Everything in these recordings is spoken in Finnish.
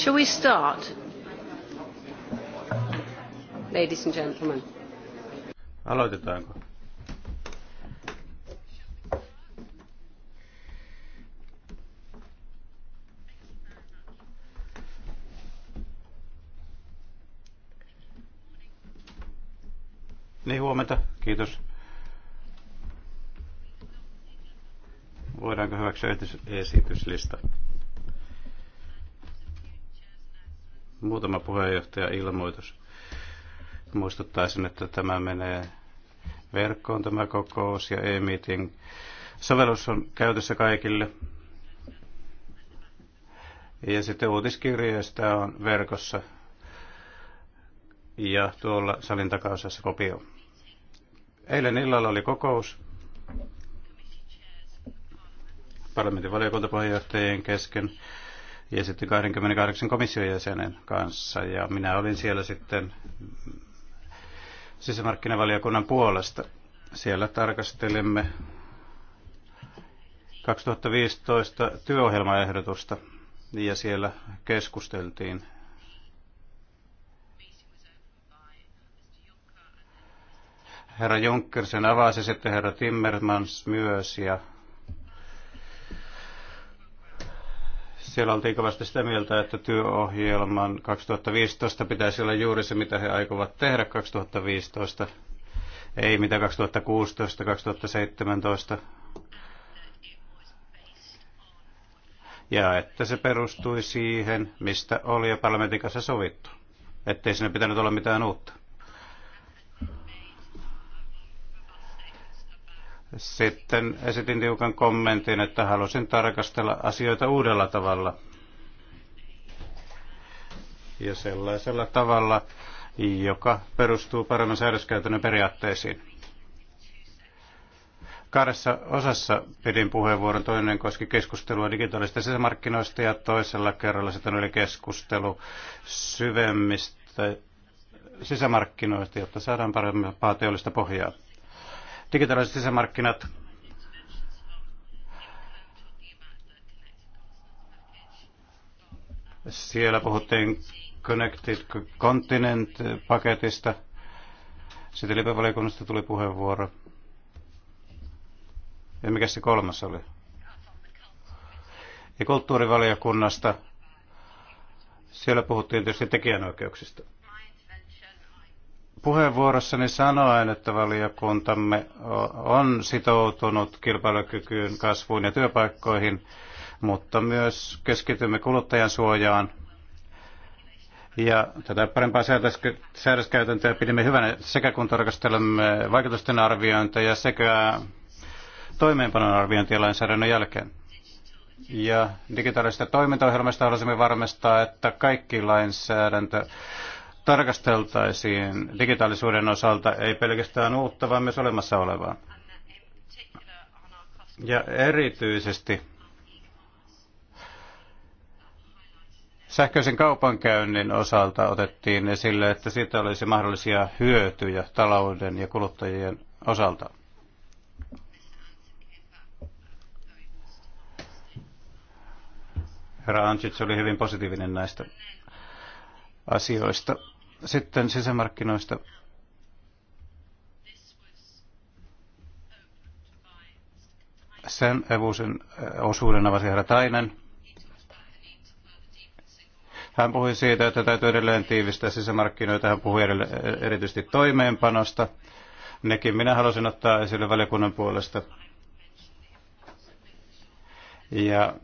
Shall we start? Ladies and gentlemen. Aloitetaanko? Niin, huomenta. Kiitos. Voidaanko hyväksyä esityslista? Muutama puheenjohtaja ilmoitus. Muistuttaisin, että tämä menee verkkoon tämä kokous ja e-meeting. Sovellus on käytössä kaikille. Ja sitten uutiskirjeistä on verkossa ja tuolla salin takaosassa kopio. Eilen illalla oli kokous parlamentin valiokuntapuheenjohtajien kesken ja sitten 28 komission jäsenen kanssa. Ja minä olin siellä sitten sisämarkkinavaliokunnan puolesta. Siellä tarkastelimme 2015 työohjelmaehdotusta ja siellä keskusteltiin herra Juncker sen avasi, sitten herra Timmermans myös ja Siellä oltiin kovasti sitä mieltä, että työohjelman 2015 pitäisi olla juuri se, mitä he aikovat tehdä 2015, ei mitä 2016, 2017. Ja että se perustui siihen, mistä oli jo parlamentin kanssa sovittu, ettei siinä pitänyt olla mitään uutta. Sitten esitin tiukan kommentin, että halusin tarkastella asioita uudella tavalla. Ja sellaisella tavalla, joka perustuu paremman säädöskäytännön periaatteisiin. Kahdessa osassa pidin puheenvuoron. Toinen koski keskustelua digitaalisista sisämarkkinoista ja toisella kerralla sitten oli keskustelu syvemmistä sisämarkkinoista, jotta saadaan parempaa teollista pohjaa digitaaliset sisämarkkinat Siellä puhuttiin Connected Continent-paketista. Sitten lipevaliokunnasta tuli puheenvuoro. Ja mikä se kolmas oli? Ja kulttuurivaliokunnasta. Siellä puhuttiin tietysti tekijänoikeuksista puheenvuorossani sanoin, että valiokuntamme on sitoutunut kilpailukykyyn, kasvuun ja työpaikkoihin, mutta myös keskitymme kuluttajan suojaan ja tätä parempaa säädöskäytäntöä pidimme hyvänä sekä kun tarkastelemme vaikutusten arviointeja sekä toimeenpanon arviointia lainsäädännön jälkeen. Ja digitaalisesta toimintaohjelmasta haluaisimme varmistaa, että kaikki lainsäädäntö tarkasteltaisiin digitaalisuuden osalta ei pelkästään uutta, vaan myös olemassa olevaa. Ja erityisesti sähköisen kaupankäynnin osalta otettiin esille, että siitä olisi mahdollisia hyötyjä talouden ja kuluttajien osalta. Herra Antsits oli hyvin positiivinen näistä asioista. Sitten sisämarkkinoista. Sen evuusen osuuden avasi herra Tainen. Hän puhui siitä, että täytyy edelleen tiivistää sisämarkkinoita. Hän puhui erityisesti toimeenpanosta. Nekin minä halusin ottaa esille valiokunnan puolesta. Ja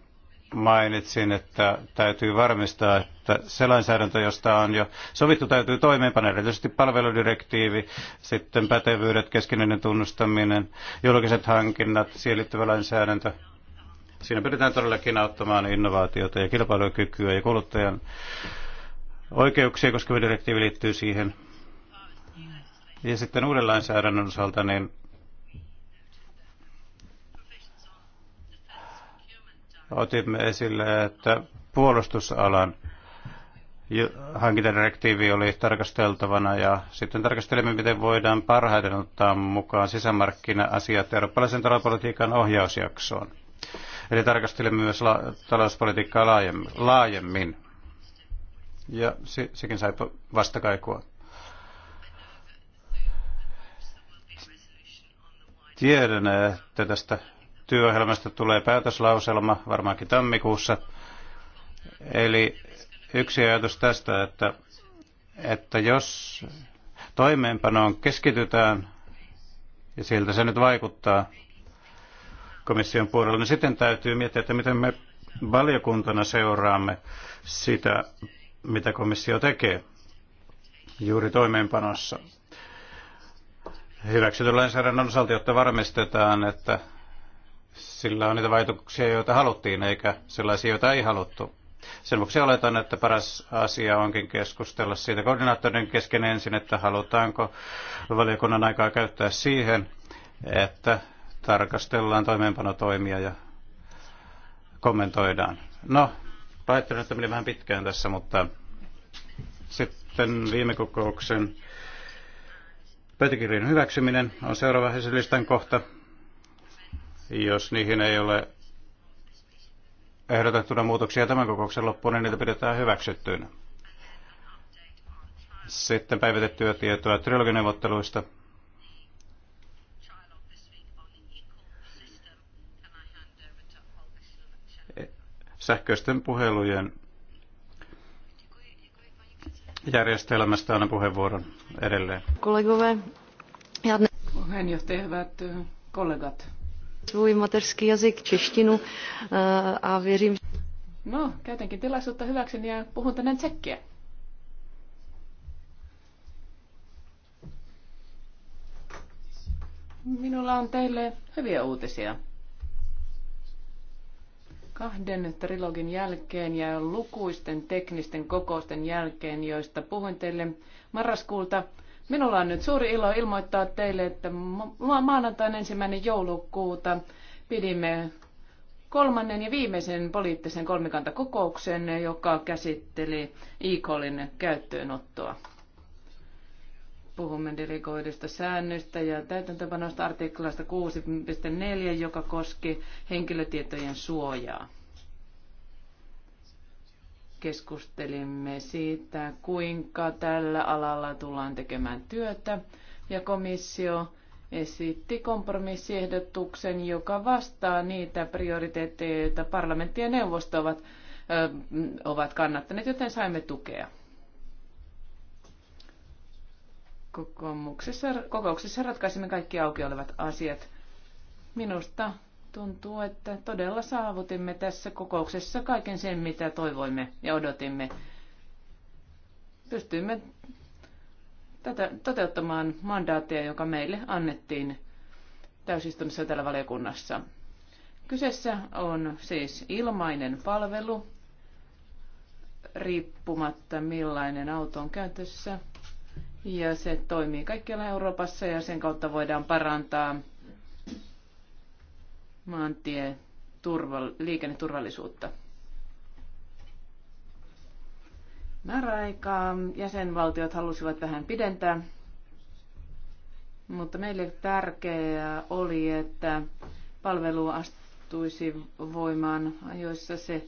mainitsin, että täytyy varmistaa, että se lainsäädäntö, josta on jo sovittu, täytyy toimeenpanna, erityisesti palveludirektiivi, sitten pätevyydet, keskinäinen tunnustaminen, julkiset hankinnat, siihen liittyvä lainsäädäntö. Siinä pyritään todellakin auttamaan innovaatiota ja kilpailukykyä ja kuluttajan oikeuksia koskeva direktiivi liittyy siihen. Ja sitten uuden lainsäädännön osalta, niin otimme esille, että puolustusalan hankintadirektiivi oli tarkasteltavana ja sitten tarkastelimme, miten voidaan parhaiten ottaa mukaan sisämarkkina-asiat eurooppalaisen talouspolitiikan ohjausjaksoon. Eli tarkastelimme myös la- talouspolitiikkaa laajemmin. laajemmin. Ja se, sekin sai vastakaikua. Tiedän, että tästä työohjelmasta tulee päätöslauselma varmaankin tammikuussa. Eli yksi ajatus tästä, että, että jos toimeenpanoon keskitytään, ja siltä se nyt vaikuttaa komission puolella, niin sitten täytyy miettiä, että miten me valiokuntana seuraamme sitä, mitä komissio tekee juuri toimeenpanossa. Hyväksytyn lainsäädännön osalta, jotta varmistetaan, että sillä on niitä vaikutuksia, joita haluttiin, eikä sellaisia, joita ei haluttu. Sen vuoksi oletan, että paras asia onkin keskustella siitä koordinaattorin kesken ensin, että halutaanko valiokunnan aikaa käyttää siihen, että tarkastellaan toimeenpanotoimia ja kommentoidaan. No, pahoittelen, että meni vähän pitkään tässä, mutta sitten viime kokouksen pöytäkirjan hyväksyminen on seuraava listan kohta. Jos niihin ei ole ehdotettuna muutoksia tämän kokouksen loppuun, niin niitä pidetään hyväksyttyinä. Sitten päivitettyä tietoa trilogineuvotteluista. Sähköisten puhelujen järjestelmästä annan puheenvuoron edelleen. Kollegove. Puheenjohtaja, hyvät kollegat. Svůj materský jazyk, češtinu eh, a věřím... No, käytänkin tilaisuutta hyväkseni ja puhun tänään tsekkiä. Minulla on teille hyviä uutisia. Kahden trilogin jälkeen ja lukuisten teknisten kokousten jälkeen, joista puhuin teille marraskuulta, Minulla on nyt suuri ilo ilmoittaa teille, että maanantaina ensimmäinen joulukuuta pidimme kolmannen ja viimeisen poliittisen kolmikantakokouksen, joka käsitteli IKOLin käyttöönottoa. Puhumme delegoidusta säännöstä ja täytäntöpanosta artiklasta 6.4, joka koski henkilötietojen suojaa keskustelimme siitä, kuinka tällä alalla tullaan tekemään työtä, ja komissio esitti kompromissiehdotuksen, joka vastaa niitä prioriteetteja, joita parlamentti ja neuvosto ovat, ö, ovat kannattaneet, joten saimme tukea. Kokouksessa, kokouksessa ratkaisimme kaikki auki olevat asiat. Minusta Tuntuu, että todella saavutimme tässä kokouksessa kaiken sen, mitä toivoimme ja odotimme. Pystyimme tätä, toteuttamaan mandaattia, joka meille annettiin täysistunnossa täällä valiokunnassa. Kyseessä on siis ilmainen palvelu, riippumatta millainen auto on käytössä. Ja se toimii kaikkialla Euroopassa ja sen kautta voidaan parantaa maantie turval, liikenneturvallisuutta. Määräaikaa jäsenvaltiot halusivat vähän pidentää, mutta meille tärkeää oli, että palvelu astuisi voimaan ajoissa se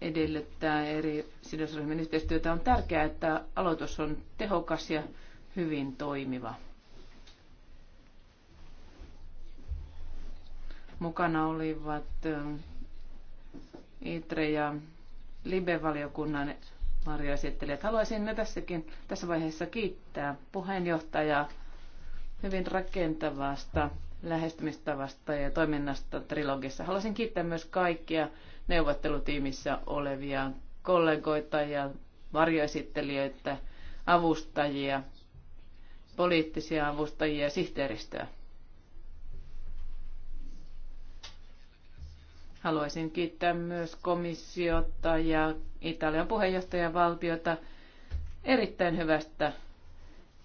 edellyttää eri sidosryhmien yhteistyötä. On tärkeää, että aloitus on tehokas ja hyvin toimiva. Mukana olivat eh, ITRE ja LIBE-valiokunnan varjoesittelijät. Haluaisin tässäkin, tässä vaiheessa kiittää puheenjohtajaa hyvin rakentavasta lähestymistavasta ja toiminnasta trilogissa. Haluaisin kiittää myös kaikkia neuvottelutiimissä olevia kollegoita ja varjoesittelijöitä, avustajia, poliittisia avustajia ja sihteeristöä. Haluaisin kiittää myös komissiota ja Italian puheenjohtajavaltiota erittäin hyvästä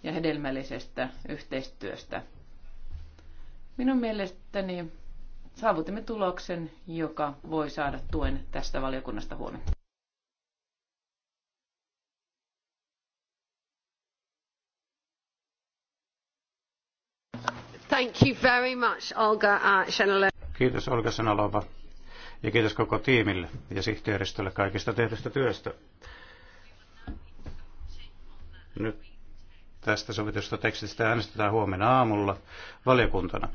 ja hedelmällisestä yhteistyöstä. Minun mielestäni saavutimme tuloksen, joka voi saada tuen tästä valiokunnasta huomenna. Thank you very much, Olga uh, Kiitos Olga Sanalova. Ja kiitos koko tiimille ja sihteeristölle kaikista tehdystä työstä. Nyt tästä sovitusta tekstistä äänestetään huomenna aamulla valiokuntana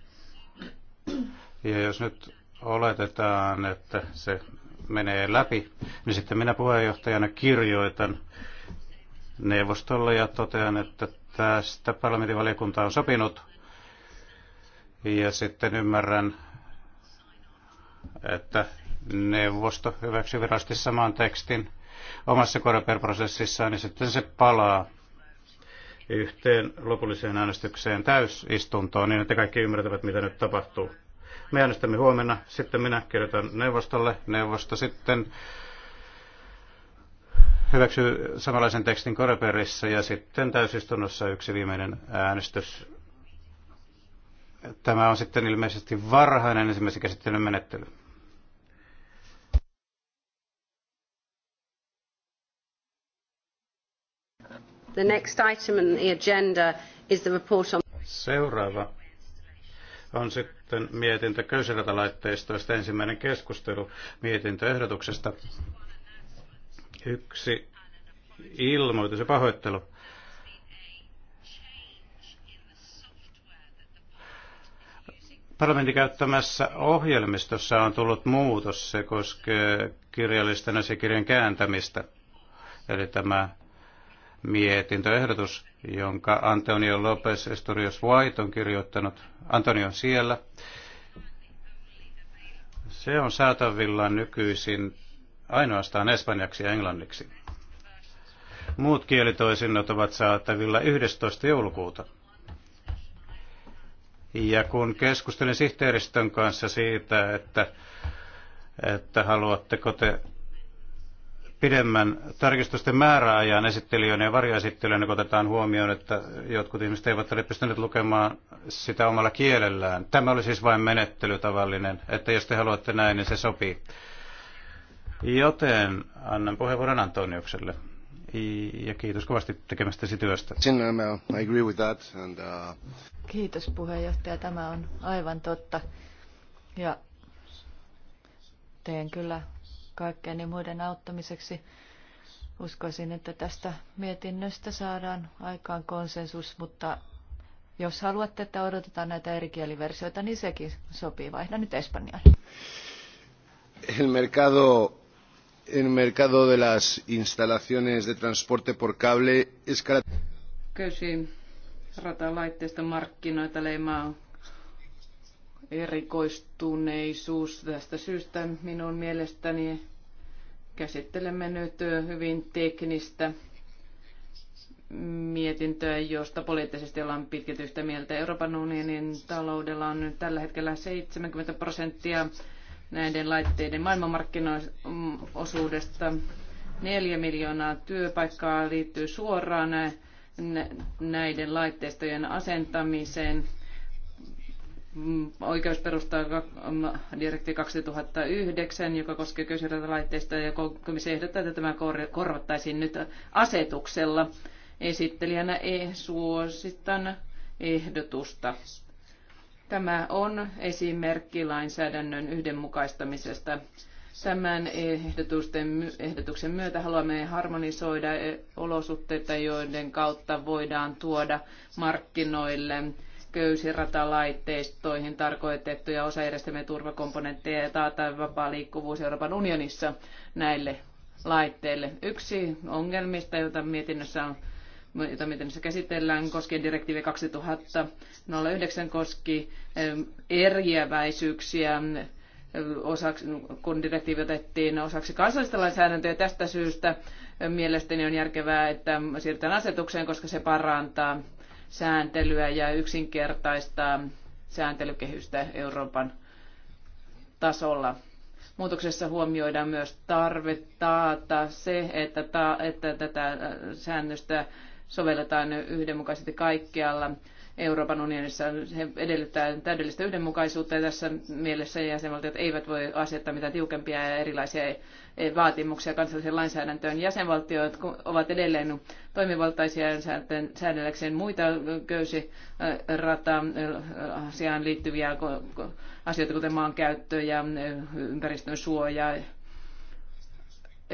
9.45. Ja jos nyt oletetaan, että se menee läpi, niin sitten minä puheenjohtajana kirjoitan neuvostolle ja totean, että tästä parlamentin valiokunta on sopinut ja sitten ymmärrän, että neuvosto hyväksyi virallisesti saman tekstin omassa Koreper-prosessissaan, niin sitten se palaa yhteen lopulliseen äänestykseen täysistuntoon, niin että kaikki ymmärtävät, mitä nyt tapahtuu. Me äänestämme huomenna, sitten minä kirjoitan neuvostolle, neuvosto sitten hyväksyy samanlaisen tekstin Koreperissä ja sitten täysistunnossa yksi viimeinen äänestys tämä on sitten ilmeisesti varhainen ensimmäisen käsittelyn menettely. The next item on the agenda is the report on... Seuraava on sitten mietintö köysiratalaitteistoista ensimmäinen keskustelu mietintöehdotuksesta. Yksi ilmoitus ja pahoittelu. parlamentin käyttämässä ohjelmistossa on tullut muutos. Se koskee kirjallisten asiakirjan kääntämistä. Eli tämä mietintöehdotus, jonka Antonio Lopez Estorios White on kirjoittanut. Antonio on siellä. Se on saatavilla nykyisin ainoastaan espanjaksi ja englanniksi. Muut kielitoisinnot ovat saatavilla 11. joulukuuta. Ja kun keskustelin sihteeristön kanssa siitä, että, että haluatteko te pidemmän tarkistusten määräajan esittelijöiden ja varjoesittelijöiden, kun otetaan huomioon, että jotkut ihmiset eivät ole pystyneet lukemaan sitä omalla kielellään. Tämä oli siis vain menettelytavallinen, että jos te haluatte näin, niin se sopii. Joten annan puheenvuoron Antoniukselle ja kiitos kovasti tekemästäsi työstä. Uh, kiitos puheenjohtaja, tämä on aivan totta. Ja teen kyllä kaikkeeni muiden auttamiseksi. Uskoisin, että tästä mietinnöstä saadaan aikaan konsensus, mutta jos haluatte, että odotetaan näitä eri kieliversioita, niin sekin sopii. Vaihda nyt Espanjaan. El mercado en el mercado de las instalaciones de transporte por cable es Kysy ratalaitteista markkinoita leimaa erikoistuneisuus. Tästä syystä minun mielestäni käsittelemme nyt hyvin teknistä mietintöä, josta poliittisesti ollaan pitkälti yhtä mieltä. Euroopan unionin taloudella on nyt tällä hetkellä 70 prosenttia näiden laitteiden maailmanmarkkinaosuudesta. Neljä miljoonaa työpaikkaa liittyy suoraan näiden laitteistojen asentamiseen. Mm, Oikeusperustaa mm, direkti 2009, joka koskee köysirata-laitteista, ja komissio ehdottaa, että tämä korvattaisiin nyt asetuksella. Esittelijänä e suositan ehdotusta. Tämä on esimerkki lainsäädännön yhdenmukaistamisesta. Tämän ehdotusten, ehdotuksen myötä haluamme harmonisoida olosuhteita, joiden kautta voidaan tuoda markkinoille köysiratalaitteistoihin tarkoitettuja osajärjestelmien turvakomponentteja ja taata vapaa liikkuvuus Euroopan unionissa näille laitteille. Yksi ongelmista, jota mietinnössä on jota mietinnössä käsitellään, koskien direktiivi 2009 koski eriäväisyyksiä osaksi, kun direktiivi otettiin osaksi kansallista lainsäädäntöä. Tästä syystä mielestäni on järkevää, että siirrytään asetukseen, koska se parantaa sääntelyä ja yksinkertaistaa sääntelykehystä Euroopan tasolla. Muutoksessa huomioidaan myös tarve taata se, että, ta, että tätä säännöstä sovelletaan yhdenmukaisesti kaikkialla Euroopan unionissa. Se edellyttää täydellistä yhdenmukaisuutta ja tässä mielessä jäsenvaltiot eivät voi asettaa mitään tiukempia ja erilaisia vaatimuksia kansalliseen lainsäädäntöön. Jäsenvaltiot ovat edelleen toimivaltaisia säädelläkseen muita köysirata asiaan liittyviä asioita, kuten maankäyttö ja ympäristön suoja.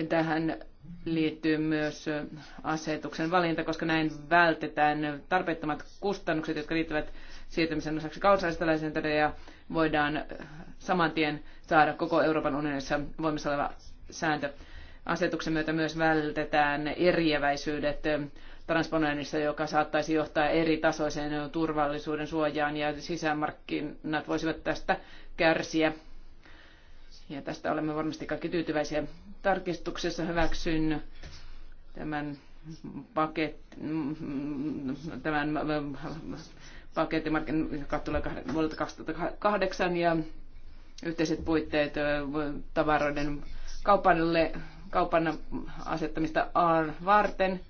Tähän liittyy myös asetuksen valinta, koska näin vältetään tarpeettomat kustannukset, jotka liittyvät siirtymisen osaksi lainsäädäntöä ja voidaan saman tien saada koko Euroopan unionissa voimassa oleva sääntö. Asetuksen myötä myös vältetään eriäväisyydet transponoinnissa, joka saattaisi johtaa eri tasoiseen turvallisuuden suojaan ja sisämarkkinat voisivat tästä kärsiä. Ja tästä olemme varmasti kaikki tyytyväisiä. Tarkistuksessa hyväksyn tämän paket, tämän mm, mm, paketin, joka tulee vuodelta 2008 ja yhteiset puitteet tavaroiden kaupanille, kaupan asettamista A varten,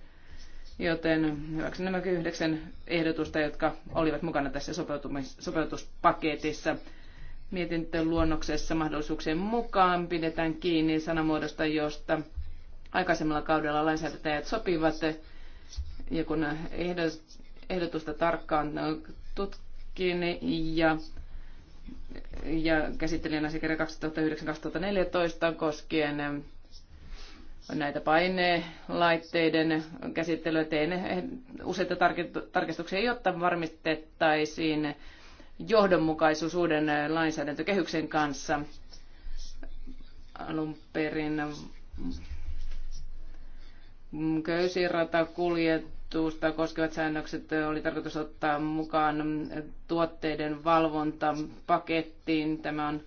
joten hyväksyn nämä yhdeksän ehdotusta, jotka olivat mukana tässä sopeutuspaketissa mietintöluonnoksessa mahdollisuuksien mukaan pidetään kiinni sanamuodosta, josta aikaisemmalla kaudella lainsäätäjät sopivat. Ja kun ehdotusta tarkkaan tutkin ja, ja käsittelin asiakirja 2009-2014 koskien näitä painelaitteiden käsittelyä, tein useita tarkistuksia, jotta varmistettaisiin johdonmukaisuus uuden eh, lainsäädäntökehyksen kanssa. Alun perin köysiratakuljetusta koskevat säännökset eh, oli tarkoitus ottaa mukaan eh, tuotteiden valvontapakettiin. Tämä on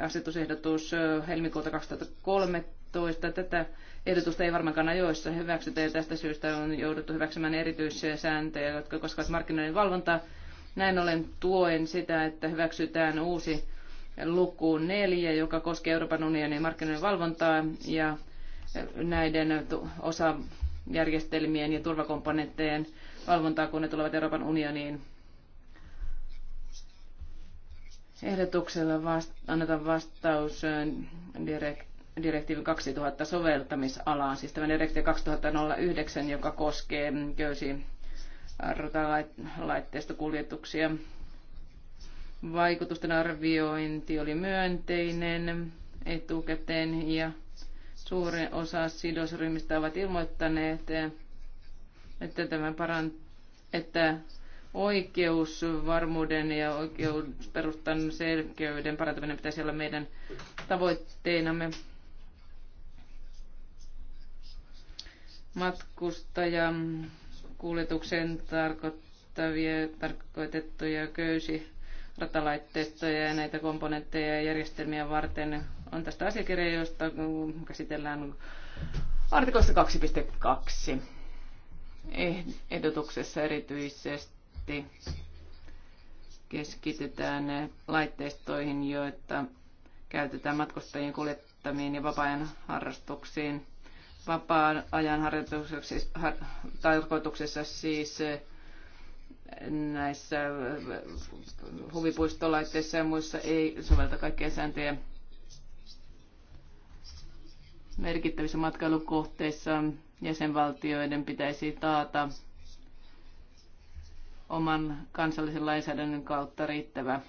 asetusehdotus helmikuuta 2013. Tätä ehdotusta ei varmaankaan ajoissa hyväksytä ja tästä syystä on jouduttu hyväksymään erityisiä sääntöjä, jotka koskevat markkinoiden valvontaa näin ollen tuen sitä, että hyväksytään uusi luku neljä, joka koskee Euroopan unionin markkinoiden valvontaa ja näiden osajärjestelmien ja turvakomponentteen valvontaa, kun ne tulevat Euroopan unioniin. Ehdotuksella annetaan vastaus direkt- direktiivi 2000 soveltamisalaan, siis tämä direktiivi 2009, joka koskee köysi mm, rotalaitteista Vaikutusten arviointi oli myönteinen etukäteen ja suurin osa sidosryhmistä ovat ilmoittaneet, että tämä parant että oikeusvarmuuden ja oikeusperustan selkeyden parantaminen pitäisi olla meidän tavoitteenamme. Matkustaja kuljetuksen tarkoittavia, tarkoitettuja köysi ratalaitteistoja ja näitä komponentteja ja järjestelmiä varten on tästä asiakirja, josta käsitellään artikossa 2.2 ehdotuksessa erityisesti keskitytään laitteistoihin, joita käytetään matkustajien kuljettamiin ja vapaa-ajan harrastuksiin vapaan ajan harjoituksessa, tarkoituksessa siis eh, näissä eh, huvipuistolaitteissa ja muissa ei sovelleta kaikkia sääntöjä merkittävissä matkailukohteissa jäsenvaltioiden pitäisi taata oman kansallisen lainsäädännön kautta riittävä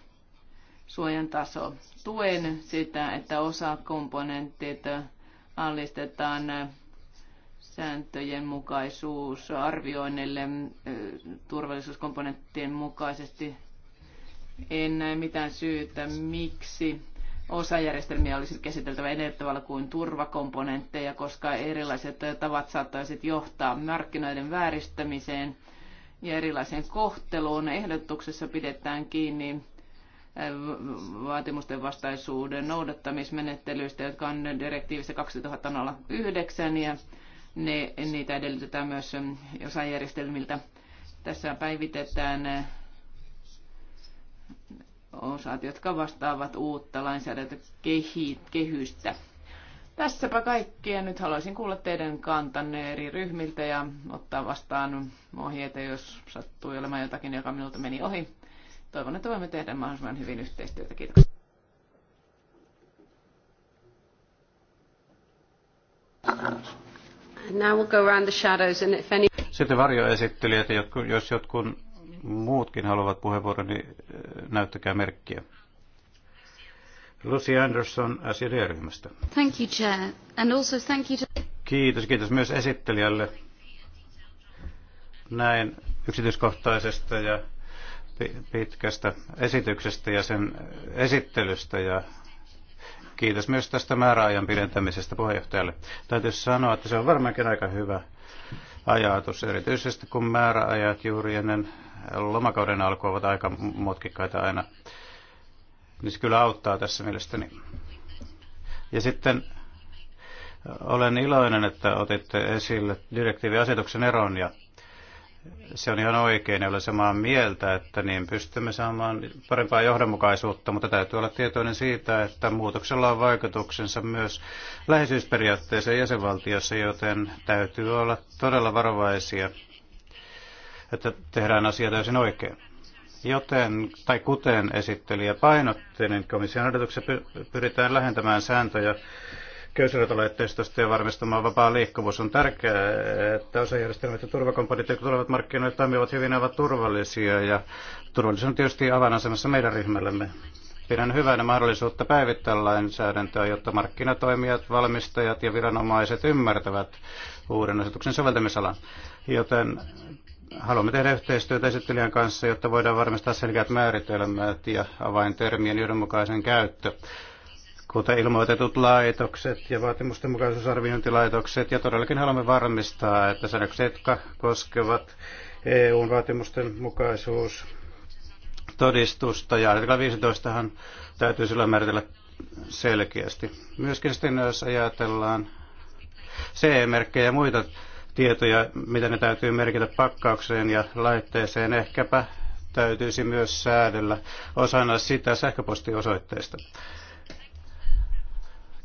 suojan taso. Tuen sitä, että osa komponentteita allistetaan eh, sääntöjen mukaisuus arvioinnille turvallisuuskomponenttien mukaisesti. En näe mitään syytä, miksi osajärjestelmiä olisi käsiteltävä eri tavalla kuin turvakomponentteja, koska erilaiset tavat saattaisivat johtaa markkinoiden vääristämiseen ja erilaiseen kohteluun. Ehdotuksessa pidetään kiinni vaatimusten vastaisuuden noudattamismenettelyistä, jotka on direktiivissä 2009 ja ne, niitä edellytetään myös mm, järjestelmiltä. Tässä päivitetään eh, osat, jotka vastaavat uutta lainsäädäntökehystä. Tässäpä ja Nyt haluaisin kuulla teidän kantanne eri ryhmiltä ja ottaa vastaan ohjeita, jos sattuu olemaan jotakin, joka minulta meni ohi. Toivon, että voimme tehdä mahdollisimman hyvin yhteistyötä. Kiitoksia. Thank you. Now we'll go around the shadows and if any... Sitten varjoesittelijät, jos jotkun muutkin haluavat puheenvuoron, niin äh, näyttäkää merkkiä. Lucy Anderson SJD-ryhmästä. Thank you, Chair. And also thank you to... Kiitos, kiitos myös esittelijälle näin yksityiskohtaisesta ja pitkästä esityksestä ja sen esittelystä ja Kiitos myös tästä määräajan pidentämisestä puheenjohtajalle. Täytyy sanoa, että se on varmaankin aika hyvä ajatus, erityisesti kun määräajat juuri ennen lomakauden alkua ovat aika mutkikkaita aina. Niin se kyllä auttaa tässä mielestäni. Ja sitten olen iloinen, että otitte esille direktiiviasetuksen eron ja se on ihan oikein, olen samaa mieltä, että niin pystymme saamaan parempaa johdonmukaisuutta, mutta täytyy olla tietoinen siitä, että muutoksella on vaikutuksensa myös läheisyysperiaatteeseen jäsenvaltiossa, joten täytyy olla todella varovaisia, että tehdään asia täysin oikein. Joten, tai kuten esittelijä painotti, niin komission ehdotuksessa pyritään lähentämään sääntöjä köysiratalaitteistosta ja varmistamaan vapaa liikkuvuus. On tärkeää, että osajärjestelmät ja turvakomponentit, jotka tulevat markkinoille, toimivat hyvin ja ovat turvallisia. Ja turvallisuus on tietysti avainasemassa meidän ryhmällemme. Pidän hyvänä mahdollisuutta päivittää lainsäädäntöä, jotta markkinatoimijat, valmistajat ja viranomaiset ymmärtävät uuden asetuksen soveltamisalan. Joten haluamme tehdä yhteistyötä esittelijän kanssa, jotta voidaan varmistaa selkeät määritelmät ja avaintermien yhdenmukaisen käyttö kuten ilmoitetut laitokset ja vaatimusten mukaisuusarviointilaitokset. Ja todellakin haluamme varmistaa, että säännökset, jotka koskevat EUn vaatimusten mukaisuus todistusta ja artikla 15 täytyy sillä määritellä selkeästi. Myöskin sitten jos ajatellaan CE-merkkejä ja muita tietoja, mitä ne täytyy merkitä pakkaukseen ja laitteeseen, ehkäpä täytyisi myös säädellä osana sitä sähköpostiosoitteesta.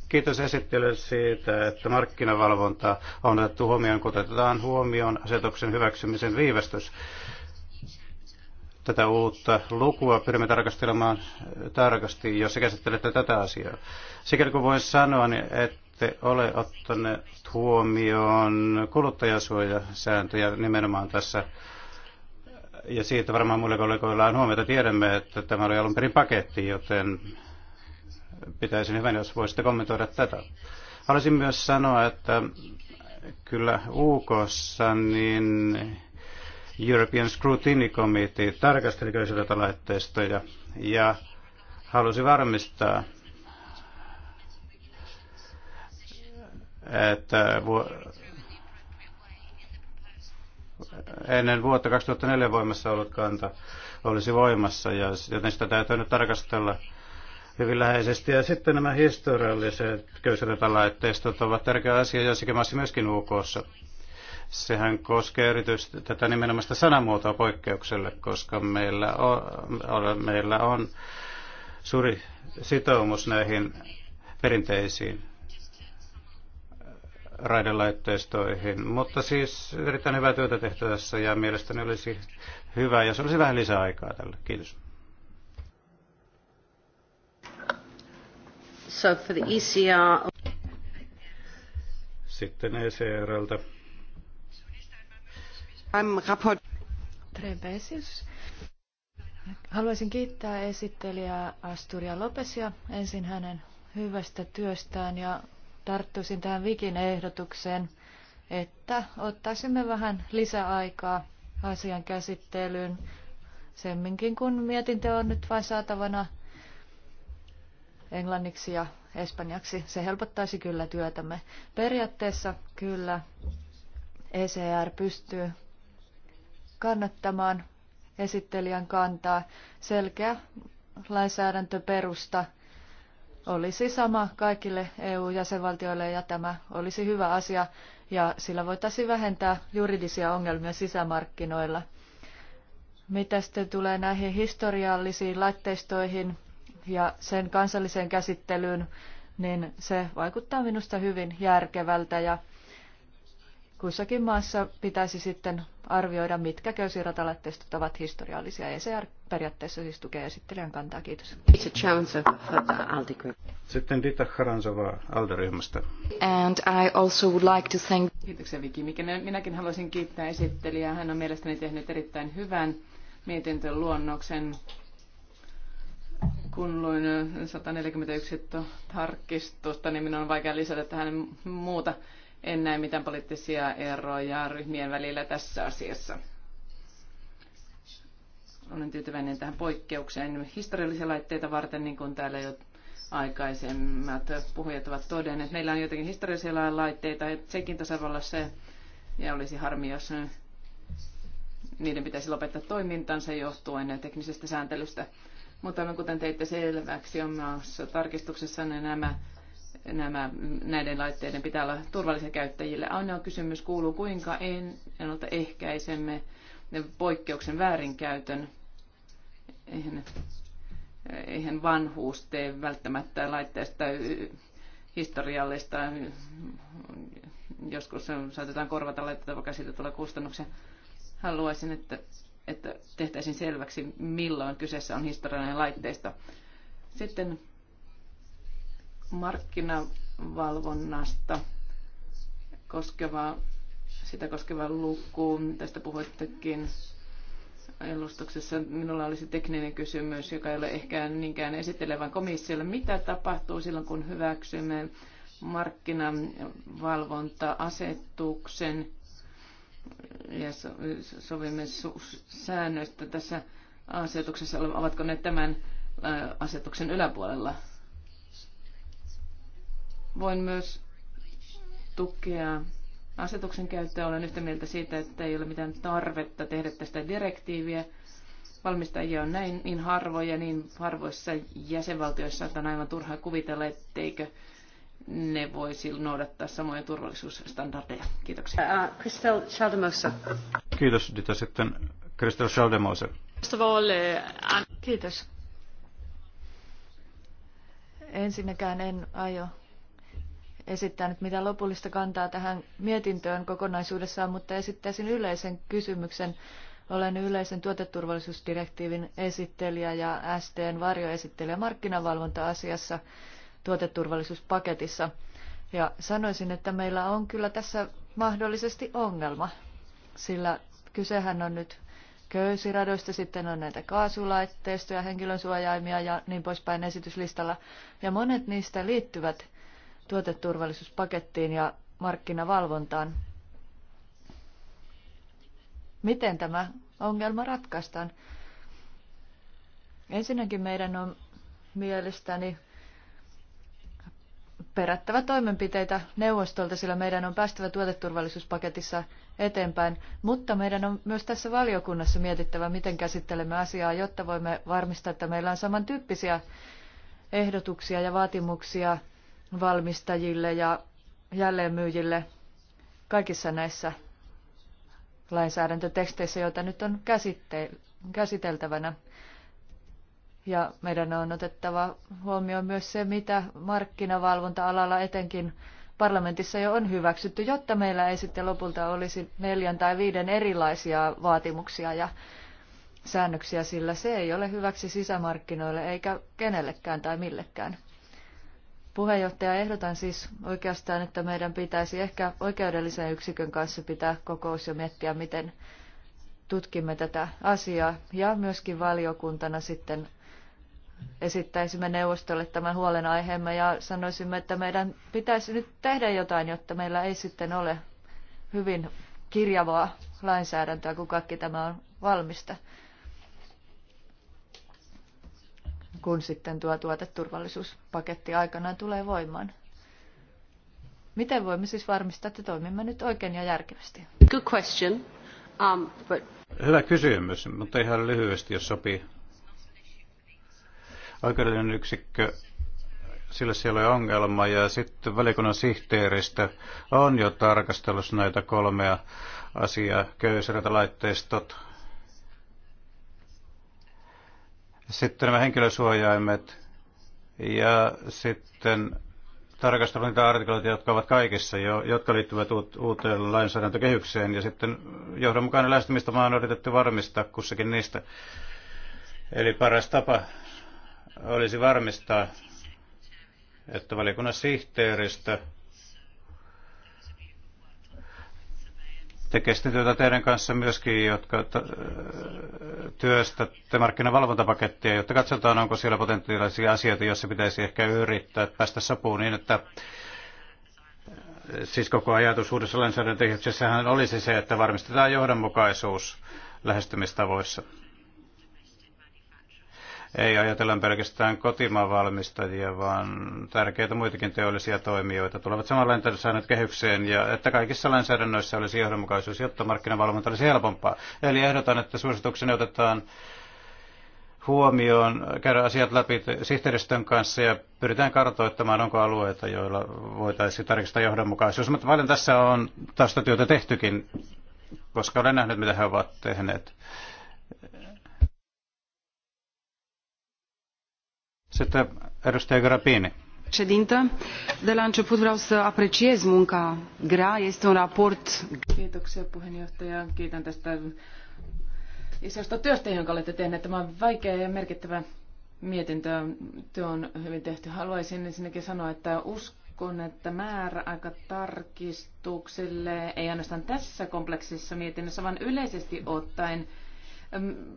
Kiitos esittelylle siitä, että markkinavalvonta on otettu huomioon, kun otetaan huomioon asetuksen hyväksymisen viivästys. Tätä uutta lukua pyrimme tarkastelemaan tarkasti, jos käsittelette tätä asiaa. Sikäli kuin voin sanoa, niin ette ole ottaneet huomioon kuluttajasuojasääntöjä nimenomaan tässä ja siitä varmaan muille kollegoilla on huomiota. Tiedämme, että tämä oli alun perin paketti, joten Pitäisin hyvänä, jos voisitte kommentoida tätä. Haluaisin myös sanoa, että kyllä uk niin European Scrutiny Committee tarkasteli köyhyydeltä laitteistoja ja halusi varmistaa, että ennen vuotta 2004 voimassa ollut kanta olisi voimassa, ja joten sitä täytyy nyt tarkastella hyvin läheisesti. Ja sitten nämä historialliset köysiratalaitteistot ovat tärkeä asia joissakin maissa myöskin UKssa. Sehän koskee erityisesti tätä nimenomaista sanamuotoa poikkeukselle, koska meillä on, meillä on suuri sitoumus näihin perinteisiin raidelaitteistoihin. Mutta siis erittäin hyvää työtä tehtävässä ja mielestäni olisi hyvä, jos olisi vähän lisää aikaa tälle. Kiitos. So for the ECR... Sitten ECRltä. I'm rapport... Haluaisin kiittää esittelijää Asturia Lopesia ensin hänen hyvästä työstään ja tarttuisin tähän Vikin ehdotukseen, että ottaisimme vähän lisäaikaa asian käsittelyyn, semminkin kun mietintö on nyt vain saatavana englanniksi ja espanjaksi. Se helpottaisi kyllä työtämme. Periaatteessa kyllä ECR pystyy kannattamaan esittelijän kantaa. Selkeä lainsäädäntöperusta olisi sama kaikille EU-jäsenvaltioille ja tämä olisi hyvä asia ja sillä voitaisiin vähentää juridisia ongelmia sisämarkkinoilla. Mitä sitten tulee näihin historiallisiin laitteistoihin, ja sen kansalliseen käsittelyyn, niin se vaikuttaa minusta hyvin järkevältä ja kussakin maassa pitäisi sitten arvioida, mitkä köysiratalaitteistot ovat historiallisia. ECR periaatteessa siis tukee esittelijän kantaa. Kiitos. Sitten Dita Haransova Alderyhmästä. And I also would like to thank... Kiitoksia Viki. Minäkin haluaisin kiittää esittelijää. Hän on mielestäni tehnyt erittäin hyvän mietintön luonnoksen. Kun luin 141 tarkistusta, niin minun on vaikea lisätä tähän muuta. En näe mitään poliittisia eroja ryhmien välillä tässä asiassa. Olen tyytyväinen tähän poikkeukseen historiallisia laitteita varten, niin kuin täällä jo aikaisemmat puhujat ovat todenneet. Meillä on jotenkin historiallisia laitteita Tsekin tasavallassa ja olisi harmi, jos niiden pitäisi lopettaa toimintansa johtuen teknisestä sääntelystä. Mutta kuten teitte selväksi omassa tarkistuksessa, niin nämä, nämä, näiden laitteiden pitää olla turvallisia käyttäjille. on kysymys kuuluu, kuinka en, ehkäisemme poikkeuksen väärinkäytön. Eihän, eihän vanhuus tee välttämättä laitteesta historiallista. Joskus saatetaan korvata laitteita, vaikka siitä tulee kustannuksia. Haluaisin, että että tehtäisiin selväksi, milloin kyseessä on historiallinen laitteisto. Sitten markkinavalvonnasta koskeva, sitä koskeva luku, tästä puhuittekin elustuksessa Minulla olisi tekninen kysymys, joka ei ole ehkä niinkään esittelevän komissiolle. Mitä tapahtuu silloin, kun hyväksymme markkinavalvonta-asetuksen? ja so, sovimme su- säännöistä tässä asetuksessa, ovatko ne tämän asetuksen yläpuolella. Voin myös tukea asetuksen käyttöä. Olen yhtä mieltä siitä, että ei ole mitään tarvetta tehdä tästä direktiiviä. Valmistajia on näin niin harvoja, niin harvoissa jäsenvaltioissa, että on aivan turhaa kuvitella, etteikö ne voisi noudattaa samoja turvallisuusstandardeja. Kiitoksia. Kristel uh, Schaldemose. Kiitos Dita. Sitten Schaldemose. Uh, Kiitos. Ensinnäkään en aio esittää nyt mitään lopullista kantaa tähän mietintöön kokonaisuudessaan, mutta esittäisin yleisen kysymyksen. Olen yleisen tuoteturvallisuusdirektiivin esittelijä ja STn varjoesittelijä markkinavalvonta-asiassa tuoteturvallisuuspaketissa. Ja sanoisin, että meillä on kyllä tässä mahdollisesti ongelma, sillä kysehän on nyt köysiradoista, sitten on näitä kaasulaitteistoja, henkilönsuojaimia ja niin poispäin esityslistalla. Ja monet niistä liittyvät tuoteturvallisuuspakettiin ja markkinavalvontaan. Miten tämä ongelma ratkaistaan? Ensinnäkin meidän on mielestäni perättävä toimenpiteitä neuvostolta, sillä meidän on päästävä tuoteturvallisuuspaketissa eteenpäin, mutta meidän on myös tässä valiokunnassa mietittävä, miten käsittelemme asiaa, jotta voimme varmistaa, että meillä on samantyyppisiä ehdotuksia ja vaatimuksia valmistajille ja jälleenmyyjille kaikissa näissä lainsäädäntöteksteissä, joita nyt on käsiteltävänä. Ja meidän on otettava huomioon myös se, mitä markkinavalvonta-alalla etenkin parlamentissa jo on hyväksytty, jotta meillä ei sitten lopulta olisi neljän tai viiden erilaisia vaatimuksia ja säännöksiä, sillä se ei ole hyväksi sisämarkkinoille eikä kenellekään tai millekään. Puheenjohtaja, ehdotan siis oikeastaan, että meidän pitäisi ehkä oikeudellisen yksikön kanssa pitää kokous ja miettiä, miten tutkimme tätä asiaa ja myöskin valiokuntana sitten esittäisimme neuvostolle tämän huolenaiheemme ja sanoisimme, että meidän pitäisi nyt tehdä jotain, jotta meillä ei sitten ole hyvin kirjavaa lainsäädäntöä, kun kaikki tämä on valmista, kun sitten tuo tuoteturvallisuuspaketti aikanaan tulee voimaan. Miten voimme siis varmistaa, että toimimme nyt oikein ja järkevästi? Good question. Um, but... Hyvä kysymys, mutta ihan lyhyesti, jos sopii Oikeudellinen yksikkö, sillä siellä on ongelma ja sitten valiokunnan sihteeristä on jo tarkastellut näitä kolmea asiaa, köysirät, laitteistot, sitten nämä henkilösuojaimet ja sitten tarkastella niitä artikloita, jotka ovat kaikissa, jo, jotka liittyvät uuteen lainsäädäntökehykseen, ja sitten johdonmukainen lähestymistä on yritetty varmistaa kussakin niistä. Eli paras tapa olisi varmistaa, että valiokunnan sihteeristö tekee sitä työtä teidän kanssa myöskin, jotka työstätte markkinavalvontapakettia, jotta katsotaan, onko siellä potentiaalisia asioita, joissa pitäisi ehkä yrittää päästä sapuun niin, että eh, siis koko ajatus uudessa lainsäädäntökehyksessähän olisi se, että varmistetaan johdonmukaisuus lähestymistavoissa ei ajatella pelkästään kotimaan valmistajia, vaan tärkeitä muitakin teollisia toimijoita tulevat samalla lainsäädännön kehykseen ja että kaikissa lainsäädännöissä olisi johdonmukaisuus, jotta markkinavalvonta olisi helpompaa. Eli ehdotan, että suosituksen otetaan huomioon, käydä asiat läpi sihteeristön kanssa ja pyritään kartoittamaan, onko alueita, joilla voitaisiin tarkistaa johdonmukaisuus. Mutta paljon tässä on taustatyötä tehtykin, koska olen nähnyt, mitä he ovat tehneet. Sitten edustaja Grappini. Președintă, de la început vreau să apreciez munca grea. Este un raport... Kiitoksia puheenjohtaja. Kiitän tästä isosta työstä, jonka olette tehneet. Tämä on vaikea ja merkittävä mietintö. Työ on hyvin tehty. Haluaisin ensinnäkin sanoa, että uskon, että määräaika tarkistuksille ei ainoastaan tässä kompleksissa mietinnössä, vaan yleisesti ottaen –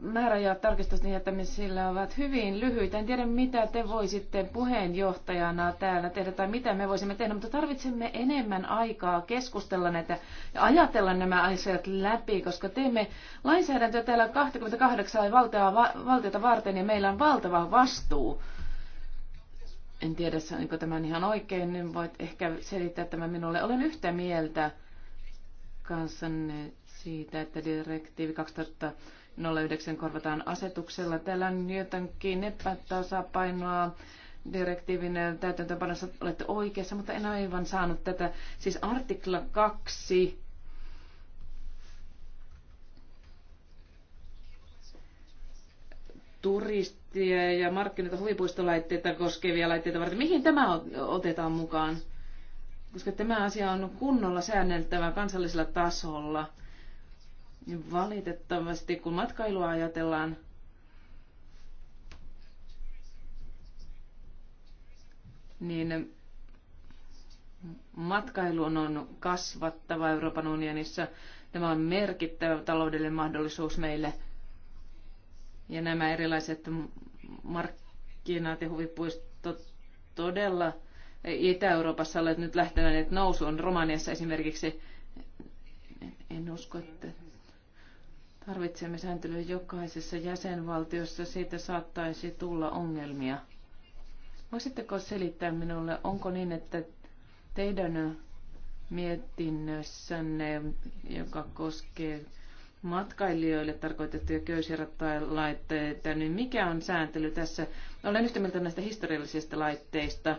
määräajat tarkistusten jättämisillä ovat hyvin lyhyitä. En tiedä, mitä te voisitte puheenjohtajana täällä tehdä tai mitä me voisimme tehdä, mutta tarvitsemme enemmän aikaa keskustella näitä ja ajatella nämä asiat läpi, koska teemme lainsäädäntöä täällä 28 valtaa, valtiota varten ja meillä on valtava vastuu. En tiedä, onko tämä ihan oikein, niin voit ehkä selittää tämä minulle. Olen yhtä mieltä kanssanne siitä, että direktiivi 2000 09 korvataan asetuksella. Täällä on jotenkin epätasapainoa direktiivin täytäntöönpanossa olette oikeassa, mutta en aivan saanut tätä. Siis artikla 2 turistia ja markkinoita huvipuistolaitteita koskevia laitteita varten. Mihin tämä otetaan mukaan? Koska tämä asia on kunnolla säänneltävä kansallisella tasolla. Valitettavasti, kun matkailua ajatellaan, niin matkailu on kasvattava Euroopan unionissa. Tämä on merkittävä taloudellinen mahdollisuus meille. Ja nämä erilaiset markkinat ja huvipuistot todella Itä-Euroopassa olet nyt lähteneet nousuun. Romaniassa esimerkiksi en usko, että Tarvitsemme sääntelyä jokaisessa jäsenvaltiossa, siitä saattaisi tulla ongelmia. Voisitteko selittää minulle, onko niin, että teidän mietinnössänne, joka koskee matkailijoille tarkoitettuja köysirattalaitteita, niin mikä on sääntely tässä? Olen yhtä mieltä näistä historiallisista laitteista.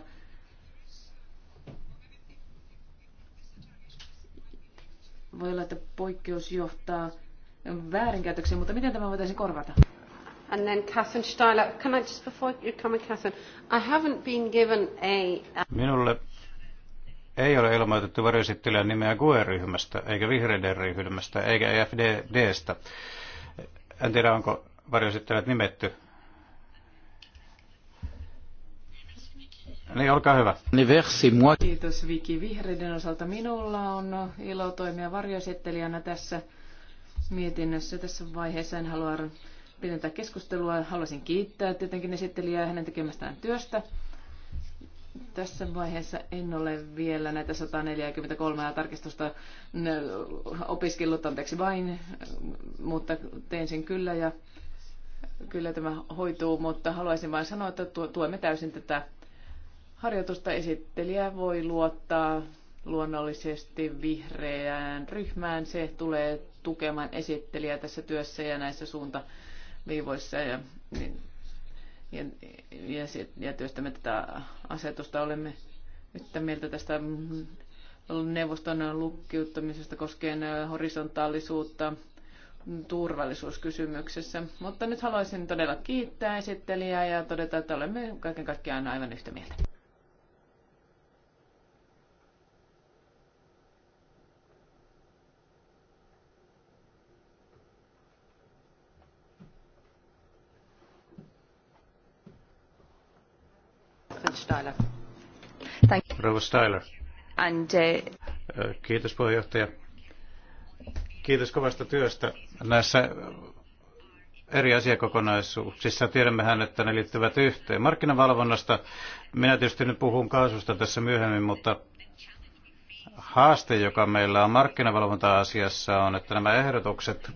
Voi olla, että poikkeus johtaa väärinkäytöksiä, mutta miten tämä voitaisiin korvata? And then Catherine Steiler, can I just before you come in, Catherine, I haven't been given a... Minulle ei ole ilmoitettu varjoesittelijän nimeä GUE-ryhmästä, eikä vihreiden ryhmästä, eikä EFDstä. En tiedä, onko varjoesittelijät nimetty. Niin, olkaa hyvä. Kiitos Viki. Vihreiden osalta minulla on ilo toimia varjoesittelijänä tässä mietinnössä tässä vaiheessa. En halua pidentää keskustelua. Haluaisin kiittää tietenkin esittelijää hänen tekemästään työstä. Tässä vaiheessa en ole vielä näitä 143 tarkistusta opiskellut, anteeksi vain, mutta teen sen kyllä ja kyllä tämä hoituu, mutta haluaisin vain sanoa, että tuemme täysin tätä harjoitusta. Esittelijä voi luottaa luonnollisesti vihreään ryhmään. Se tulee tukemaan esittelijää tässä työssä ja näissä suuntaviivoissa ja, niin, ja, ja, ja työstämme tätä asetusta. Olemme yhtä mieltä tästä neuvoston lukkiuttamisesta koskien horisontaalisuutta turvallisuuskysymyksessä. Mutta nyt haluaisin todella kiittää esittelijää ja todeta, että olemme kaiken kaikkiaan aivan yhtä mieltä. Styler. Uh, kiitos puheenjohtaja. Kiitos kovasta työstä näissä eri asiakokonaisuuksissa. Tiedämmehän, että ne liittyvät yhteen. Markkinavalvonnasta, minä tietysti nyt puhun kaasusta tässä myöhemmin, mutta haaste, joka meillä on markkinavalvonta-asiassa, on, että nämä ehdotukset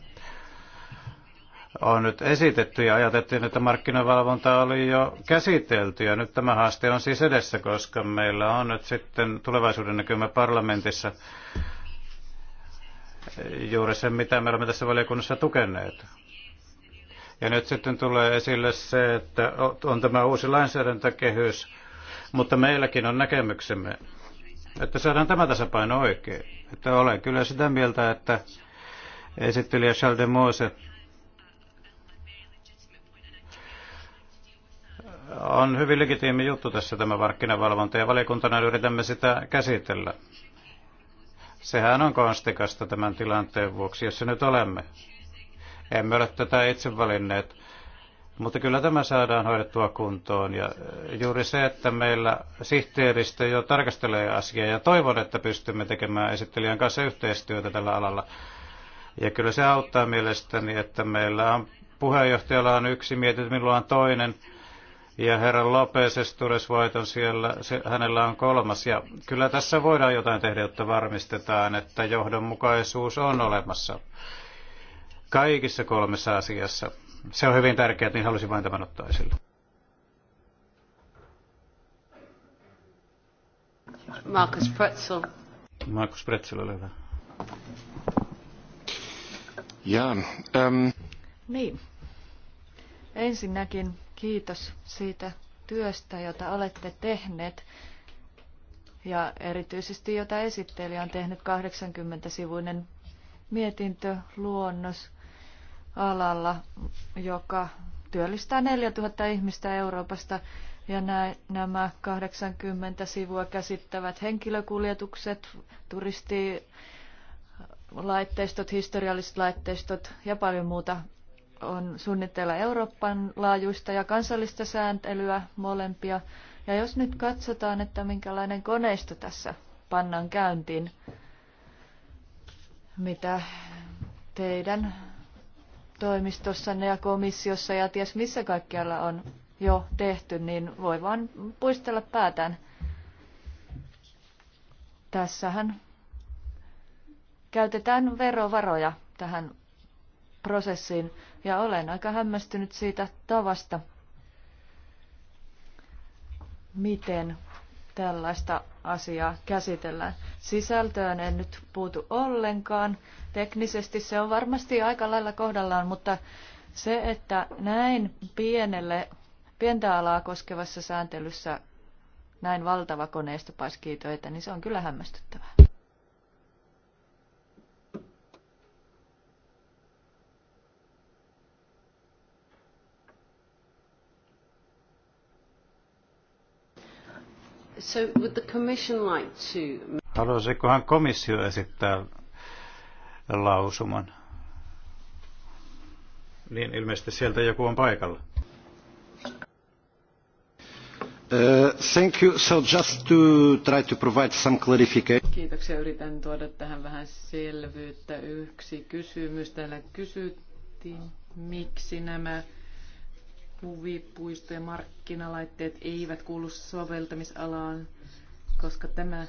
on nyt esitetty ja ajatettiin, että markkinavalvonta oli jo käsitelty ja nyt tämä haaste on siis edessä, koska meillä on nyt sitten tulevaisuuden näkymä parlamentissa juuri se, mitä me olemme tässä valiokunnassa tukeneet. Ja nyt sitten tulee esille se, että on tämä uusi lainsäädäntökehys, mutta meilläkin on näkemyksemme, että saadaan tämä tasapaino oikein. Että olen kyllä sitä mieltä, että esittelijä Charles de Mose on hyvin legitiimi juttu tässä tämä markkinavalvonta ja valiokuntana yritämme sitä käsitellä. Sehän on konstikasta tämän tilanteen vuoksi, jossa nyt olemme. Emme ole tätä itse valinneet, mutta kyllä tämä saadaan hoidettua kuntoon. Ja juuri se, että meillä sihteeristö jo tarkastelee asiaa ja toivon, että pystymme tekemään esittelijän kanssa yhteistyötä tällä alalla. Ja kyllä se auttaa mielestäni, että meillä on puheenjohtajalla on yksi mietit, milloin on toinen – ja herra Lopez Estures on siellä, se, hänellä on kolmas. Ja kyllä tässä voidaan jotain tehdä, jotta varmistetaan, että johdonmukaisuus on olemassa kaikissa kolmessa asiassa. Se on hyvin tärkeää, niin halusin vain tämän ottaa esille. Markus Pretzel. Markus Pretzel, ole hyvä. Ja, um... Niin. Ensinnäkin Kiitos siitä työstä, jota olette tehneet ja erityisesti jota esittelijä on tehnyt 80-sivuinen luonnos alalla, joka työllistää 4000 ihmistä Euroopasta ja nämä 80 sivua käsittävät henkilökuljetukset, turisti laitteistot, historialliset laitteistot ja paljon muuta on suunnitteilla Euroopan laajuista ja kansallista sääntelyä molempia. Ja jos nyt katsotaan, että minkälainen koneisto tässä pannaan käyntiin, mitä teidän toimistossanne ja komissiossa ja ties missä kaikkialla on jo tehty, niin voi vaan puistella päätään. Tässähän käytetään verovaroja tähän prosessiin ja olen aika hämmästynyt siitä tavasta, miten tällaista asiaa käsitellään. Sisältöön en nyt puutu ollenkaan. Teknisesti se on varmasti aika lailla kohdallaan, mutta se, että näin pienelle, pientä alaa koskevassa sääntelyssä näin valtava koneisto paiskii töitä, niin se on kyllä hämmästyttävää. So would the commission like to... Haluaisikohan komissio esittää lausuman? Niin, ilmeisesti sieltä joku on paikalla. Uh, thank you. So just to try to provide some clarification. Kiitoksia. Yritän tuoda tähän vähän selvyyttä. Yksi kysymys täällä kysyttiin, miksi nämä huvipuistojen markkinalaitteet eivät kuulu soveltamisalaan, koska tämä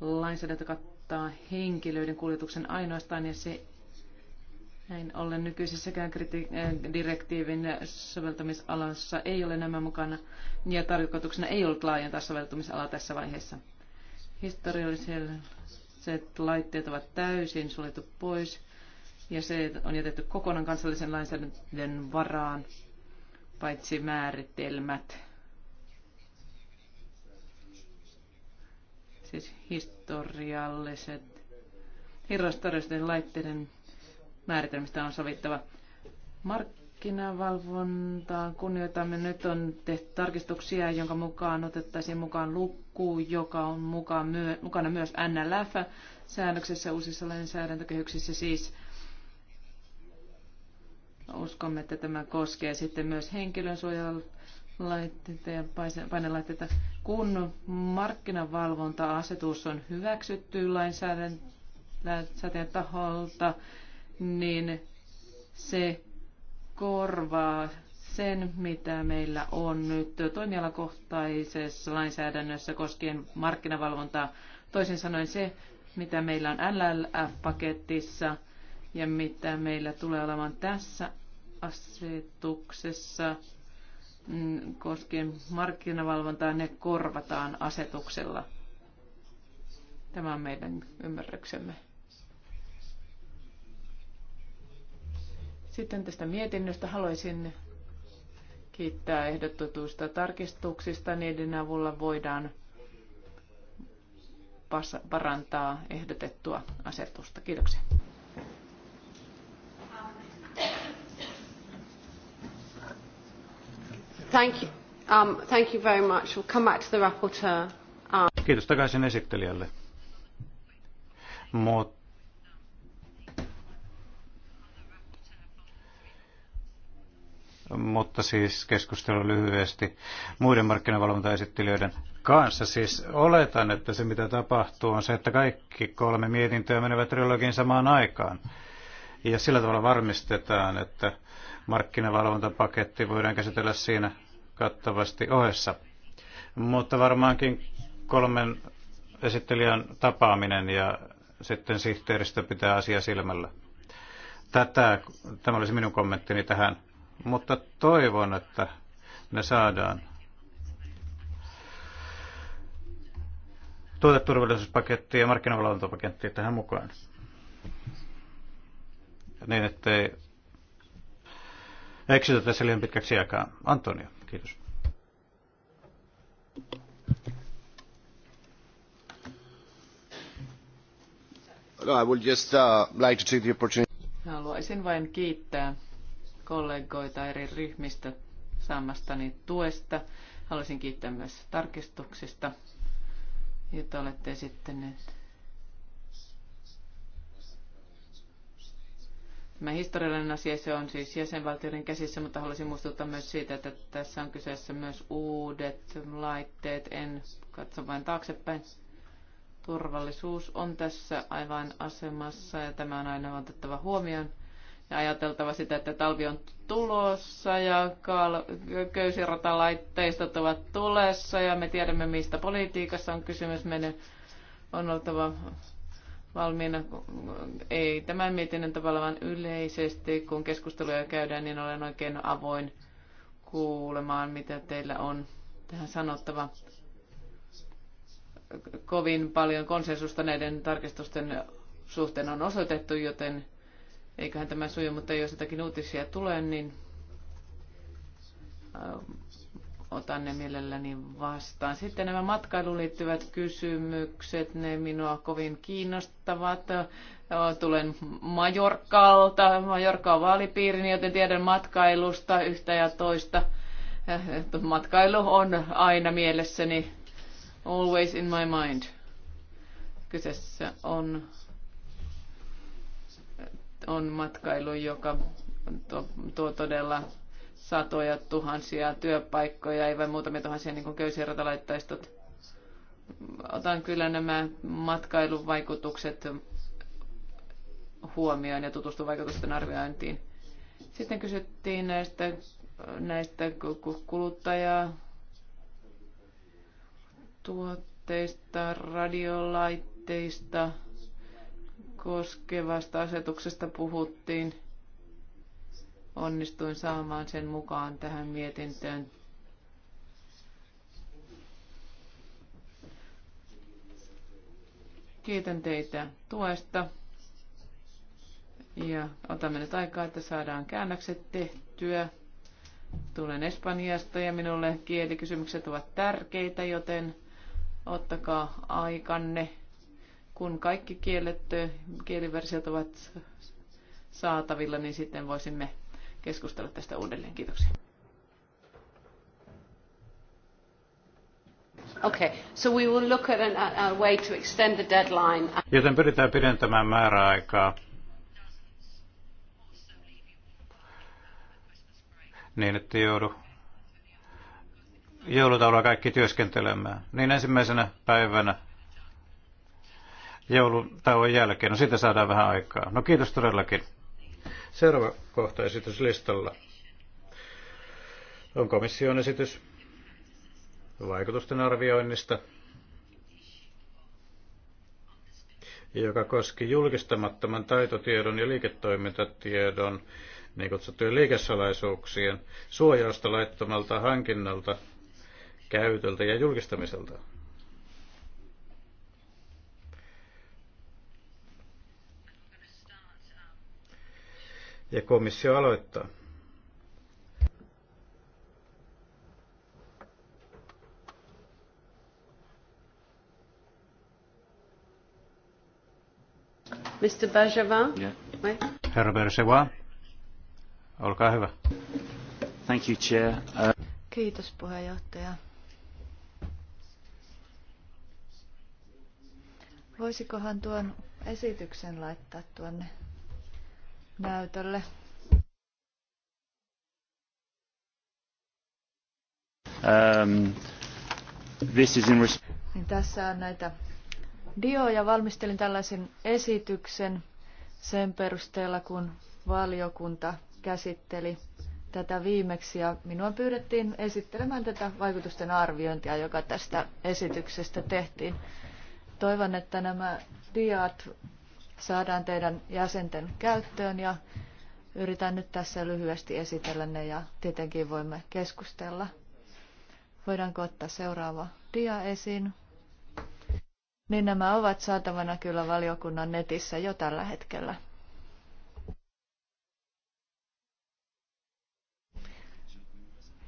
lainsäädäntö kattaa henkilöiden kuljetuksen ainoastaan ja se näin ollen nykyisessäkään äh, direktiivin soveltamisalassa ei ole nämä mukana ja tarkoituksena ei ollut laajentaa soveltamisalaa tässä vaiheessa. Historialliset laitteet ovat täysin suljettu pois ja se on jätetty kokonaan kansallisen lainsäädännön varaan paitsi määritelmät. Siis historialliset, historiallisten laitteiden määritelmistä on sovittava. Markkinavalvontaan kunnioitamme nyt on tehty tarkistuksia, jonka mukaan otettaisiin mukaan lukku, joka on mukaan myö, mukana myös NLF-säännöksessä uusissa lainsäädäntökehyksissä siis – Uskomme, että tämä koskee sitten myös henkilönsuojalaitteita ja painelaitteita. Kun markkinavalvonta-asetus on hyväksytty lainsäätäjän taholta, niin se korvaa sen, mitä meillä on nyt toimialakohtaisessa lainsäädännössä koskien markkinavalvontaa. Toisin sanoen se, mitä meillä on LLF-paketissa ja mitä meillä tulee olemaan tässä asetuksessa mm, koskien markkinavalvontaa, ne korvataan asetuksella. Tämä on meidän ymmärryksemme. Sitten tästä mietinnöstä haluaisin kiittää ehdotetuista tarkistuksista. Niiden avulla voidaan parantaa ehdotettua asetusta. Kiitoksia. Kiitos takaisin esittelijälle. Mut mutta siis keskustelu lyhyesti muiden markkinavalvontaesittelijöiden kanssa. Siis oletan, että se mitä tapahtuu on se, että kaikki kolme mietintöä menevät trilogiin samaan aikaan. Ja sillä tavalla varmistetaan, että markkinavalvontapaketti voidaan käsitellä siinä kattavasti ohessa. Mutta varmaankin kolmen esittelijän tapaaminen ja sitten sihteeristö pitää asia silmällä. Tätä, tämä olisi minun kommenttini tähän, mutta toivon, että ne saadaan. Tuoteturvallisuuspaketti ja markkinavalvontapaketti tähän mukaan. Niin, ettei tässä liian pitkäksi aikaa. Antonio. Kiitos. No, I would just uh, like to take the opportunity. Haluaisin vain kiittää kollegoita eri ryhmistä saamastani tuesta. Haluaisin kiittää myös tarkistuksista, joita olette esittäneet Tämä historiallinen asia se on siis jäsenvaltioiden käsissä, mutta haluaisin muistuttaa myös siitä, että tässä on kyseessä myös uudet laitteet. En katso vain taaksepäin. Turvallisuus on tässä aivan asemassa ja tämä on aina otettava huomioon. Ja ajateltava sitä, että talvi on tulossa ja kal- köysirata ovat tulessa ja me tiedämme, mistä politiikassa on kysymys. Meidän on oltava valmiina, ei tämän mietinnön tavalla, vaan yleisesti, kun keskusteluja käydään, niin olen oikein avoin kuulemaan, mitä teillä on tähän sanottava. Kovin paljon konsensusta näiden tarkistusten suhteen on osoitettu, joten eiköhän tämä suju, mutta jos jotakin uutisia tulee, niin ähm, otan ne mielelläni vastaan. Sitten nämä matkailuun liittyvät kysymykset, ne minua kovin kiinnostavat. Tulen Majorkalta, Majorka on vaalipiirini, joten tiedän matkailusta yhtä ja toista. Matkailu on aina mielessäni, always in my mind. Kyseessä on, on matkailu, joka tuo, tuo todella satoja tuhansia työpaikkoja, ei vain muutamia tuhansia niin kuin köysiratalaittaistot. Otan kyllä nämä matkailun vaikutukset huomioon ja tutustun vaikutusten arviointiin. Sitten kysyttiin näistä, näistä kuluttajaa tuotteista, radiolaitteista koskevasta asetuksesta puhuttiin – onnistuin saamaan sen mukaan tähän mietintöön. Kiitän teitä tuesta ja otamme nyt aikaa, että saadaan käännökset tehtyä. Tulen Espanjasta ja minulle kielikysymykset ovat tärkeitä, joten ottakaa aikanne, kun kaikki kielet, kieliversiot ovat saatavilla, niin sitten voisimme keskustella tästä uudelleen. Kiitoksia. Okay, so we will look at an, a way to extend the deadline. Joten pyritään pidentämään määräaikaa. Niin, että joudu joulutaulua kaikki työskentelemään. Niin ensimmäisenä päivänä joulutauon jälkeen. No siitä saadaan vähän aikaa. No kiitos todellakin. Seuraava kohta esityslistalla on komission esitys vaikutusten arvioinnista, joka koski julkistamattoman taitotiedon ja liiketoimintatiedon niin kutsuttujen liikesalaisuuksien suojausta laittomalta hankinnalta, käytöltä ja julkistamiselta. Ja komissio aloittaa. Mr. Bergevin? Yeah. Herra Bergevin, olkaa hyvä. Thank you, Chair. Uh... Kiitos puheenjohtaja. Voisikohan tuon esityksen laittaa tuonne näytölle. Um, this is in niin tässä on näitä dioja. Valmistelin tällaisen esityksen sen perusteella, kun valiokunta käsitteli tätä viimeksi ja minua pyydettiin esittelemään tätä vaikutusten arviointia, joka tästä esityksestä tehtiin. Toivon, että nämä diat saadaan teidän jäsenten käyttöön ja yritän nyt tässä lyhyesti esitellä ne ja tietenkin voimme keskustella. Voidaanko ottaa seuraava dia esiin? Niin nämä ovat saatavana kyllä valiokunnan netissä jo tällä hetkellä.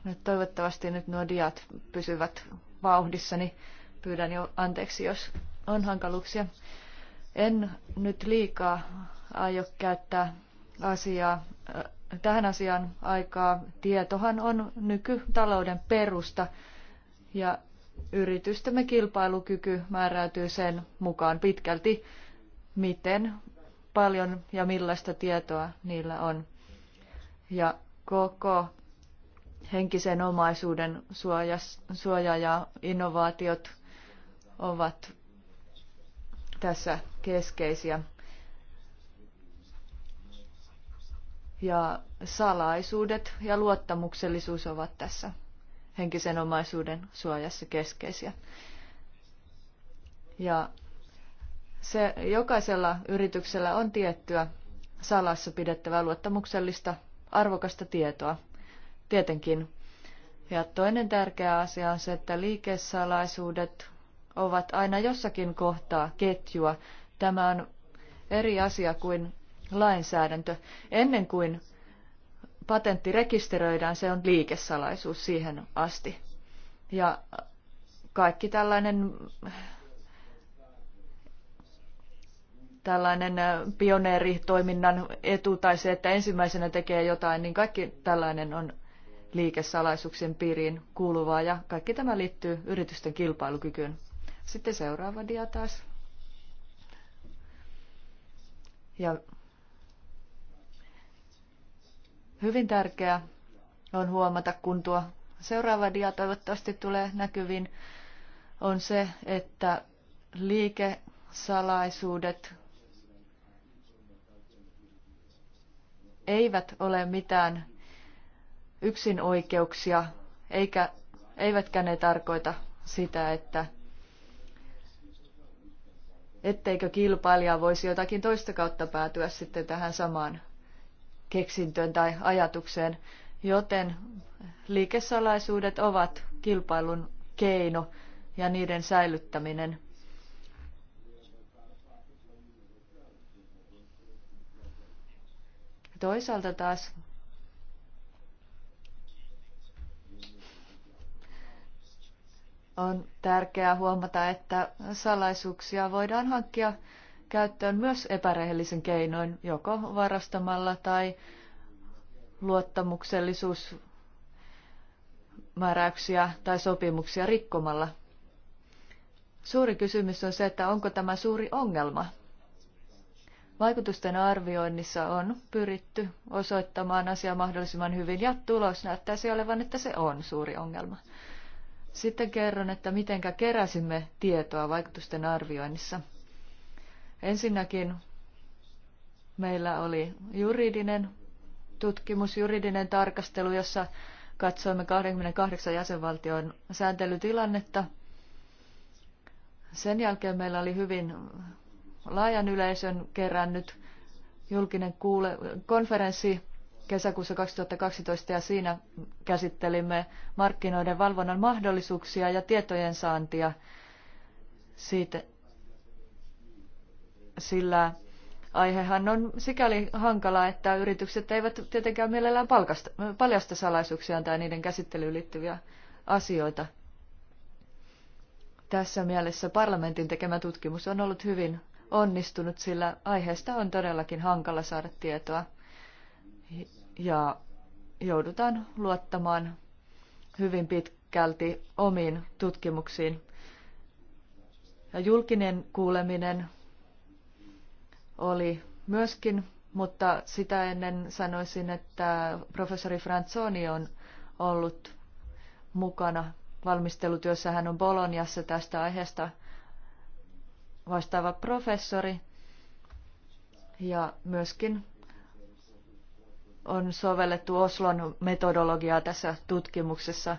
Nyt toivottavasti nyt nuo diat pysyvät vauhdissa, niin pyydän jo anteeksi, jos on hankaluuksia. En nyt liikaa aio käyttää asiaa, äh, tähän asiaan aikaa. Tietohan on nykytalouden perusta ja yritystemme kilpailukyky määräytyy sen mukaan pitkälti, miten paljon ja millaista tietoa niillä on. Ja koko henkisen omaisuuden suoja, ja innovaatiot ovat tässä keskeisiä. Ja salaisuudet ja luottamuksellisuus ovat tässä henkisen omaisuuden suojassa keskeisiä. Ja se, jokaisella yrityksellä on tiettyä salassa pidettävää luottamuksellista arvokasta tietoa, tietenkin. Ja toinen tärkeä asia on se, että liikesalaisuudet ovat aina jossakin kohtaa ketjua. Tämä on eri asia kuin lainsäädäntö. Ennen kuin patentti rekisteröidään, se on liikesalaisuus siihen asti. Ja kaikki tällainen tällainen pioneeritoiminnan etu tai se, että ensimmäisenä tekee jotain, niin kaikki tällainen on liikesalaisuuksien piiriin kuuluvaa ja kaikki tämä liittyy yritysten kilpailukykyyn. Sitten seuraava dia taas. Ja hyvin tärkeää on huomata, kun tuo seuraava dia toivottavasti tulee näkyviin, on se, että liikesalaisuudet eivät ole mitään yksinoikeuksia, eikä, eivätkä ne tarkoita sitä, että etteikö kilpailija voisi jotakin toista kautta päätyä sitten tähän samaan keksintöön tai ajatukseen, joten liikesalaisuudet ovat kilpailun keino ja niiden säilyttäminen. Toisaalta taas On tärkeää huomata, että salaisuuksia voidaan hankkia käyttöön myös epärehellisen keinoin, joko varastamalla tai luottamuksellisuusmääräyksiä tai sopimuksia rikkomalla. Suuri kysymys on se, että onko tämä suuri ongelma. Vaikutusten arvioinnissa on pyritty osoittamaan asia mahdollisimman hyvin ja tulos näyttäisi olevan, että se on suuri ongelma. Sitten kerron, että mitenkä keräsimme tietoa vaikutusten arvioinnissa. Ensinnäkin meillä oli juridinen tutkimus, juridinen tarkastelu, jossa katsoimme 28 jäsenvaltion sääntelytilannetta. Sen jälkeen meillä oli hyvin laajan yleisön kerännyt julkinen kuule- konferenssi kesäkuussa 2012 ja siinä käsittelimme markkinoiden valvonnan mahdollisuuksia ja tietojen saantia siitä, sillä aihehan on sikäli hankala, että yritykset eivät tietenkään mielellään palkasta, paljasta salaisuuksiaan tai niiden käsittelyyn liittyviä asioita. Tässä mielessä parlamentin tekemä tutkimus on ollut hyvin onnistunut, sillä aiheesta on todellakin hankala saada tietoa ja joudutaan luottamaan hyvin pitkälti omiin tutkimuksiin. Ja julkinen kuuleminen oli myöskin, mutta sitä ennen sanoisin, että professori Franzoni on ollut mukana valmistelutyössä. Hän on Boloniassa tästä aiheesta vastaava professori ja myöskin on sovellettu Oslon metodologiaa tässä tutkimuksessa.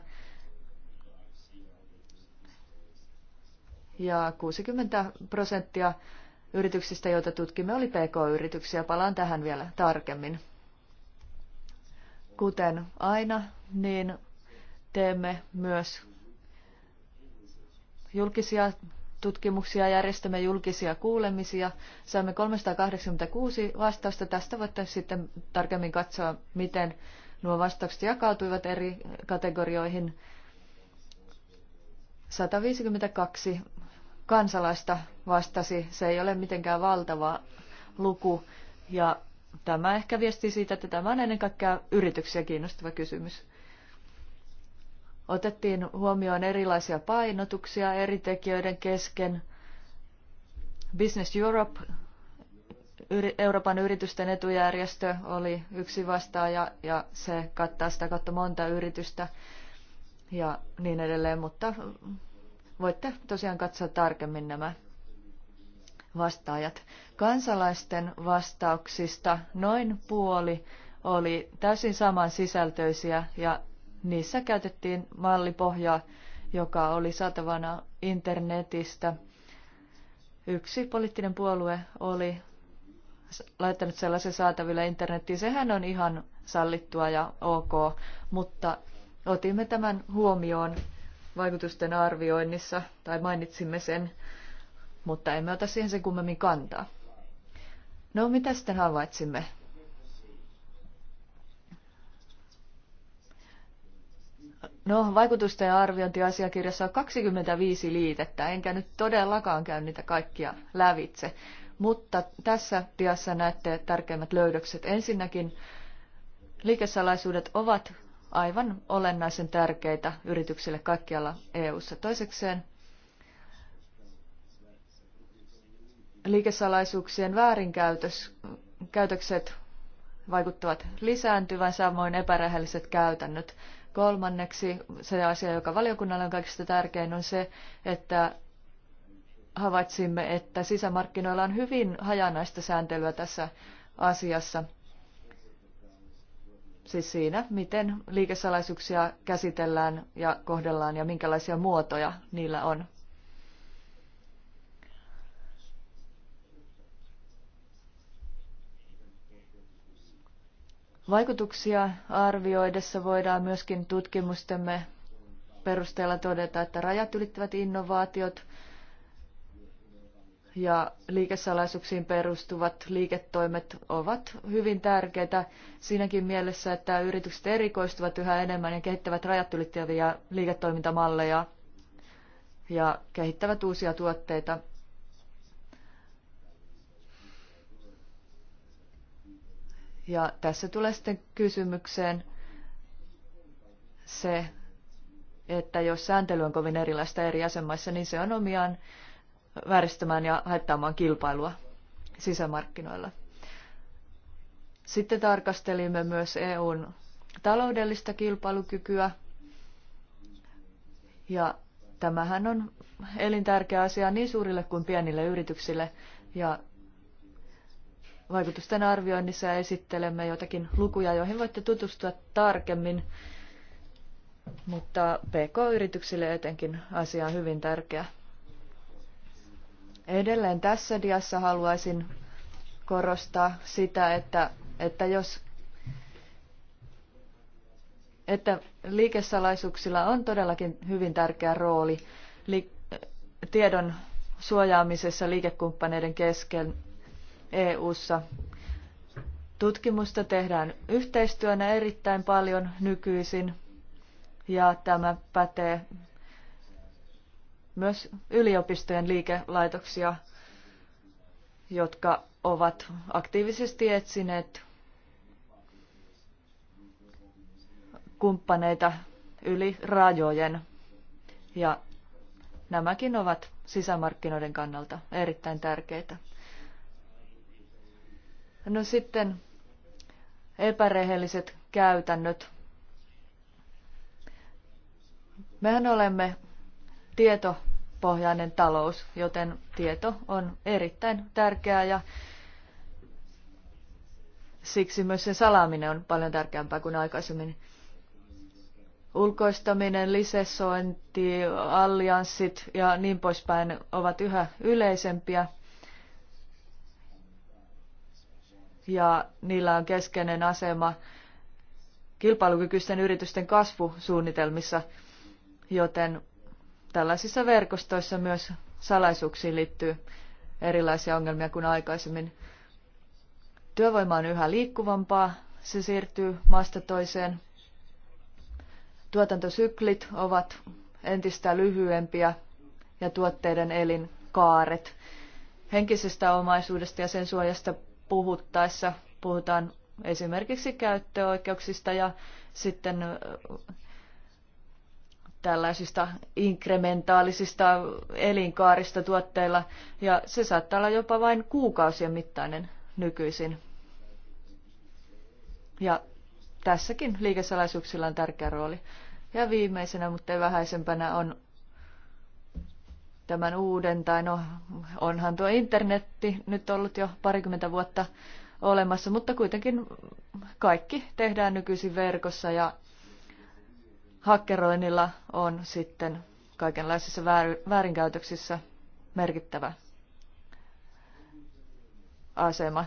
Ja 60 prosenttia yrityksistä, joita tutkimme, oli PK-yrityksiä. Palaan tähän vielä tarkemmin. Kuten aina, niin teemme myös julkisia tutkimuksia, järjestämme julkisia kuulemisia. Saamme 386 vastausta. Tästä voitte sitten tarkemmin katsoa, miten nuo vastaukset jakautuivat eri kategorioihin. 152 kansalaista vastasi. Se ei ole mitenkään valtava luku. Ja tämä ehkä viesti siitä, että tämä on ennen kaikkea yrityksiä kiinnostava kysymys. Otettiin huomioon erilaisia painotuksia eri tekijöiden kesken. Business Europe, Euroopan yritysten etujärjestö, oli yksi vastaaja ja se kattaa sitä kautta monta yritystä ja niin edelleen, mutta voitte tosiaan katsoa tarkemmin nämä vastaajat. Kansalaisten vastauksista noin puoli oli täysin saman sisältöisiä ja niissä käytettiin mallipohjaa, joka oli saatavana internetistä. Yksi poliittinen puolue oli laittanut sellaisen saataville internettiin. Sehän on ihan sallittua ja ok, mutta otimme tämän huomioon vaikutusten arvioinnissa, tai mainitsimme sen, mutta emme ota siihen sen kummemmin kantaa. No, mitä sitten havaitsimme? No, vaikutusten arviointiasiakirjassa on 25 liitettä, enkä nyt todellakaan käy niitä kaikkia lävitse. Mutta tässä diassa näette tärkeimmät löydökset. Ensinnäkin liikesalaisuudet ovat aivan olennaisen tärkeitä yrityksille kaikkialla EU-ssa. Toisekseen liikesalaisuuksien väärinkäytökset vaikuttavat lisääntyvän, samoin epärehelliset käytännöt. Kolmanneksi se asia, joka valiokunnalle on kaikista tärkein, on se, että havaitsimme, että sisämarkkinoilla on hyvin hajanaista sääntelyä tässä asiassa. Siis siinä, miten liikesalaisuuksia käsitellään ja kohdellaan ja minkälaisia muotoja niillä on. Vaikutuksia arvioidessa voidaan myöskin tutkimustemme perusteella todeta, että rajat ylittävät innovaatiot ja liikesalaisuuksiin perustuvat liiketoimet ovat hyvin tärkeitä siinäkin mielessä, että yritykset erikoistuvat yhä enemmän ja kehittävät rajat ylittäviä liiketoimintamalleja ja kehittävät uusia tuotteita Ja tässä tulee sitten kysymykseen se, että jos sääntely on kovin erilaista eri jäsenmaissa, niin se on omiaan vääristämään ja haittaamaan kilpailua sisämarkkinoilla. Sitten tarkastelimme myös EUn taloudellista kilpailukykyä. Ja tämähän on elintärkeä asia niin suurille kuin pienille yrityksille. Ja vaikutusten arvioinnissa ja esittelemme jotakin lukuja, joihin voitte tutustua tarkemmin. Mutta PK-yrityksille etenkin asia on hyvin tärkeä. Edelleen tässä diassa haluaisin korostaa sitä, että, että jos että liikesalaisuuksilla on todellakin hyvin tärkeä rooli li, tiedon suojaamisessa liikekumppaneiden kesken EU:ssa. Tutkimusta tehdään yhteistyönä erittäin paljon nykyisin ja tämä pätee myös yliopistojen liikelaitoksia, jotka ovat aktiivisesti etsineet kumppaneita yli rajojen. Ja nämäkin ovat sisämarkkinoiden kannalta erittäin tärkeitä. No sitten epärehelliset käytännöt. Mehän olemme tietopohjainen talous, joten tieto on erittäin tärkeää ja siksi myös sen salaaminen on paljon tärkeämpää kuin aikaisemmin. Ulkoistaminen, lisessointi, allianssit ja niin poispäin ovat yhä yleisempiä – ja niillä on keskeinen asema kilpailukykyisten yritysten kasvusuunnitelmissa, joten tällaisissa verkostoissa myös salaisuuksiin liittyy erilaisia ongelmia kuin aikaisemmin. Työvoima on yhä liikkuvampaa, se siirtyy maasta toiseen. Tuotantosyklit ovat entistä lyhyempiä ja tuotteiden elinkaaret. Henkisestä omaisuudesta ja sen suojasta puhuttaessa puhutaan esimerkiksi käyttöoikeuksista ja sitten tällaisista inkrementaalisista elinkaarista tuotteilla, ja se saattaa olla jopa vain kuukausien mittainen nykyisin. Ja tässäkin liikesalaisuuksilla on tärkeä rooli. Ja viimeisenä, mutta ei vähäisempänä, on tämän uuden, tai no onhan tuo internetti nyt ollut jo parikymmentä vuotta olemassa, mutta kuitenkin kaikki tehdään nykyisin verkossa ja hakkeroinnilla on sitten kaikenlaisissa väärinkäytöksissä merkittävä asema.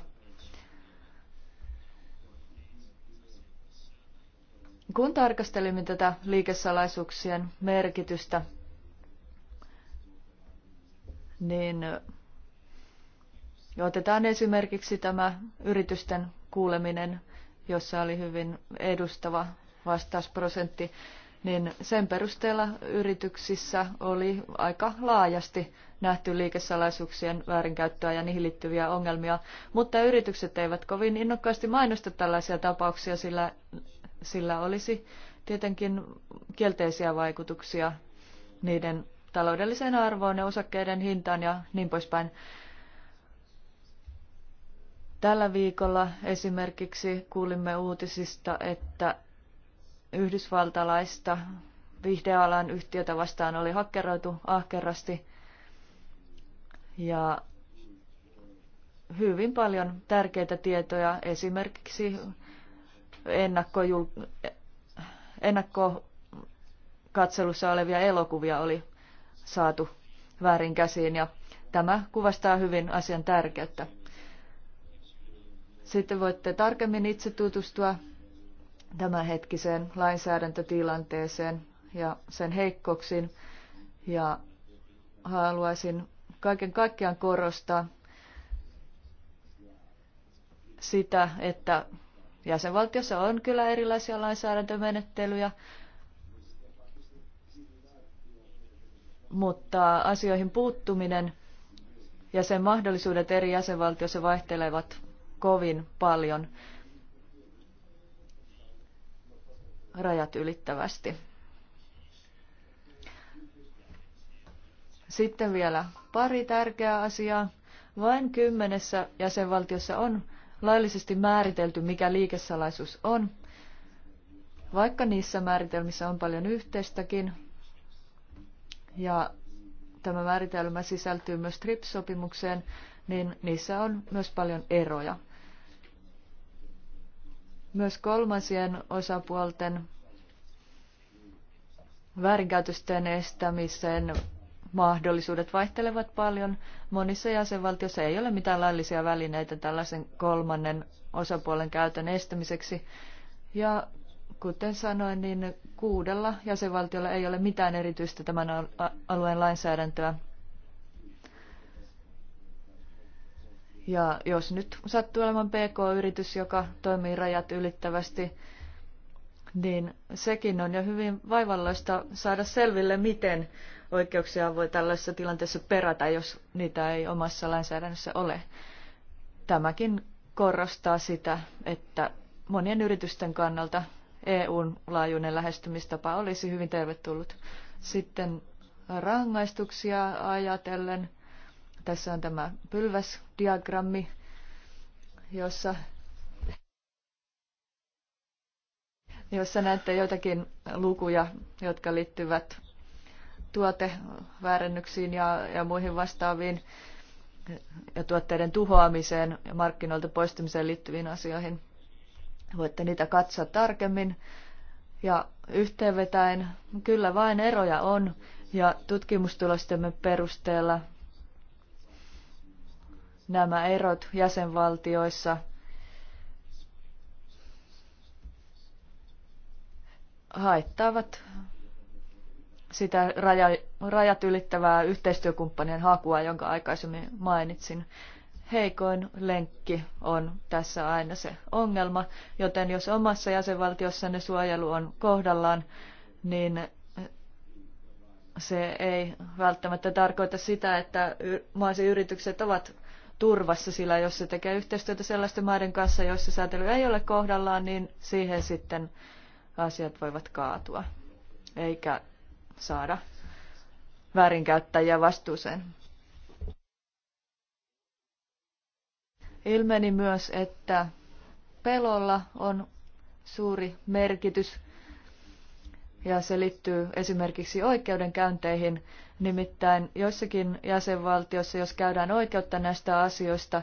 Kun tarkastelimme tätä liikesalaisuuksien merkitystä niin otetaan esimerkiksi tämä yritysten kuuleminen, jossa oli hyvin edustava vastausprosentti, niin sen perusteella yrityksissä oli aika laajasti nähty liikesalaisuuksien väärinkäyttöä ja niihin liittyviä ongelmia, mutta yritykset eivät kovin innokkaasti mainosta tällaisia tapauksia, sillä, sillä olisi tietenkin kielteisiä vaikutuksia niiden taloudelliseen arvoon ja osakkeiden hintaan ja niin poispäin. Tällä viikolla esimerkiksi kuulimme uutisista, että yhdysvaltalaista vihdealan yhtiötä vastaan oli hakkeroitu ahkerasti ja hyvin paljon tärkeitä tietoja, esimerkiksi ennakkojul... ennakkokatselussa olevia elokuvia oli saatu väärin käsiin ja tämä kuvastaa hyvin asian tärkeyttä. Sitten voitte tarkemmin itse tutustua tämänhetkiseen lainsäädäntötilanteeseen ja sen heikkouksiin. Ja haluaisin kaiken kaikkiaan korostaa sitä, että jäsenvaltiossa on kyllä erilaisia lainsäädäntömenettelyjä, mutta asioihin puuttuminen ja sen mahdollisuudet eri jäsenvaltioissa vaihtelevat kovin paljon rajat ylittävästi. Sitten vielä pari tärkeää asiaa. Vain kymmenessä jäsenvaltiossa on laillisesti määritelty, mikä liikesalaisuus on. Vaikka niissä määritelmissä on paljon yhteistäkin, ja tämä määritelmä sisältyy myös TRIPS-sopimukseen, niin niissä on myös paljon eroja. Myös kolmansien osapuolten väärinkäytösten estämisen mahdollisuudet vaihtelevat paljon. Monissa jäsenvaltioissa ei ole mitään laillisia välineitä tällaisen kolmannen osapuolen käytön estämiseksi. Ja Kuten sanoin, niin kuudella jäsenvaltiolla ei ole mitään erityistä tämän alueen lainsäädäntöä. Ja jos nyt sattuu olemaan PK-yritys, joka toimii rajat ylittävästi, niin sekin on jo hyvin vaivalloista saada selville, miten oikeuksia voi tällaisessa tilanteessa perätä, jos niitä ei omassa lainsäädännössä ole. Tämäkin korostaa sitä, että monien yritysten kannalta EUn laajuinen lähestymistapa olisi hyvin tervetullut. Sitten rangaistuksia ajatellen. Tässä on tämä pylväsdiagrammi, jossa, jossa näette joitakin lukuja, jotka liittyvät tuoteväärennyksiin ja, ja muihin vastaaviin ja tuotteiden tuhoamiseen ja markkinoilta poistumiseen liittyviin asioihin. Voitte niitä katsoa tarkemmin. Ja yhteenvetäen, kyllä vain eroja on, ja tutkimustulostemme perusteella nämä erot jäsenvaltioissa haittaavat sitä raja, rajat ylittävää yhteistyökumppanien hakua, jonka aikaisemmin mainitsin heikoin lenkki on tässä aina se ongelma, joten jos omassa jäsenvaltiossanne suojelu on kohdallaan, niin se ei välttämättä tarkoita sitä, että maasi yritykset ovat turvassa, sillä jos se tekee yhteistyötä sellaisten maiden kanssa, joissa säätely ei ole kohdallaan, niin siihen sitten asiat voivat kaatua, eikä saada väärinkäyttäjiä vastuuseen. Ilmeni myös, että pelolla on suuri merkitys ja se liittyy esimerkiksi oikeudenkäynteihin. Nimittäin joissakin jäsenvaltiossa, jos käydään oikeutta näistä asioista,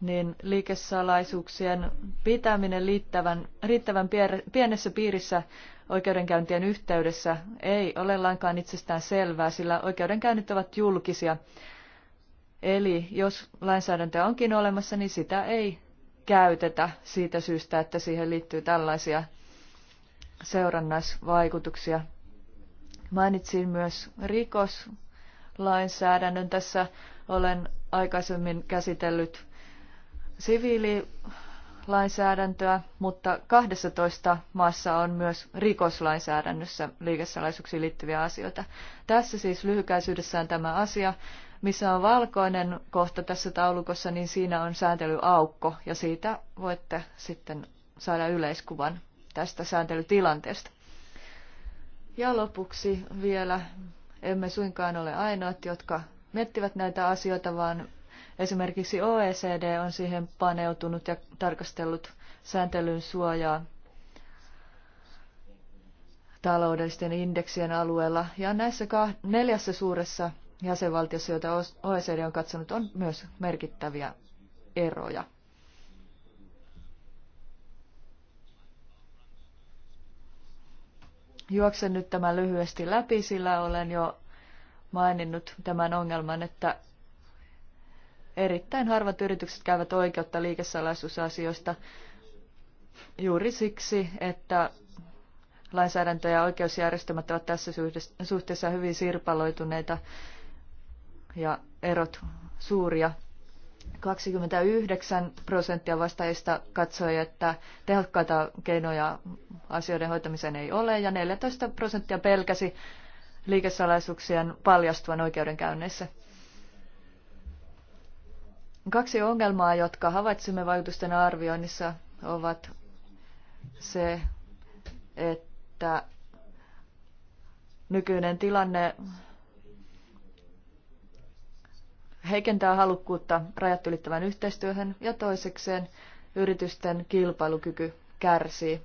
niin liikesalaisuuksien pitäminen liittävän, riittävän pienessä piirissä oikeudenkäyntien yhteydessä ei ole lainkaan itsestään selvää, sillä oikeudenkäynnit ovat julkisia. Eli jos lainsäädäntöä onkin olemassa, niin sitä ei käytetä siitä syystä, että siihen liittyy tällaisia seurannaisvaikutuksia. Mainitsin myös rikoslainsäädännön. Tässä olen aikaisemmin käsitellyt siviililainsäädäntöä, mutta 12 maassa on myös rikoslainsäädännössä liikesalaisuuksiin liittyviä asioita. Tässä siis lyhykäisyydessään tämä asia missä on valkoinen kohta tässä taulukossa, niin siinä on sääntelyaukko ja siitä voitte sitten saada yleiskuvan tästä sääntelytilanteesta. Ja lopuksi vielä emme suinkaan ole ainoat, jotka miettivät näitä asioita, vaan esimerkiksi OECD on siihen paneutunut ja tarkastellut sääntelyn suojaa taloudellisten indeksien alueella. Ja näissä neljässä suuressa jäsenvaltiossa, joita OECD on katsonut, on myös merkittäviä eroja. Juoksen nyt tämän lyhyesti läpi, sillä olen jo maininnut tämän ongelman, että erittäin harvat yritykset käyvät oikeutta liikesalaisuusasioista juuri siksi, että lainsäädäntö ja oikeusjärjestelmät ovat tässä suhteessa hyvin sirpaloituneita ja erot suuria. 29 prosenttia vastaajista katsoi, että tehokkaita keinoja asioiden hoitamiseen ei ole, ja 14 prosenttia pelkäsi liikesalaisuuksien paljastuvan oikeudenkäynneissä. Kaksi ongelmaa, jotka havaitsimme vaikutusten arvioinnissa, ovat se, että nykyinen tilanne heikentää halukkuutta rajat ylittävän yhteistyöhön ja toisekseen yritysten kilpailukyky kärsii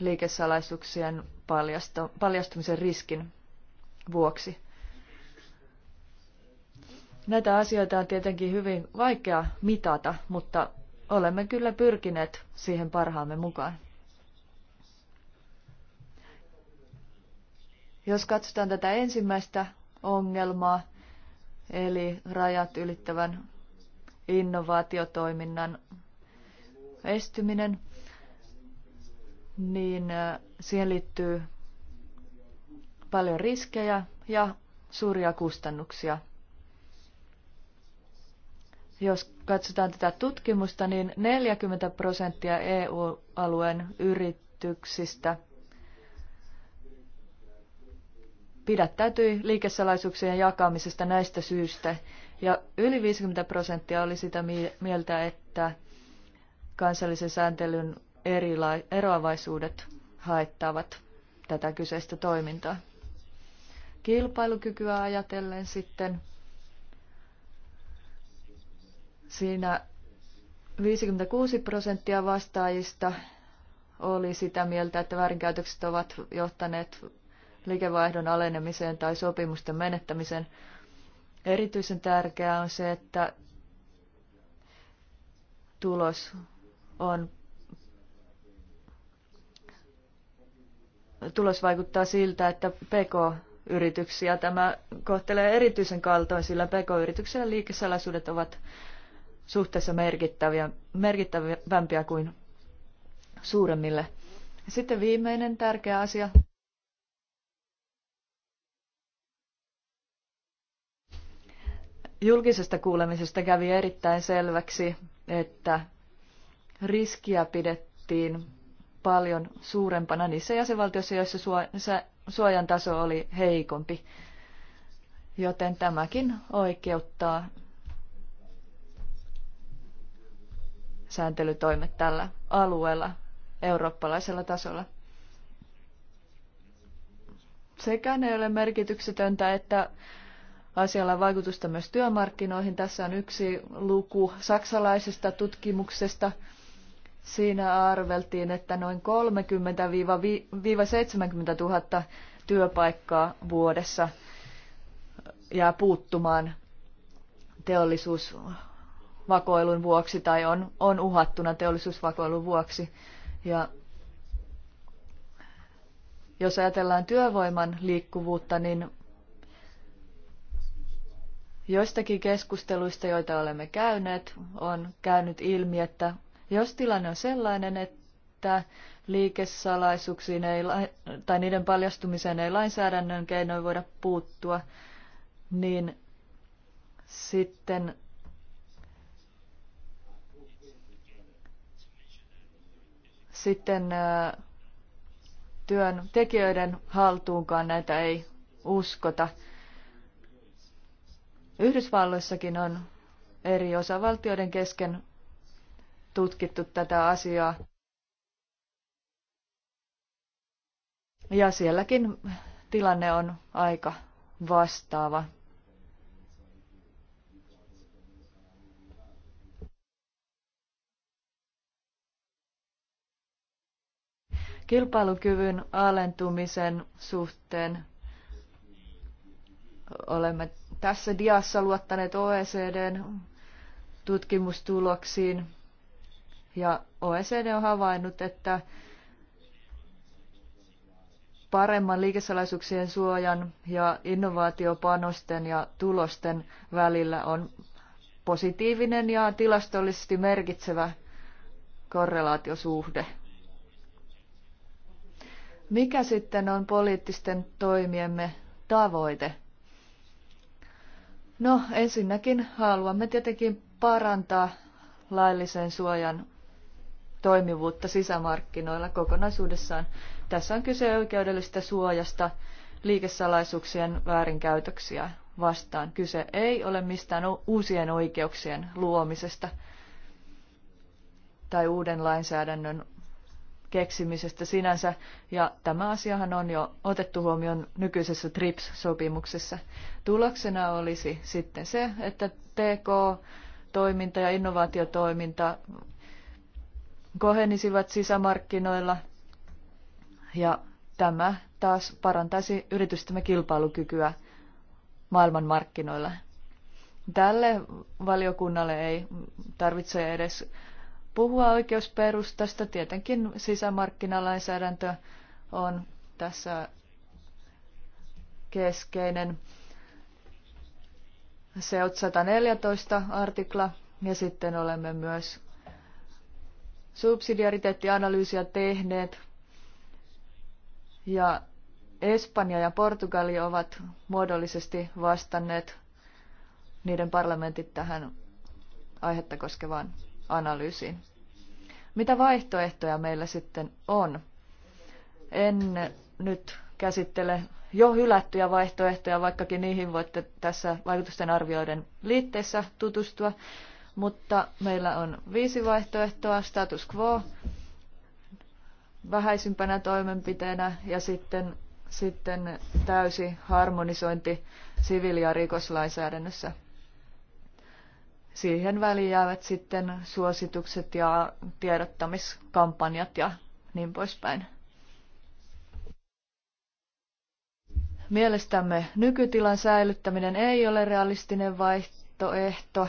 liikesalaisuuksien paljastumisen riskin vuoksi. Näitä asioita on tietenkin hyvin vaikea mitata, mutta olemme kyllä pyrkineet siihen parhaamme mukaan. Jos katsotaan tätä ensimmäistä ongelmaa, eli rajat ylittävän innovaatiotoiminnan estyminen, niin siihen liittyy paljon riskejä ja suuria kustannuksia. Jos katsotaan tätä tutkimusta, niin 40 prosenttia EU-alueen yrityksistä – pidättäytyi liikesalaisuuksien jakamisesta näistä syistä. Ja yli 50 prosenttia oli sitä mieltä, että kansallisen sääntelyn erila- eroavaisuudet haittaavat tätä kyseistä toimintaa. Kilpailukykyä ajatellen sitten siinä 56 prosenttia vastaajista oli sitä mieltä, että väärinkäytökset ovat johtaneet liikevaihdon alenemiseen tai sopimusten menettämiseen. Erityisen tärkeää on se, että tulos on tulos vaikuttaa siltä, että PK-yrityksiä tämä kohtelee erityisen kaltoin, sillä PK-yrityksillä liikesalaisuudet ovat suhteessa merkittäviä, merkittävämpiä kuin suuremmille. Sitten viimeinen tärkeä asia Julkisesta kuulemisesta kävi erittäin selväksi, että riskiä pidettiin paljon suurempana niissä jäsenvaltioissa, joissa suojan taso oli heikompi. Joten tämäkin oikeuttaa sääntelytoimet tällä alueella eurooppalaisella tasolla. Sekään ei ole merkityksetöntä, että Asialla on vaikutusta myös työmarkkinoihin. Tässä on yksi luku saksalaisesta tutkimuksesta. Siinä arveltiin, että noin 30-70 000 työpaikkaa vuodessa jää puuttumaan teollisuusvakoilun vuoksi tai on, on uhattuna teollisuusvakoilun vuoksi. Ja jos ajatellaan työvoiman liikkuvuutta, niin Joistakin keskusteluista, joita olemme käyneet, on käynyt ilmi, että jos tilanne on sellainen, että liikesalaisuuksiin ei, tai niiden paljastumiseen ei lainsäädännön keinoin voida puuttua, niin sitten sitten työntekijöiden haltuunkaan näitä ei uskota. Yhdysvalloissakin on eri osavaltioiden kesken tutkittu tätä asiaa. Ja sielläkin tilanne on aika vastaava. Kilpailukyvyn alentumisen suhteen olemme tässä diassa luottaneet OECDn tutkimustuloksiin. Ja OECD on havainnut, että paremman liikesalaisuuksien suojan ja innovaatiopanosten ja tulosten välillä on positiivinen ja tilastollisesti merkitsevä korrelaatiosuhde. Mikä sitten on poliittisten toimiemme tavoite? No ensinnäkin haluamme tietenkin parantaa laillisen suojan toimivuutta sisämarkkinoilla kokonaisuudessaan. Tässä on kyse oikeudellisesta suojasta liikesalaisuuksien väärinkäytöksiä vastaan. Kyse ei ole mistään uusien oikeuksien luomisesta tai uuden lainsäädännön keksimisestä sinänsä, ja tämä asiahan on jo otettu huomioon nykyisessä TRIPS-sopimuksessa. Tuloksena olisi sitten se, että TK-toiminta ja innovaatiotoiminta kohenisivat sisämarkkinoilla, ja tämä taas parantaisi yritystemme kilpailukykyä maailmanmarkkinoilla. Tälle valiokunnalle ei tarvitse edes puhua oikeusperustasta. Tietenkin sisämarkkinalainsäädäntö on tässä keskeinen. Se on 114 artikla ja sitten olemme myös subsidiariteettianalyysiä tehneet. Ja Espanja ja Portugali ovat muodollisesti vastanneet niiden parlamentit tähän aihetta koskevaan analyysiin. Mitä vaihtoehtoja meillä sitten on? En nyt käsittele jo hylättyjä vaihtoehtoja, vaikkakin niihin voitte tässä vaikutusten arvioiden liitteessä tutustua. Mutta meillä on viisi vaihtoehtoa, status quo vähäisimpänä toimenpiteenä ja sitten, sitten täysi harmonisointi siviili- ja rikoslainsäädännössä siihen väliin jäävät sitten suositukset ja tiedottamiskampanjat ja niin poispäin. Mielestämme nykytilan säilyttäminen ei ole realistinen vaihtoehto,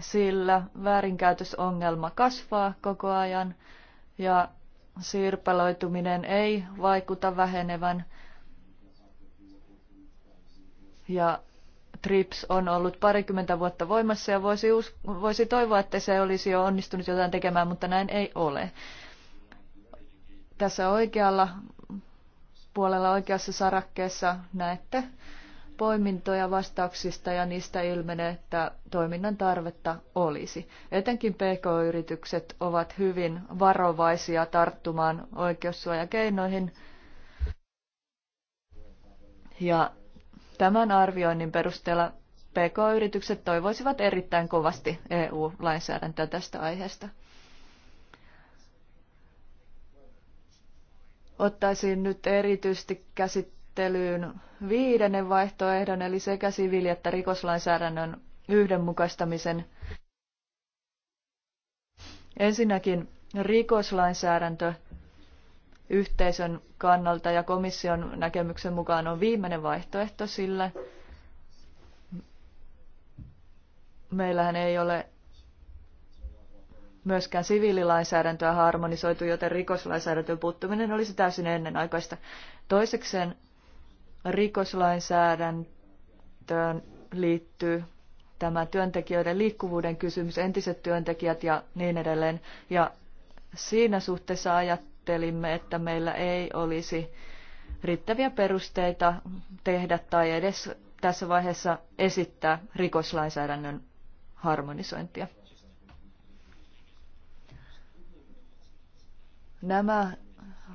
sillä väärinkäytösongelma kasvaa koko ajan ja siirpaloituminen ei vaikuta vähenevän. Ja TRIPS on ollut parikymmentä vuotta voimassa ja voisi, voisi toivoa, että se olisi jo onnistunut jotain tekemään, mutta näin ei ole. Tässä oikealla puolella oikeassa sarakkeessa näette poimintoja vastauksista ja niistä ilmenee, että toiminnan tarvetta olisi. Etenkin PK-yritykset ovat hyvin varovaisia tarttumaan oikeussuojakeinoihin ja Tämän arvioinnin perusteella PK-yritykset toivoisivat erittäin kovasti EU-lainsäädäntöä tästä aiheesta. Ottaisin nyt erityisesti käsittelyyn viidennen vaihtoehdon, eli sekä siviili- että rikoslainsäädännön yhdenmukaistamisen. Ensinnäkin rikoslainsäädäntö yhteisön kannalta ja komission näkemyksen mukaan on viimeinen vaihtoehto, sillä meillähän ei ole myöskään siviililainsäädäntöä harmonisoitu, joten rikoslainsäädäntöön puuttuminen olisi täysin ennenaikaista. Toisekseen rikoslainsäädäntöön liittyy tämä työntekijöiden liikkuvuuden kysymys, entiset työntekijät ja niin edelleen. Ja siinä suhteessa ajat, ajattelimme, että meillä ei olisi riittäviä perusteita tehdä tai edes tässä vaiheessa esittää rikoslainsäädännön harmonisointia. Nämä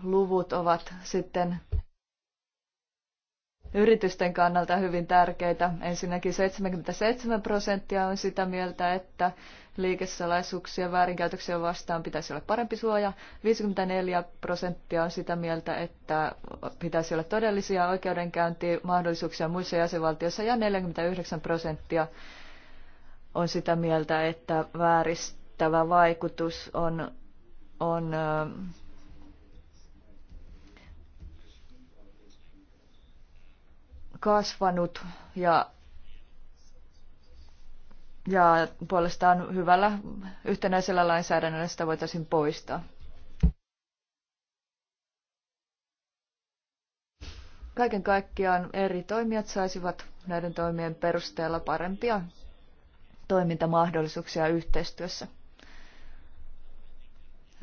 luvut ovat sitten yritysten kannalta hyvin tärkeitä. Ensinnäkin 77 prosenttia on sitä mieltä, että liikesalaisuuksia väärinkäytöksiä vastaan pitäisi olla parempi suoja. 54 prosenttia on sitä mieltä, että pitäisi olla todellisia oikeudenkäyntimahdollisuuksia muissa jäsenvaltioissa ja 49 prosenttia on sitä mieltä, että vääristävä vaikutus on, on kasvanut ja ja puolestaan hyvällä yhtenäisellä lainsäädännöllä sitä voitaisiin poistaa. Kaiken kaikkiaan eri toimijat saisivat näiden toimien perusteella parempia toimintamahdollisuuksia yhteistyössä.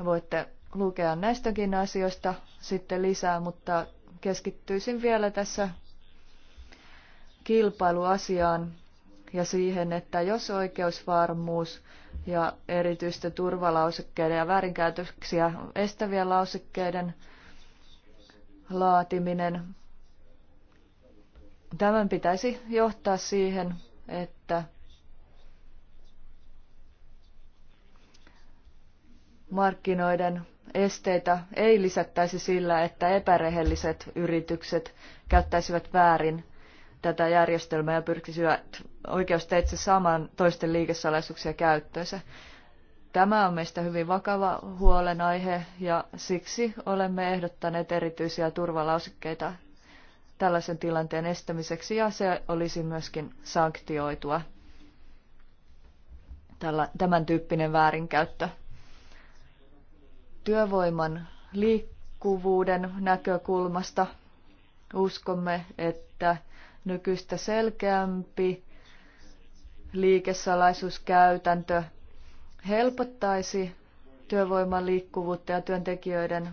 Voitte lukea näistäkin asioista sitten lisää, mutta keskittyisin vielä tässä kilpailuasiaan ja siihen, että jos oikeusvarmuus ja erityisesti turvalausekkeiden ja väärinkäytöksiä estävien lausekkeiden laatiminen, tämän pitäisi johtaa siihen, että markkinoiden esteitä ei lisättäisi sillä, että epärehelliset yritykset käyttäisivät väärin tätä järjestelmää ja pyrkisivät oikeusteitse saamaan toisten liikesalaisuuksia käyttöönsä. Tämä on meistä hyvin vakava huolenaihe ja siksi olemme ehdottaneet erityisiä turvalausikkeita tällaisen tilanteen estämiseksi ja se olisi myöskin sanktioitua tämän tyyppinen väärinkäyttö. Työvoiman liikkuvuuden näkökulmasta uskomme, että nykyistä selkeämpi liikesalaisuuskäytäntö helpottaisi työvoiman liikkuvuutta ja työntekijöiden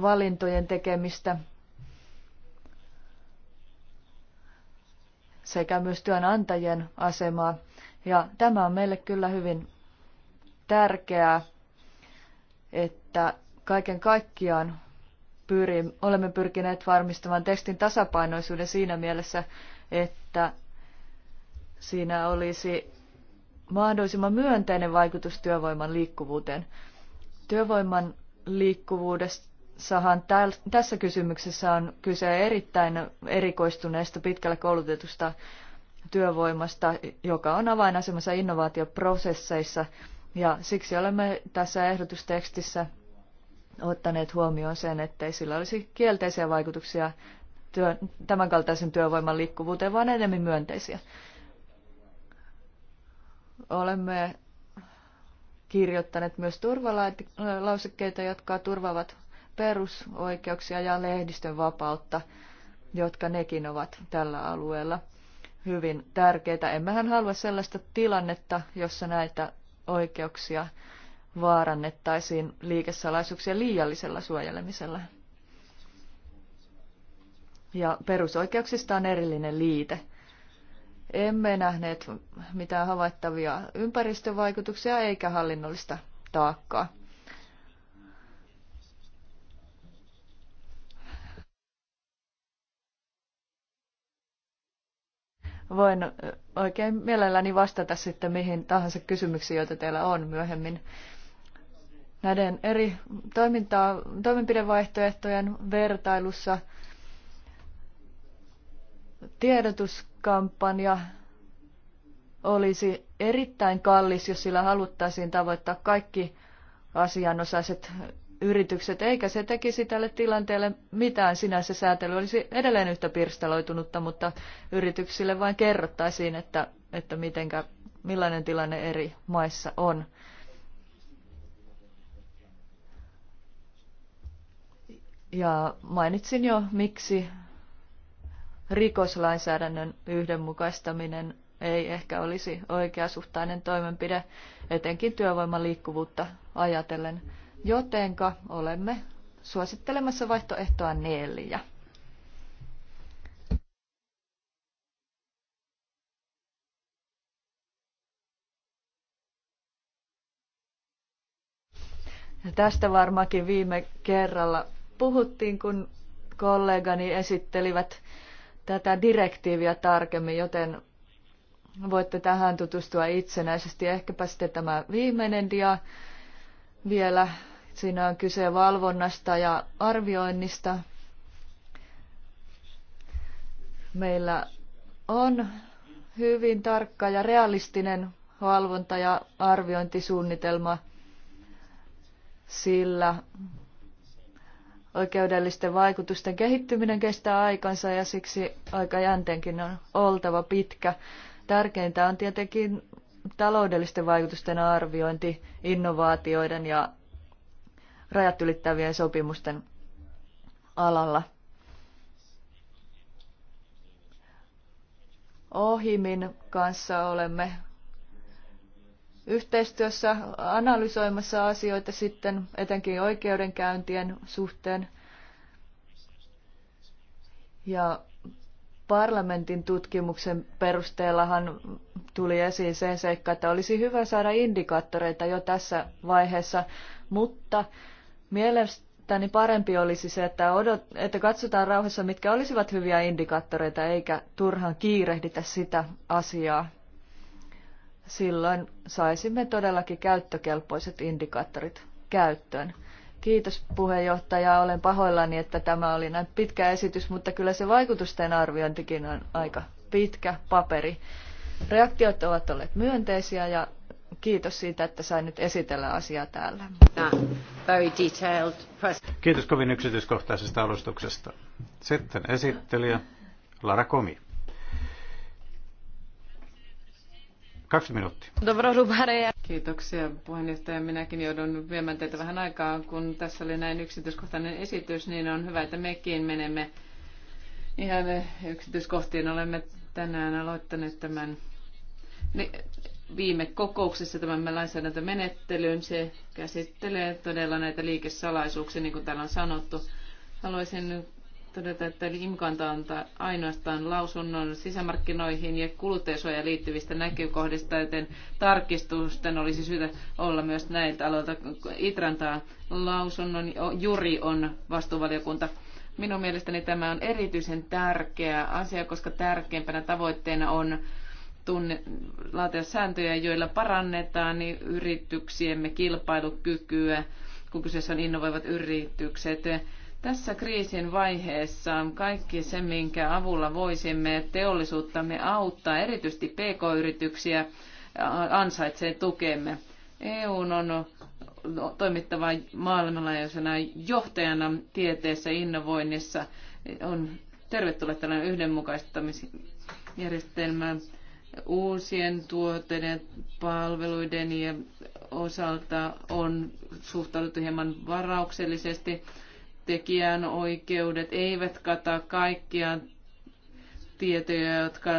valintojen tekemistä sekä myös työnantajien asemaa. Ja tämä on meille kyllä hyvin tärkeää, että kaiken kaikkiaan pyri, olemme pyrkineet varmistamaan tekstin tasapainoisuuden siinä mielessä, että siinä olisi mahdollisimman myönteinen vaikutus työvoiman liikkuvuuteen. Työvoiman liikkuvuudessahan tässä kysymyksessä on kyse erittäin erikoistuneesta pitkälle koulutetusta työvoimasta, joka on avainasemassa innovaatioprosesseissa, ja siksi olemme tässä ehdotustekstissä ottaneet huomioon sen, ettei sillä olisi kielteisiä vaikutuksia työn, tämänkaltaisen työvoiman liikkuvuuteen, vaan enemmän myönteisiä. Olemme kirjoittaneet myös turvalausekkeita, jotka turvaavat perusoikeuksia ja lehdistön vapautta, jotka nekin ovat tällä alueella hyvin tärkeitä. Emmehän halua sellaista tilannetta, jossa näitä oikeuksia vaarannettaisiin liikesalaisuuksien liiallisella suojelemisella. Ja perusoikeuksista on erillinen liite. Emme nähneet mitään havaittavia ympäristövaikutuksia eikä hallinnollista taakkaa. voin oikein mielelläni vastata sitten mihin tahansa kysymyksiin, joita teillä on myöhemmin näiden eri toimintaa, toimenpidevaihtoehtojen vertailussa tiedotuskampanja olisi erittäin kallis, jos sillä haluttaisiin tavoittaa kaikki asianosaiset yritykset, eikä se tekisi tälle tilanteelle mitään. Sinänsä säätely olisi edelleen yhtä pirstaloitunutta, mutta yrityksille vain kerrottaisiin, että, että mitenkä, millainen tilanne eri maissa on. Ja mainitsin jo, miksi rikoslainsäädännön yhdenmukaistaminen ei ehkä olisi oikeasuhtainen toimenpide, etenkin työvoiman liikkuvuutta ajatellen, jotenka olemme suosittelemassa vaihtoehtoa neljä. Ja tästä varmaankin viime kerralla puhuttiin, kun kollegani esittelivät tätä direktiiviä tarkemmin, joten voitte tähän tutustua itsenäisesti. Ehkäpä sitten tämä viimeinen dia vielä. Siinä on kyse valvonnasta ja arvioinnista. Meillä on hyvin tarkka ja realistinen valvonta- ja arviointisuunnitelma, sillä oikeudellisten vaikutusten kehittyminen kestää aikansa ja siksi aikajänteenkin on oltava pitkä. Tärkeintä on tietenkin taloudellisten vaikutusten arviointi, innovaatioiden ja rajat ylittävien sopimusten alalla. Ohimin kanssa olemme yhteistyössä analysoimassa asioita sitten etenkin oikeudenkäyntien suhteen. Ja parlamentin tutkimuksen perusteellahan tuli esiin se seikka, että olisi hyvä saada indikaattoreita jo tässä vaiheessa, mutta mielestäni parempi olisi se, että, odot, että katsotaan rauhassa, mitkä olisivat hyviä indikaattoreita, eikä turhaan kiirehditä sitä asiaa silloin saisimme todellakin käyttökelpoiset indikaattorit käyttöön. Kiitos puheenjohtaja. Olen pahoillani, että tämä oli näin pitkä esitys, mutta kyllä se vaikutusten arviointikin on aika pitkä paperi. Reaktiot ovat olleet myönteisiä ja kiitos siitä, että sain nyt esitellä asiaa täällä. Kiitos kovin yksityiskohtaisesta alustuksesta. Sitten esittelijä Lara Komi. Kaksi minuuttia. Kiitoksia puheenjohtaja. Minäkin joudun viemään teitä vähän aikaa, kun tässä oli näin yksityiskohtainen esitys, niin on hyvä, että mekin menemme ihan yksityiskohtiin. Olemme tänään aloittaneet tämän viime kokouksessa tämän lainsäädäntömenettelyn. Se käsittelee todella näitä liikesalaisuuksia, niin kuin täällä on sanottu. Haluaisin todeta, että IMKanta antaa ainoastaan lausunnon sisämarkkinoihin ja kuluttajasuojaan liittyvistä näkökohdista, joten tarkistusten olisi syytä olla myös näiltä aloilta. Itrantaa lausunnon juri on vastuuvaliokunta. Minun mielestäni tämä on erityisen tärkeä asia, koska tärkeimpänä tavoitteena on tunne, laatia sääntöjä, joilla parannetaan niin yrityksiemme kilpailukykyä, kun kyseessä on innovoivat yritykset tässä kriisin vaiheessa kaikki se, minkä avulla voisimme teollisuuttamme auttaa, erityisesti pk-yrityksiä, ansaitsee tukemme. EU on toimittava maailmanlaajuisena johtajana tieteessä innovoinnissa. On tervetullut tällainen yhdenmukaistamisjärjestelmä uusien tuotteiden, palveluiden ja osalta on suhtauduttu hieman varauksellisesti tekijän oikeudet eivät kata kaikkia tietoja, jotka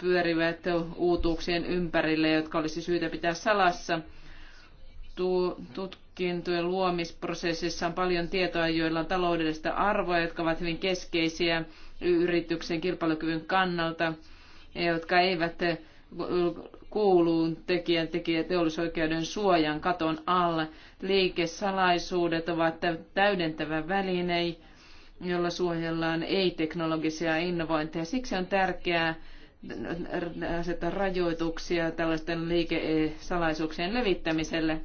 pyörivät uutuuksien ympärille, jotka olisi syytä pitää salassa. Tutkintojen luomisprosessissa on paljon tietoa, joilla on taloudellista arvoa, jotka ovat hyvin keskeisiä yrityksen kilpailukyvyn kannalta, jotka eivät kuuluu tekijän tekijä teollisoikeuden suojan katon alle. Liikesalaisuudet ovat täydentävä väline, jolla suojellaan ei-teknologisia innovointeja. Siksi on tärkeää asettaa rajoituksia tällaisten liikesalaisuuksien levittämiselle.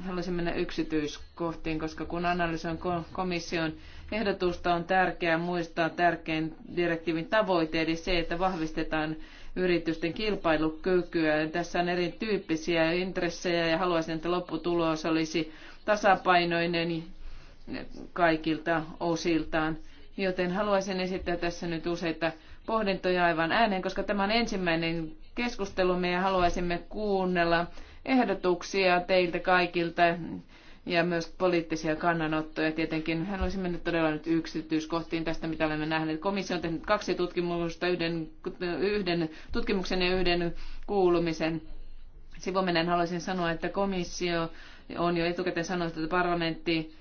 Haluaisin mennä yksityiskohtiin, koska kun analysoin komission ehdotusta, on tärkeää muistaa tärkein direktiivin tavoite, eli se, että vahvistetaan yritysten kilpailukykyä. Tässä on erityyppisiä intressejä ja haluaisin, että lopputulos olisi tasapainoinen kaikilta osiltaan. Joten haluaisin esittää tässä nyt useita pohdintoja aivan ääneen, koska tämä on ensimmäinen keskustelumme ja haluaisimme kuunnella ehdotuksia teiltä kaikilta ja myös poliittisia kannanottoja. Tietenkin olisi mennyt todella nyt yksityiskohtiin tästä, mitä olemme nähneet. Komissio on tehnyt kaksi tutkimusta, yhden, yhden tutkimuksen ja yhden kuulumisen. Sivuminen haluaisin sanoa, että komissio on jo etukäteen sanonut, että parlamentti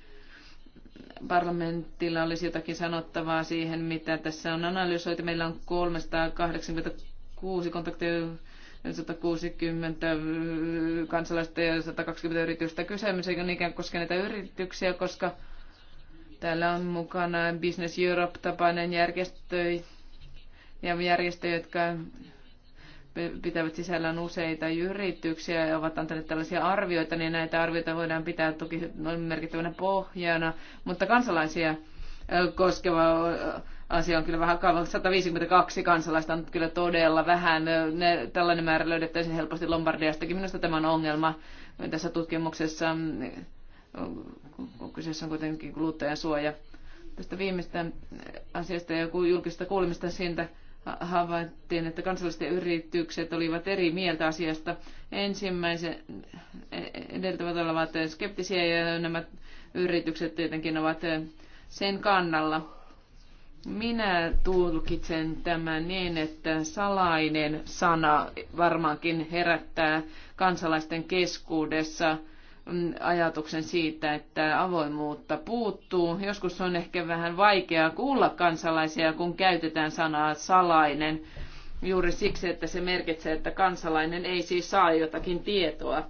parlamentilla olisi jotakin sanottavaa siihen, mitä tässä on analysoitu. Meillä on 386 kontakteja 160 kansalaista ja 120 yritystä. Kysymys eikä niinkään koske näitä yrityksiä, koska täällä on mukana Business Europe-tapainen järjestö ja järjestö, jotka pitävät sisällään useita yrityksiä ja ovat antaneet tällaisia arvioita, niin näitä arvioita voidaan pitää toki merkittävänä pohjana, mutta kansalaisia koskeva asia on kyllä vähän kaava. 152 kansalaista on kyllä todella vähän. Ne, tällainen määrä löydettäisiin helposti Lombardiastakin. Minusta tämä on ongelma tässä tutkimuksessa. Kyseessä on kuitenkin kuluttajan suoja. Tästä viimeistä asiasta ja julkista kuulemista siitä havaittiin, että kansalliset yritykset olivat eri mieltä asiasta. Ensimmäisen edeltävät olevat skeptisiä ja nämä yritykset tietenkin ovat sen kannalla minä tulkitsen tämän niin, että salainen sana varmaankin herättää kansalaisten keskuudessa mm, ajatuksen siitä, että avoimuutta puuttuu. Joskus on ehkä vähän vaikeaa kuulla kansalaisia, kun käytetään sanaa salainen juuri siksi, että se merkitsee, että kansalainen ei siis saa jotakin tietoa.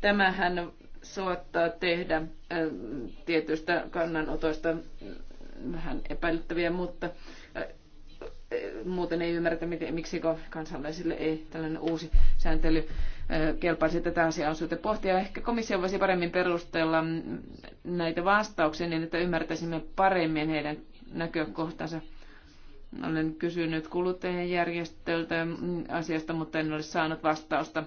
Tämähän suottaa tehdä tietystä kannanotoista vähän epäilyttäviä, mutta äh, äh, muuten ei ymmärretä, miksi kansalaisille ei tällainen uusi sääntely äh, kelpaisi. Tätä asiaa on syytä pohtia. Ehkä komissio voisi paremmin perustella mm, näitä vastauksia niin, että ymmärtäisimme paremmin heidän näkökohtansa. Olen kysynyt kuluttajien järjestöltä mm, asiasta, mutta en ole saanut vastausta.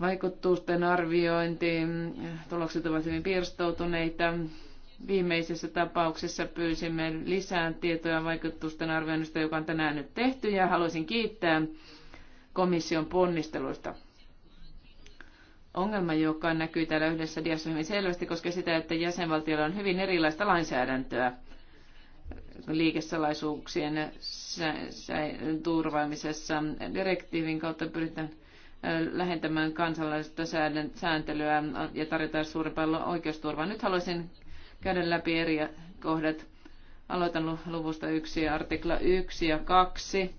Vaikutusten arviointi, mm, tulokset ovat hyvin pirstoutuneita Viimeisessä tapauksessa pyysimme lisää tietoja vaikutusten arvioinnista, joka on tänään nyt tehty, ja haluaisin kiittää komission ponnisteluista. Ongelma, joka näkyy täällä yhdessä diassa hyvin selvästi, koskee sitä, että jäsenvaltioilla on hyvin erilaista lainsäädäntöä liikesalaisuuksien turvaamisessa. Direktiivin kautta pyritään lähentämään kansallista sääntelyä ja tarjotaan suurempaa oikeusturvaa. Nyt haluaisin käydä läpi eri kohdat. Aloitan luvusta 1 artikla 1 ja 2.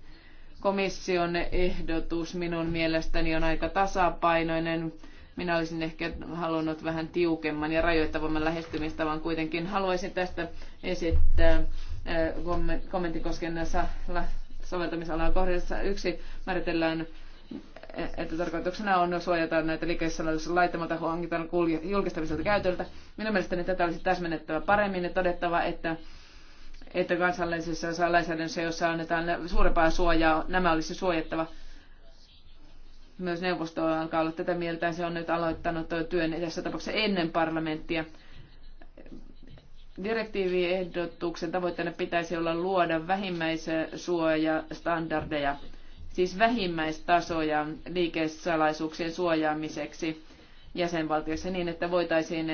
Komission ehdotus minun mielestäni on aika tasapainoinen. Minä olisin ehkä halunnut vähän tiukemman ja rajoittavamman lähestymistavan kuitenkin. Haluaisin tästä esittää äh, kommentin koskien soveltamisalan kohdassa yksi määritellään että tarkoituksena on suojata näitä liikesalaisuuden laittomalta hankintaan julkistamiselta käytöltä. Minun mielestäni tätä olisi täsmennettävä paremmin ja todettava, että että kansallisessa lainsäädännössä, jossa annetaan suurempaa suojaa, nämä olisi suojattava. Myös neuvosto alkaa olla tätä mieltä. Se on nyt aloittanut työn tässä tapauksessa ennen parlamenttia. Direktiiviehdotuksen tavoitteena pitäisi olla luoda vähimmäissuojastandardeja standardeja siis vähimmäistasoja liikesalaisuuksien suojaamiseksi jäsenvaltioissa niin, että voitaisiin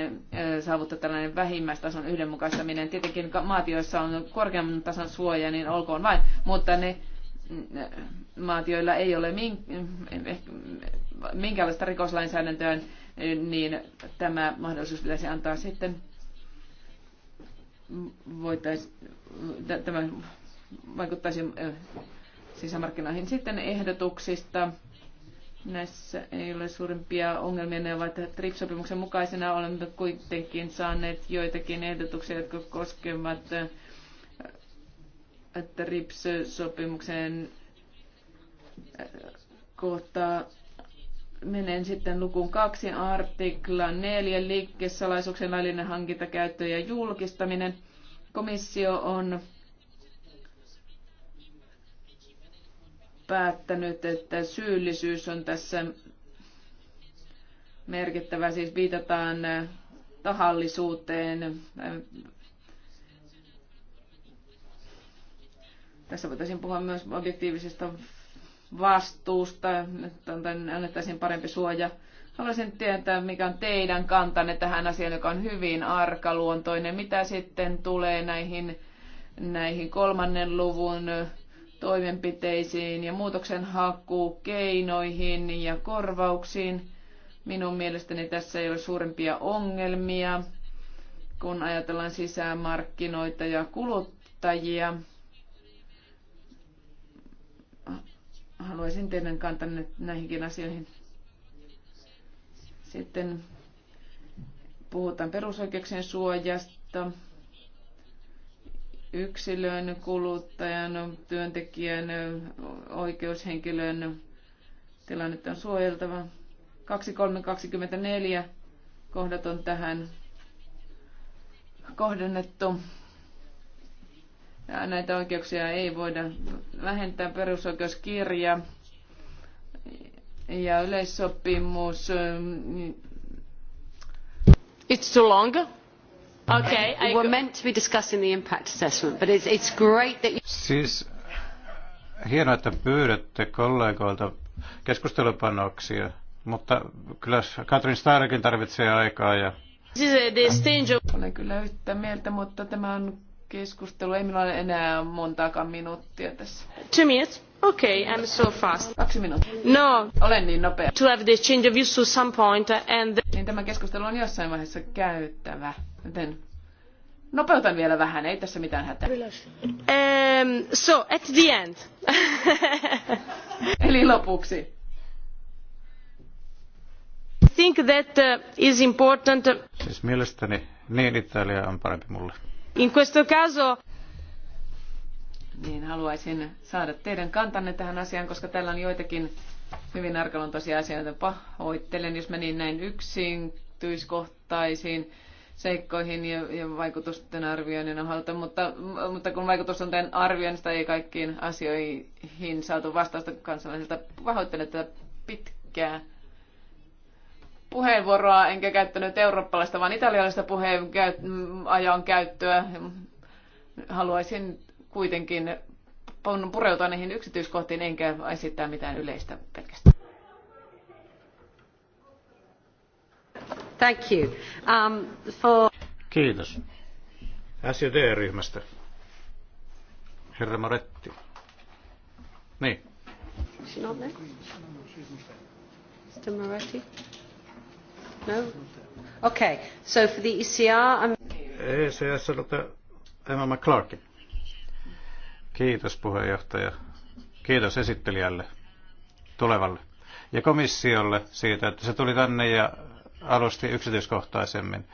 saavuttaa tällainen vähimmäistason yhdenmukaistaminen. Tietenkin maat, joissa on korkeamman tason suoja, niin olkoon vain, mutta ne mm, maat, joilla ei ole eh, mm, minkäänlaista rikoslainsäädäntöä, niin tämä mahdollisuus pitäisi antaa sitten voitaisiin, tämä vaikuttaisi sisämarkkinoihin. Sitten ehdotuksista. Näissä ei ole suurimpia ongelmia, ne ovat TRIP-sopimuksen mukaisena. Olemme kuitenkin saaneet joitakin ehdotuksia, jotka koskevat äh, TRIPS-sopimuksen äh, kohtaa menen sitten lukuun kaksi artikla neljä liikkeessalaisuuksien laillinen hankinta, käyttö ja julkistaminen. Komissio on päättänyt, että syyllisyys on tässä merkittävä, siis viitataan tahallisuuteen. Tässä voitaisiin puhua myös objektiivisesta vastuusta, että annettaisiin parempi suoja. Haluaisin tietää, mikä on teidän kantanne tähän asiaan, joka on hyvin arkaluontoinen. Mitä sitten tulee näihin, näihin kolmannen luvun toimenpiteisiin ja muutoksenhakukeinoihin ja korvauksiin. Minun mielestäni tässä ei ole suurempia ongelmia, kun ajatellaan sisämarkkinoita ja kuluttajia. Haluaisin teidän kantanne näihinkin asioihin. Sitten puhutaan perusoikeuksien suojasta yksilön, kuluttajan, työntekijän, oikeushenkilön tilannetta on suojeltava. 2324 kohdat on tähän kohdennettu. Ja näitä oikeuksia ei voida vähentää. Perusoikeuskirja ja yleissopimus. It's too long. Okay, I... We're meant to be discussing the impact assessment, but it's, it's great that you... Siis hienoa, että pyydätte kollegoilta keskustelupanoksia, mutta kyllä Katrin Starkin tarvitsee aikaa ja... Olen kyllä yhtä mieltä, mutta tämä on keskustelu. Ei minulla ole enää montaakaan minuuttia tässä. Two minutes. Okay, I'm so fast. Kaksi minuuttia. No. Olen niin nopea. To have this change of views to some point and... Niin tämä keskustelu on jossain vaiheessa käyttävä. Joten nopeutan vielä vähän, ei tässä mitään hätää. Um, so, at the end. Eli lopuksi. I think that uh, is important. Siis mielestäni niin Italia on parempi mulle. In questo caso... Niin, haluaisin saada teidän kantanne tähän asiaan, koska täällä on joitakin hyvin arkaluontoisia asioita. Pahoittelen, jos menin näin yksityiskohtaisiin seikkoihin ja, ja vaikutusten arvioinnin ohalta, mutta, mutta kun vaikutusten arvioinnista ei kaikkiin asioihin saatu vastausta kansalaisilta, pahoittelen tätä pitkää puheenvuoroa, enkä käyttänyt eurooppalaista, vaan italialaista puheenajan käyttöä. Haluaisin kuitenkin pureutua niihin yksityiskohtiin, enkä esittää mitään yleistä pelkästään. Thank you. Um, for... Kiitos. SJD-ryhmästä. Herra Moretti. Niin. She's not there. Mr. Moretti. No? Okay. So for the ECR, I'm... ECS, Emma McClarkin. Kiitos puheenjohtaja. Kiitos esittelijälle tulevalle ja komissiolle siitä, että se tuli tänne ja alusti yksityiskohtaisemmin.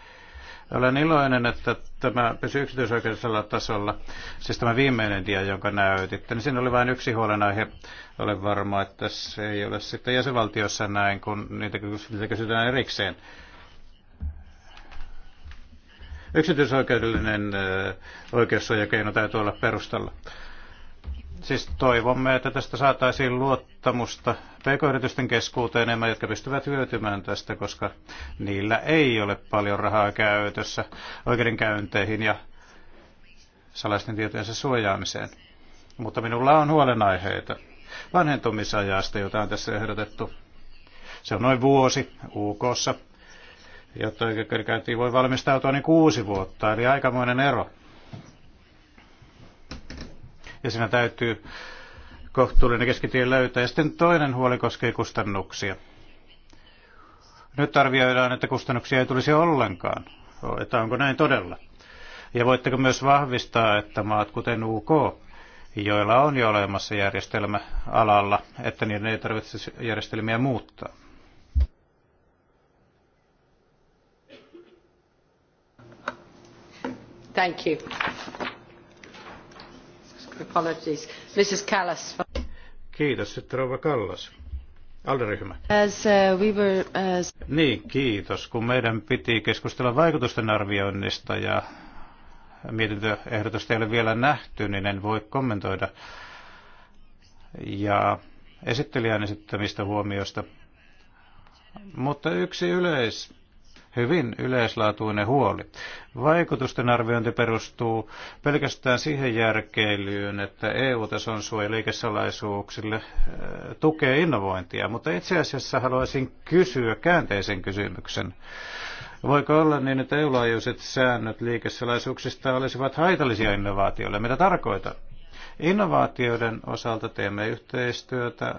Olen iloinen, että tämä pysyy yksityisoikeudellisella tasolla, siis tämä viimeinen dia, jonka näytitte, niin siinä oli vain yksi huolenaihe. Olen varma, että se ei ole sitten jäsenvaltiossa näin, kun niitä kysytään erikseen. Yksityisoikeudellinen oikeussuojakeino täytyy olla perustalla. Siis toivomme, että tästä saataisiin luottamusta pk-yritysten keskuuteen enemmän, jotka pystyvät hyötymään tästä, koska niillä ei ole paljon rahaa käytössä oikeudenkäynteihin ja salaisten tietojensa suojaamiseen. Mutta minulla on huolenaiheita vanhentumisajasta, jota on tässä ehdotettu. Se on noin vuosi UKssa, jotta oikeudenkäyntiin voi valmistautua niin kuusi vuotta, eli aikamoinen ero ja siinä täytyy kohtuullinen keskitie löytää. Ja sitten toinen huoli koskee kustannuksia. Nyt arvioidaan, että kustannuksia ei tulisi ollenkaan. Että onko näin todella? Ja voitteko myös vahvistaa, että maat kuten UK, joilla on jo olemassa järjestelmä alalla, että niiden ei tarvitse järjestelmiä muuttaa? Thank you. Apologies. Mrs. Callas. Kiitos. Sitten rouva Kallas. Alderyhmä. As, uh, we were, as... Uh, niin, kiitos. Kun meidän piti keskustella vaikutusten arvioinnista ja mietintöehdotusta ei ole vielä nähty, niin en voi kommentoida. Ja esittelijän esittämistä huomiosta. Mutta yksi yleis hyvin yleislaatuinen huoli. Vaikutusten arviointi perustuu pelkästään siihen järkeilyyn, että EU-tason suoja liikesalaisuuksille äh, tukee innovointia, mutta itse asiassa haluaisin kysyä käänteisen kysymyksen. Voiko olla niin, että EU-laajuiset säännöt liikesalaisuuksista olisivat haitallisia innovaatioille? Mitä tarkoitan? Innovaatioiden osalta teemme yhteistyötä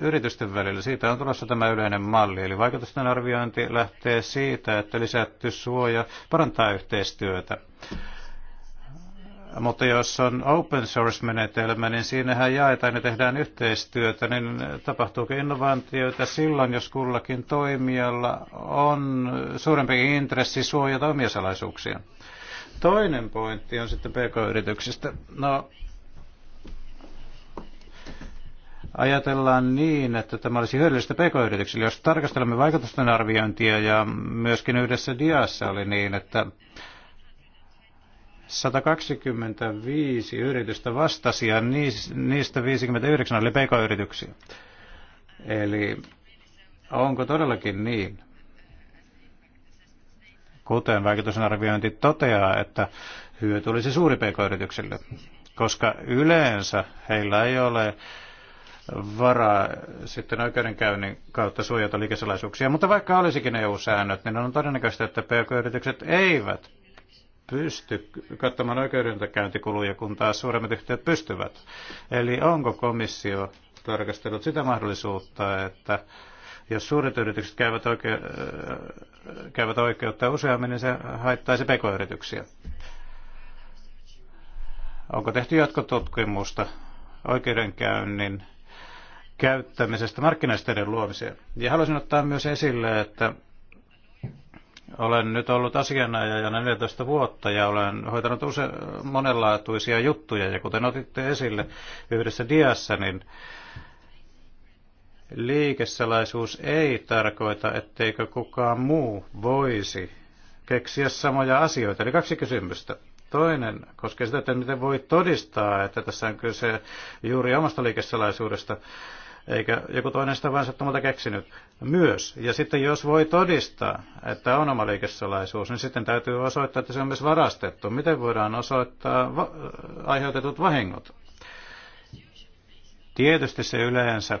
yritysten välillä. Siitä on tulossa tämä yleinen malli, eli vaikutusten arviointi lähtee siitä, että lisätty suoja parantaa yhteistyötä. Mutta jos on open source-menetelmä, niin siinähän jaetaan ja tehdään yhteistyötä, niin tapahtuuko innovaatioita silloin, jos kullakin toimijalla on suurempi intressi suojata omia salaisuuksia. Toinen pointti on sitten pk-yrityksistä. No, ajatellaan niin, että tämä olisi hyödyllistä pk-yrityksille. Jos tarkastelemme vaikutusten arviointia ja myöskin yhdessä diassa oli niin, että 125 yritystä vastasi ja niistä 59 oli pk-yrityksiä. Eli onko todellakin niin, kuten arviointi toteaa, että hyöty olisi suuri pk-yrityksille, koska yleensä heillä ei ole varaa sitten oikeudenkäynnin kautta suojata liikesalaisuuksia. Mutta vaikka olisikin EU-säännöt, niin on todennäköistä, että PK-yritykset eivät pysty kattamaan oikeudenkäyntikuluja, kun taas suuremmat yhtiöt pystyvät. Eli onko komissio tarkastellut sitä mahdollisuutta, että jos suuret yritykset käyvät, oike- äh, käyvät oikeutta useammin, niin se haittaisi pk-yrityksiä. Onko tehty jatkotutkimusta oikeudenkäynnin käyttämisestä markkinaesteiden luomiseen. Ja haluaisin ottaa myös esille, että olen nyt ollut asianajajana 14 vuotta ja olen hoitanut use- monenlaatuisia juttuja. Ja kuten otitte esille yhdessä diassa, niin liikesalaisuus ei tarkoita, etteikö kukaan muu voisi keksiä samoja asioita. Eli kaksi kysymystä. Toinen koskee sitä, että miten voi todistaa, että tässä on kyse juuri omasta liikesalaisuudesta eikä joku toinen sitä vain sattumalta keksinyt. Myös. Ja sitten jos voi todistaa, että on oma liikesalaisuus, niin sitten täytyy osoittaa, että se on myös varastettu. Miten voidaan osoittaa va- aiheutetut vahingot? Tietysti se yleensä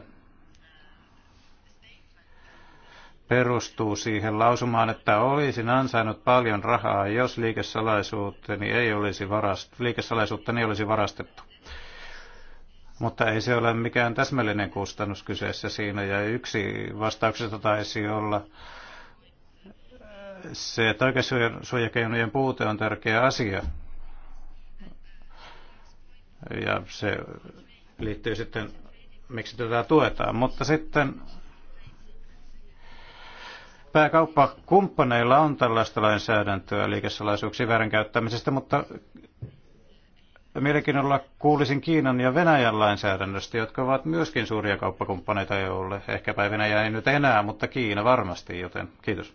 perustuu siihen lausumaan, että olisin ansainnut paljon rahaa, jos liikesalaisuutta ei olisi varast- liikesalaisuuttani ei olisi varastettu mutta ei se ole mikään täsmällinen kustannus kyseessä siinä. Ja yksi vastauksesta taisi olla se, että oikeussuojakeinojen puute on tärkeä asia. Ja se liittyy sitten, miksi tätä tuetaan. Mutta sitten pääkauppakumppaneilla on tällaista lainsäädäntöä liikesalaisuuksien väärinkäyttämisestä, mutta Mielenkiinnolla kuulisin Kiinan ja Venäjän lainsäädännöstä, jotka ovat myöskin suuria kauppakumppaneita EUlle. Ehkäpä Venäjä ei nyt enää, mutta Kiina varmasti, joten kiitos.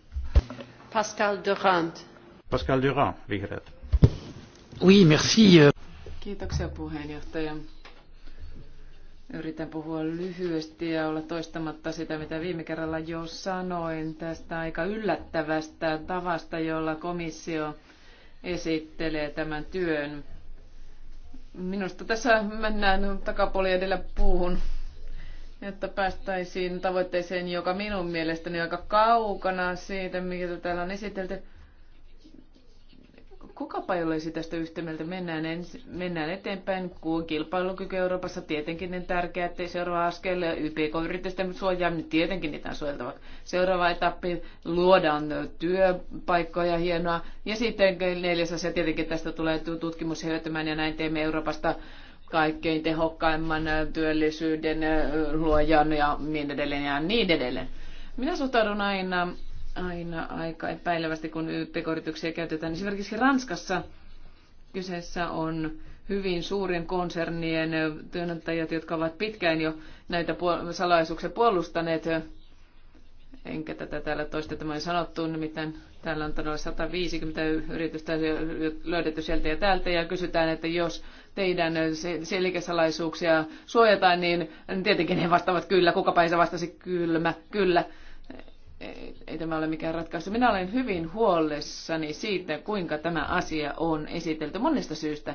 Pascal Durand. Pascal Durand, vihreät. Oui, merci. Euh. Kiitoksia puheenjohtaja. Yritän puhua lyhyesti ja olla toistamatta sitä, mitä viime kerralla jo sanoin tästä aika yllättävästä tavasta, jolla komissio esittelee tämän työn Minusta tässä mennään takapuoli edellä puuhun, jotta päästäisiin tavoitteeseen, joka minun mielestäni on aika kaukana siitä, mitä täällä on esitelty kukapa ei olisi tästä yhtä mieltä. Mennään, ens, mennään eteenpäin, kun kilpailukyky Euroopassa tietenkin on tärkeää, että seuraava askel ja YPK-yritysten niin tietenkin niitä on suojeltava. Seuraava etappi luodaan työpaikkoja hienoa ja sitten neljäs asia tietenkin tästä tulee tutkimus hyötymään ja näin teemme Euroopasta kaikkein tehokkaimman työllisyyden eh, luojan ja niin edelleen ja niin edelleen. Minä suhtaudun aina aina aika epäilevästi, kun pk-yrityksiä käytetään. Esimerkiksi Ranskassa kyseessä on hyvin suurien konsernien työnantajat, jotka ovat pitkään jo näitä salaisuuksia puolustaneet. Enkä tätä täällä toista tämä sanottu, nimittäin täällä on todella 150 yritystä löydetty sieltä ja täältä ja kysytään, että jos teidän selikesalaisuuksia suojataan, niin tietenkin he vastaavat kyllä, kukapa ei se vastasi kylmä, kyllä ei, ei tämä ole mikään ratkaisu. Minä olen hyvin huolessani siitä, kuinka tämä asia on esitelty monesta syystä.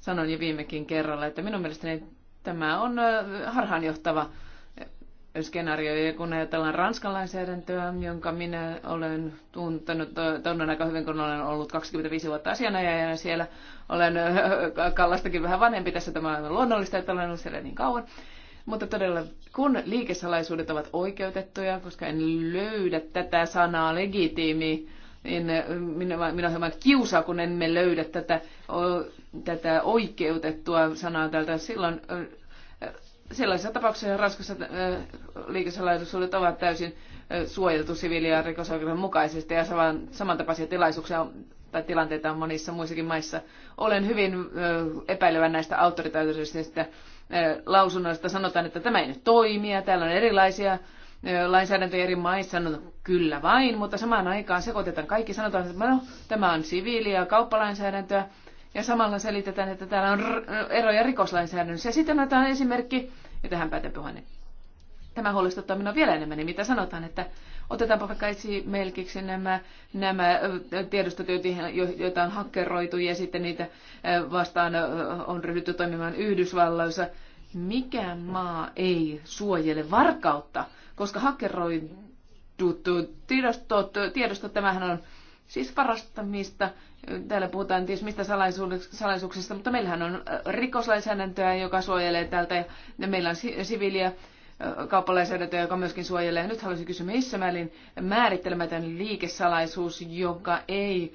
Sanoin jo viimekin kerralla, että minun mielestäni tämä on harhaanjohtava skenaario. Ja kun ajatellaan ranskan lainsäädäntöä, jonka minä olen tuntenut, tunnen aika hyvin, kun olen ollut 25 vuotta asianajajana siellä, olen Kallastakin vähän vanhempi tässä, tämä on luonnollista, että olen ollut siellä niin kauan mutta todella, kun liikesalaisuudet ovat oikeutettuja, koska en löydä tätä sanaa legitiimi, niin minä, minä hieman kiusaa, kun emme löydä tätä, o, tätä oikeutettua sanaa tältä. Silloin sellaisessa tapauksessa raskassa liikesalaisuudet ovat täysin suojeltu siviili- ja rikosoikeuden mukaisesti ja samantapaisia tilaisuuksia tai tilanteita on monissa muissakin maissa. Olen hyvin epäilevä näistä autoritaarisista lausunnoista sanotaan, että tämä ei nyt toimi ja täällä on erilaisia lainsäädäntöjä eri maissa, no kyllä vain, mutta samaan aikaan sekoitetaan kaikki, sanotaan, että no, tämä on siviili- ja kauppalainsäädäntöä, ja samalla selitetään, että täällä on eroja rikoslainsäädännössä. Ja sitten otetaan esimerkki, ja tähän päätän puhainen. Tämä huolestuttaa minua vielä enemmän, niin mitä sanotaan, että Otetaanpa vaikka esimerkiksi nämä, nämä tiedostotyöt, joita on hakkeroitu ja sitten niitä vastaan on ryhdytty toimimaan Yhdysvalloissa. Mikä maa ei suojele varkautta, koska hakkeroidut tiedostot, tiedostot tämähän on siis varastamista. Täällä puhutaan tietysti mistä salaisuuksista, mutta meillähän on rikoslainsäädäntöä, joka suojelee tältä ja meillä on siviiliä kauppalainsäädäntöä, joka myöskin suojelee. Nyt haluaisin kysyä, missä määrin määrittelemätön liikesalaisuus, joka ei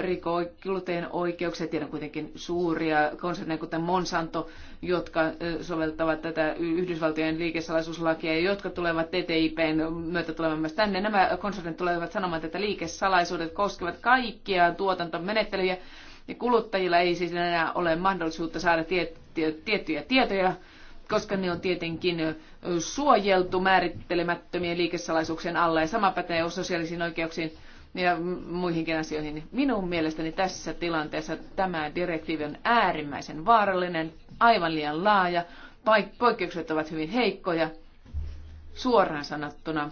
riko kuluttajien oikeuksia. Tiedän kuitenkin suuria konserneja, kuten Monsanto, jotka soveltavat tätä Yhdysvaltojen liikesalaisuuslakia ja jotka tulevat TTIPn myötä tulemaan myös tänne. Nämä konsernit tulevat sanomaan, että liikesalaisuudet koskevat kaikkia tuotantomenettelyjä. Ja kuluttajilla ei siis enää ole mahdollisuutta saada tiettyjä tietoja koska ne on tietenkin suojeltu määrittelemättömien liikesalaisuuksien alla ja sama pätee sosiaalisiin oikeuksiin ja muihinkin asioihin. Minun mielestäni tässä tilanteessa tämä direktiivi on äärimmäisen vaarallinen, aivan liian laaja, poikkeukset ovat hyvin heikkoja, suoraan sanottuna.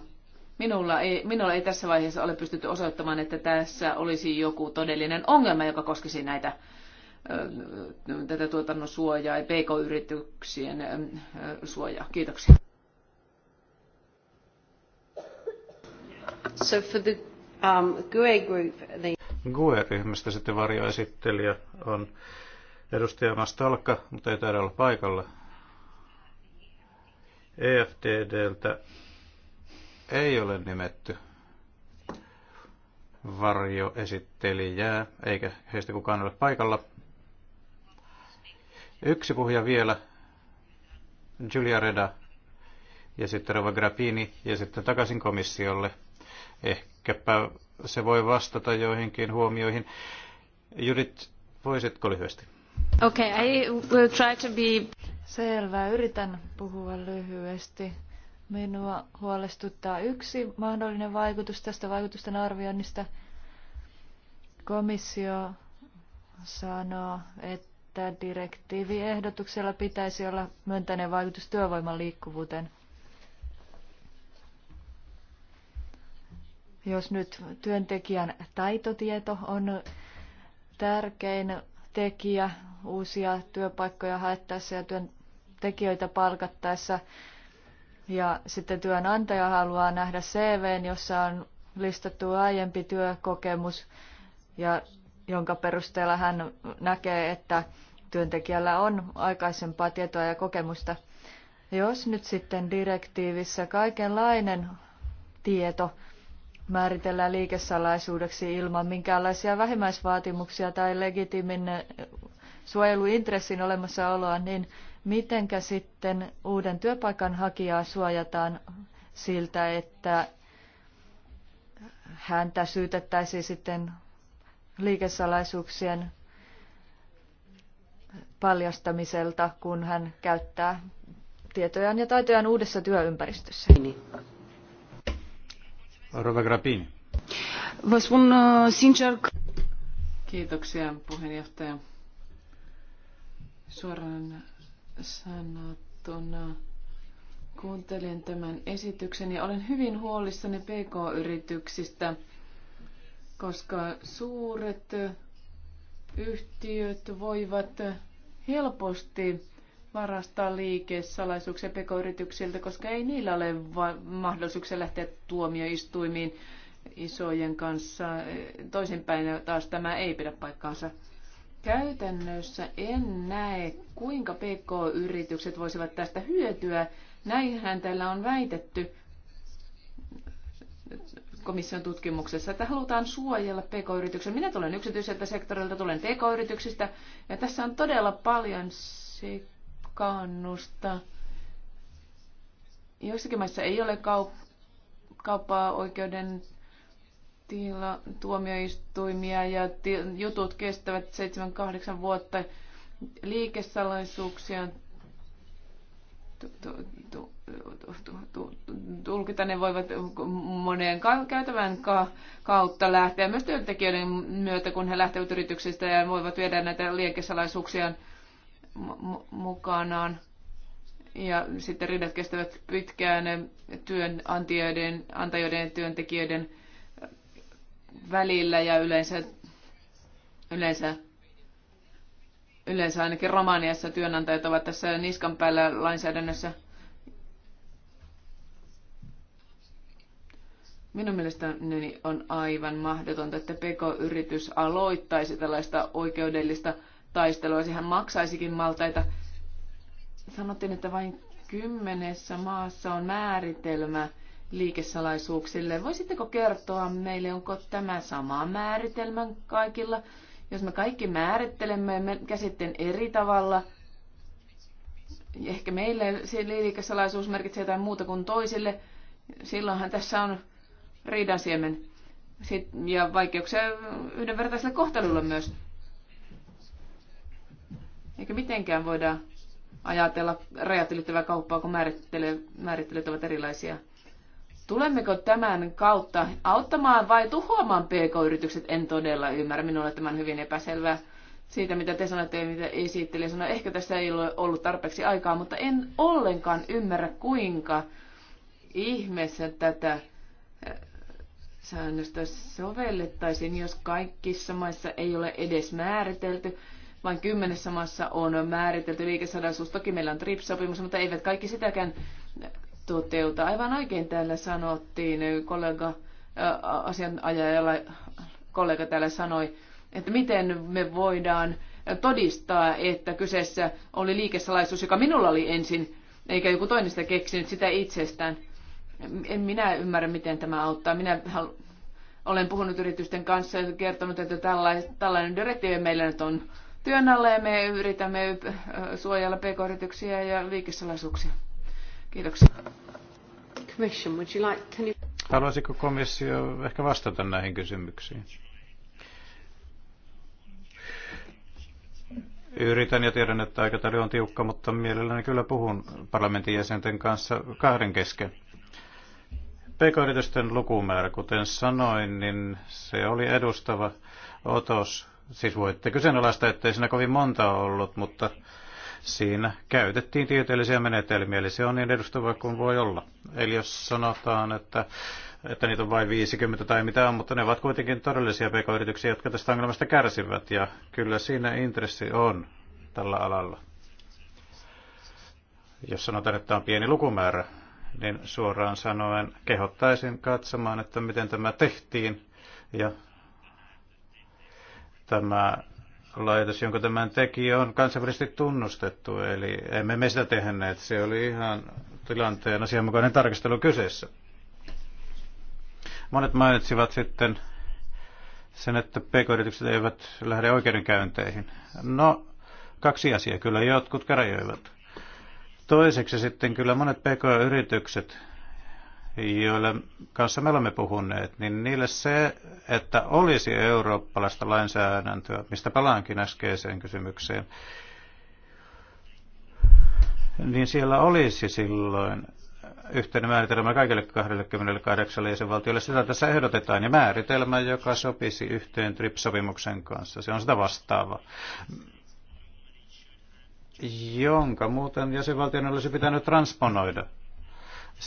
Minulla ei, minulla ei tässä vaiheessa ole pystytty osoittamaan, että tässä olisi joku todellinen ongelma, joka koskisi näitä tätä tuotannon suojaa ja pk-yrityksien suojaa. Kiitoksia. So for the um, GUE group, the... GUE-ryhmästä sitten varjoesittelijä on edustaja Mastalka, mutta ei taida olla paikalla. EFTDltä ei ole nimetty varjoesittelijää, eikä heistä kukaan ole paikalla, Yksi puhuja vielä, Julia Reda, ja sitten Rova Grappini, ja sitten takaisin komissiolle. Ehkäpä se voi vastata joihinkin huomioihin. Judith, voisitko lyhyesti? Okei, okay, I will try to be... Selvä, yritän puhua lyhyesti. Minua huolestuttaa yksi mahdollinen vaikutus tästä vaikutusten arvioinnista. Komissio sanoo, että että direktiiviehdotuksella pitäisi olla myönteinen vaikutus työvoiman liikkuvuuteen. Jos nyt työntekijän taitotieto on tärkein tekijä uusia työpaikkoja haettaessa ja työntekijöitä palkattaessa, ja sitten työnantaja haluaa nähdä CVn, jossa on listattu aiempi työkokemus, ja jonka perusteella hän näkee, että työntekijällä on aikaisempaa tietoa ja kokemusta. Jos nyt sitten direktiivissä kaikenlainen tieto määritellään liikesalaisuudeksi ilman minkäänlaisia vähimmäisvaatimuksia tai legitiimin suojeluintressin olemassaoloa, niin mitenkä sitten uuden työpaikan hakijaa suojataan siltä, että häntä syytettäisiin sitten liikesalaisuuksien paljastamiselta, kun hän käyttää tietojaan ja taitojaan uudessa työympäristössä. Rova Grappini. Uh, Kiitoksia puheenjohtaja. Suoraan sanottuna kuuntelin tämän esityksen ja olen hyvin huolissani PK-yrityksistä – koska suuret yhtiöt voivat helposti varastaa liikesalaisuuksia pk koska ei niillä ole va- mahdollisuuksia lähteä tuomioistuimiin isojen kanssa. Toisinpäin taas tämä ei pidä paikkaansa. Käytännössä en näe, kuinka pk-yritykset voisivat tästä hyötyä. Näinhän täällä on väitetty komission tutkimuksessa, että halutaan suojella pk-yrityksiä. Minä tulen yksityiseltä sektorilta, tulen pk-yrityksistä, ja tässä on todella paljon sekaannusta. Joissakin maissa ei ole kaup- kauppaa oikeuden tila, tuomioistuimia ja jutut kestävät 7-8 vuotta. Liikesalaisuuksia tulkita, ne voivat moneen käytävän kautta lähteä myös työntekijöiden myötä, kun he lähtevät yrityksistä ja voivat viedä näitä liekesalaisuuksia mukanaan. Ja sitten riidat kestävät pitkään työnantajoiden, antajoiden ja työntekijöiden välillä ja yleensä, yleensä Yleensä ainakin Romaniassa työnantajat ovat tässä niskan päällä lainsäädännössä. Minun mielestäni on aivan mahdotonta, että PK-yritys aloittaisi tällaista oikeudellista taistelua. Sehän maksaisikin maltaita. Sanottiin, että vain kymmenessä maassa on määritelmä liikesalaisuuksille. Voisitteko kertoa meille, onko tämä sama määritelmä kaikilla jos me kaikki määrittelemme me käsitteen eri tavalla, ehkä meille liikesalaisuus merkitsee jotain muuta kuin toisille, silloinhan tässä on riidansiemen ja vaikeuksia yhdenvertaiselle kohtelulle myös. Eikä mitenkään voida ajatella rajat ylittävää kauppaa, kun määrittelyt ovat erilaisia. Tulemmeko tämän kautta auttamaan vai tuhoamaan pk-yritykset? En todella ymmärrä. Minulle tämän hyvin epäselvää siitä, mitä te sanoitte ja mitä esittelijä sanoi. Ehkä tässä ei ole ollut tarpeeksi aikaa, mutta en ollenkaan ymmärrä, kuinka ihmeessä tätä eh, säännöstä sovellettaisiin, jos kaikissa maissa ei ole edes määritelty, vain kymmenessä maassa on määritelty liikesalaisuus. Toki meillä on TRIPS-sopimus, mutta eivät kaikki sitäkään toteuta. Aivan oikein täällä sanottiin, kollega, asianajajalla kollega täällä sanoi, että miten me voidaan todistaa, että kyseessä oli liikesalaisuus, joka minulla oli ensin, eikä joku toinen sitä keksinyt sitä itsestään. En minä ymmärrä, miten tämä auttaa. Minä olen puhunut yritysten kanssa ja kertonut, että tällainen direktiivi meillä nyt on työn alla ja me yritämme suojella pk-yrityksiä ja liikesalaisuuksia. Kiitoksia. Commission, would you like, can you... Haluaisiko komissio ehkä vastata näihin kysymyksiin? Yritän ja tiedän, että aikataulu on tiukka, mutta mielelläni kyllä puhun parlamentin jäsenten kanssa kahden kesken. PK-yritysten lukumäärä, kuten sanoin, niin se oli edustava otos. Siis voitte kyseenalaista, ettei siinä kovin monta ollut, mutta Siinä käytettiin tieteellisiä menetelmiä, eli se on niin edustava kuin voi olla. Eli jos sanotaan, että, että niitä on vain 50 tai on, mutta ne ovat kuitenkin todellisia pk-yrityksiä, jotka tästä ongelmasta kärsivät, ja kyllä siinä intressi on tällä alalla. Jos sanotaan, että on pieni lukumäärä, niin suoraan sanoen kehottaisin katsomaan, että miten tämä tehtiin, ja tämä laitos, jonka tämän teki, on kansainvälisesti tunnustettu, eli emme me sitä tehneet. Se oli ihan tilanteen asianmukainen tarkastelu kyseessä. Monet mainitsivat sitten sen, että pk-yritykset eivät lähde oikeudenkäynteihin. No, kaksi asiaa kyllä, jotkut käräjöivät. Toiseksi sitten kyllä monet pk-yritykset joille kanssa me olemme puhuneet, niin niille se, että olisi eurooppalaista lainsäädäntöä, mistä palaankin äskeiseen kysymykseen, niin siellä olisi silloin yhteinen määritelmä kaikille 28 jäsenvaltiolle. Sitä tässä ehdotetaan ja määritelmä, joka sopisi yhteen TRIP-sopimuksen kanssa. Se on sitä vastaava jonka muuten jäsenvaltion olisi pitänyt transponoida –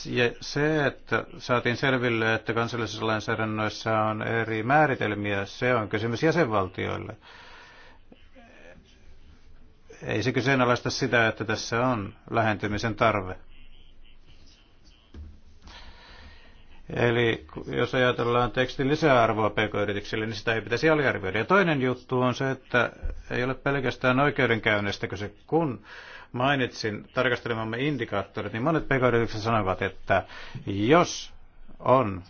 ja se, että saatiin selville, että kansallisissa lainsäädännöissä on eri määritelmiä, se on kysymys jäsenvaltioille. Ei se kyseenalaista sitä, että tässä on lähentymisen tarve. Eli jos ajatellaan tekstin lisäarvoa pk-yrityksille, niin sitä ei pitäisi aliarvioida. Ja toinen juttu on se, että ei ole pelkästään oikeudenkäynnistä kyse. Kun mainitsin tarkastelemamme indikaattorit, niin monet pk sanovat, että jos on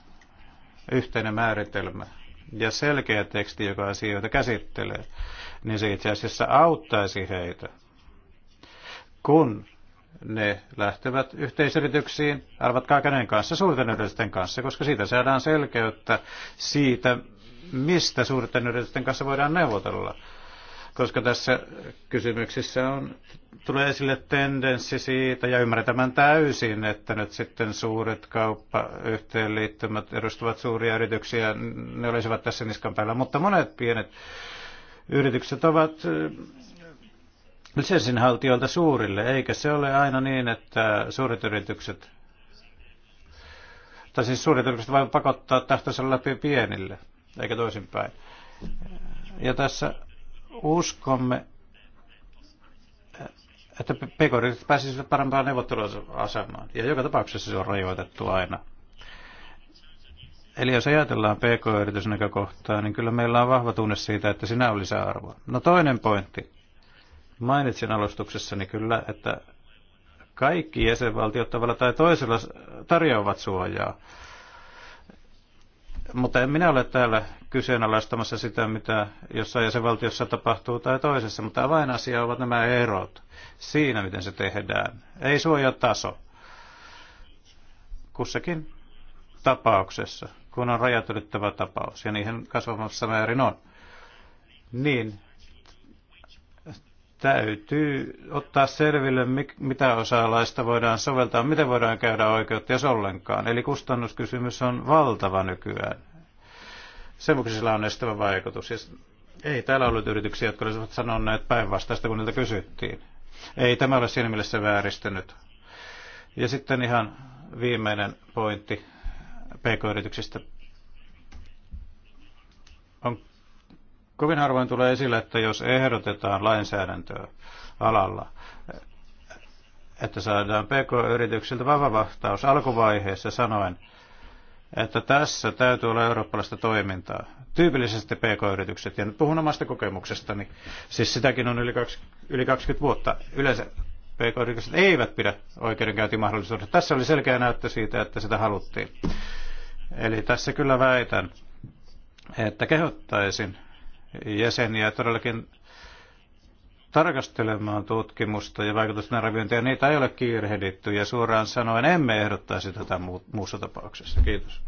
yhteinen määritelmä ja selkeä teksti, joka asioita käsittelee, niin se itse asiassa auttaisi heitä, kun ne lähtevät yhteisyrityksiin, arvatkaa kenen kanssa, suurten yritysten kanssa, koska siitä saadaan selkeyttä siitä, mistä suurten yritysten kanssa voidaan neuvotella koska tässä kysymyksessä on, tulee esille tendenssi siitä, ja ymmärrän tämän täysin, että nyt sitten suuret kauppayhteenliittymät edustavat suuria yrityksiä, ne olisivat tässä niskan päällä, mutta monet pienet yritykset ovat eh, lisenssinhaltijoilta suurille, eikä se ole aina niin, että suuret yritykset tai siis suuret yritykset voivat pakottaa tahtonsa läpi pienille, eikä toisinpäin. Ja tässä uskomme, että pk pääsisivät parempaan neuvotteluasemaan. Ja joka tapauksessa se on rajoitettu aina. Eli jos ajatellaan pk-yritysnäkökohtaa, niin kyllä meillä on vahva tunne siitä, että sinä on lisäarvoa. No toinen pointti. Mainitsin alustuksessani kyllä, että kaikki jäsenvaltiot tavalla tai toisella tarjoavat suojaa mutta en minä ole täällä kyseenalaistamassa sitä, mitä jossain jäsenvaltiossa tapahtuu tai toisessa, mutta avainasia ovat nämä erot siinä, miten se tehdään. Ei suojataso kussakin tapauksessa, kun on rajat tapaus, ja niihin kasvavassa määrin on. Niin, täytyy ottaa selville, mitä osaa voidaan soveltaa, miten voidaan käydä oikeutta, jos ollenkaan. Eli kustannuskysymys on valtava nykyään. Sen vuoksi sillä on estävä vaikutus. Ja ei täällä ollut yrityksiä, jotka olisivat sanoneet päinvastaista, kun niiltä kysyttiin. Ei tämä ole siinä mielessä vääristynyt. Ja sitten ihan viimeinen pointti pk-yrityksistä. On Kovin harvoin tulee esille, että jos ehdotetaan lainsäädäntöä alalla, että saadaan PK-yrityksiltä vahva vastaus alkuvaiheessa sanoen, että tässä täytyy olla eurooppalaista toimintaa. Tyypillisesti PK-yritykset, ja nyt puhun omasta kokemuksestani, siis sitäkin on yli 20, yli 20 vuotta. Yleensä PK-yritykset eivät pidä oikeudenkäyntimahdollisuudesta. Tässä oli selkeä näyttö siitä, että sitä haluttiin. Eli tässä kyllä väitän, että kehottaisin jäseniä todellakin tarkastelemaan tutkimusta ja vaikutusten arviointia. Niitä ei ole kiirehditty ja suoraan sanoen emme ehdottaisi tätä muussa tapauksessa. Kiitos.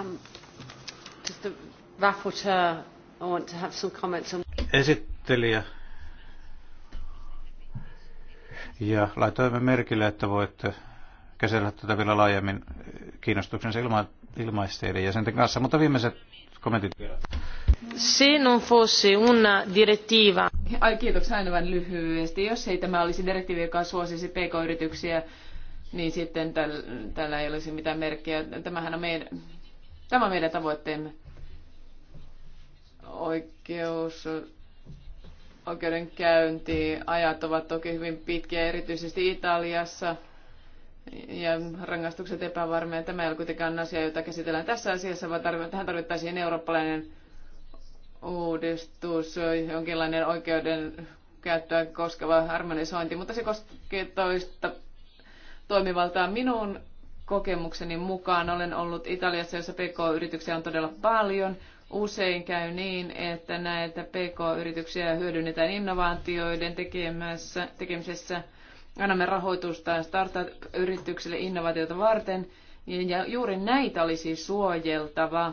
Um, Esittelijä. Ja laitoimme merkille, että voitte käsitellä tätä vielä laajemmin kiinnostuksensa ilma, ilmaisteiden jäsenten kanssa. Mutta viimeiset kommentit vielä. Se non fosse una direttiva. Ai aina vain lyhyesti. Jos ei tämä olisi direktiivi, joka suosisi pk-yrityksiä, niin sitten tällä ei olisi mitään merkkiä. Tämähän on meidän, tämä on meidän tavoitteemme. Oikeus, oikeudenkäynti, ajat ovat toki hyvin pitkiä, erityisesti Italiassa – ja rangaistukset epävarmeja. Tämä ei ole kuitenkaan asia, jota käsitellään tässä asiassa, vaan tähän tarvittaisiin eurooppalainen uudistus, jonkinlainen oikeuden käyttöä koskeva harmonisointi, mutta se koskee toista toimivaltaa. Minun kokemukseni mukaan olen ollut Italiassa, jossa PK-yrityksiä on todella paljon. Usein käy niin, että näitä PK-yrityksiä hyödynnetään innovaatioiden tekemässä, tekemisessä – annamme rahoitusta startup-yrityksille innovaatiota varten, ja juuri näitä olisi suojeltava.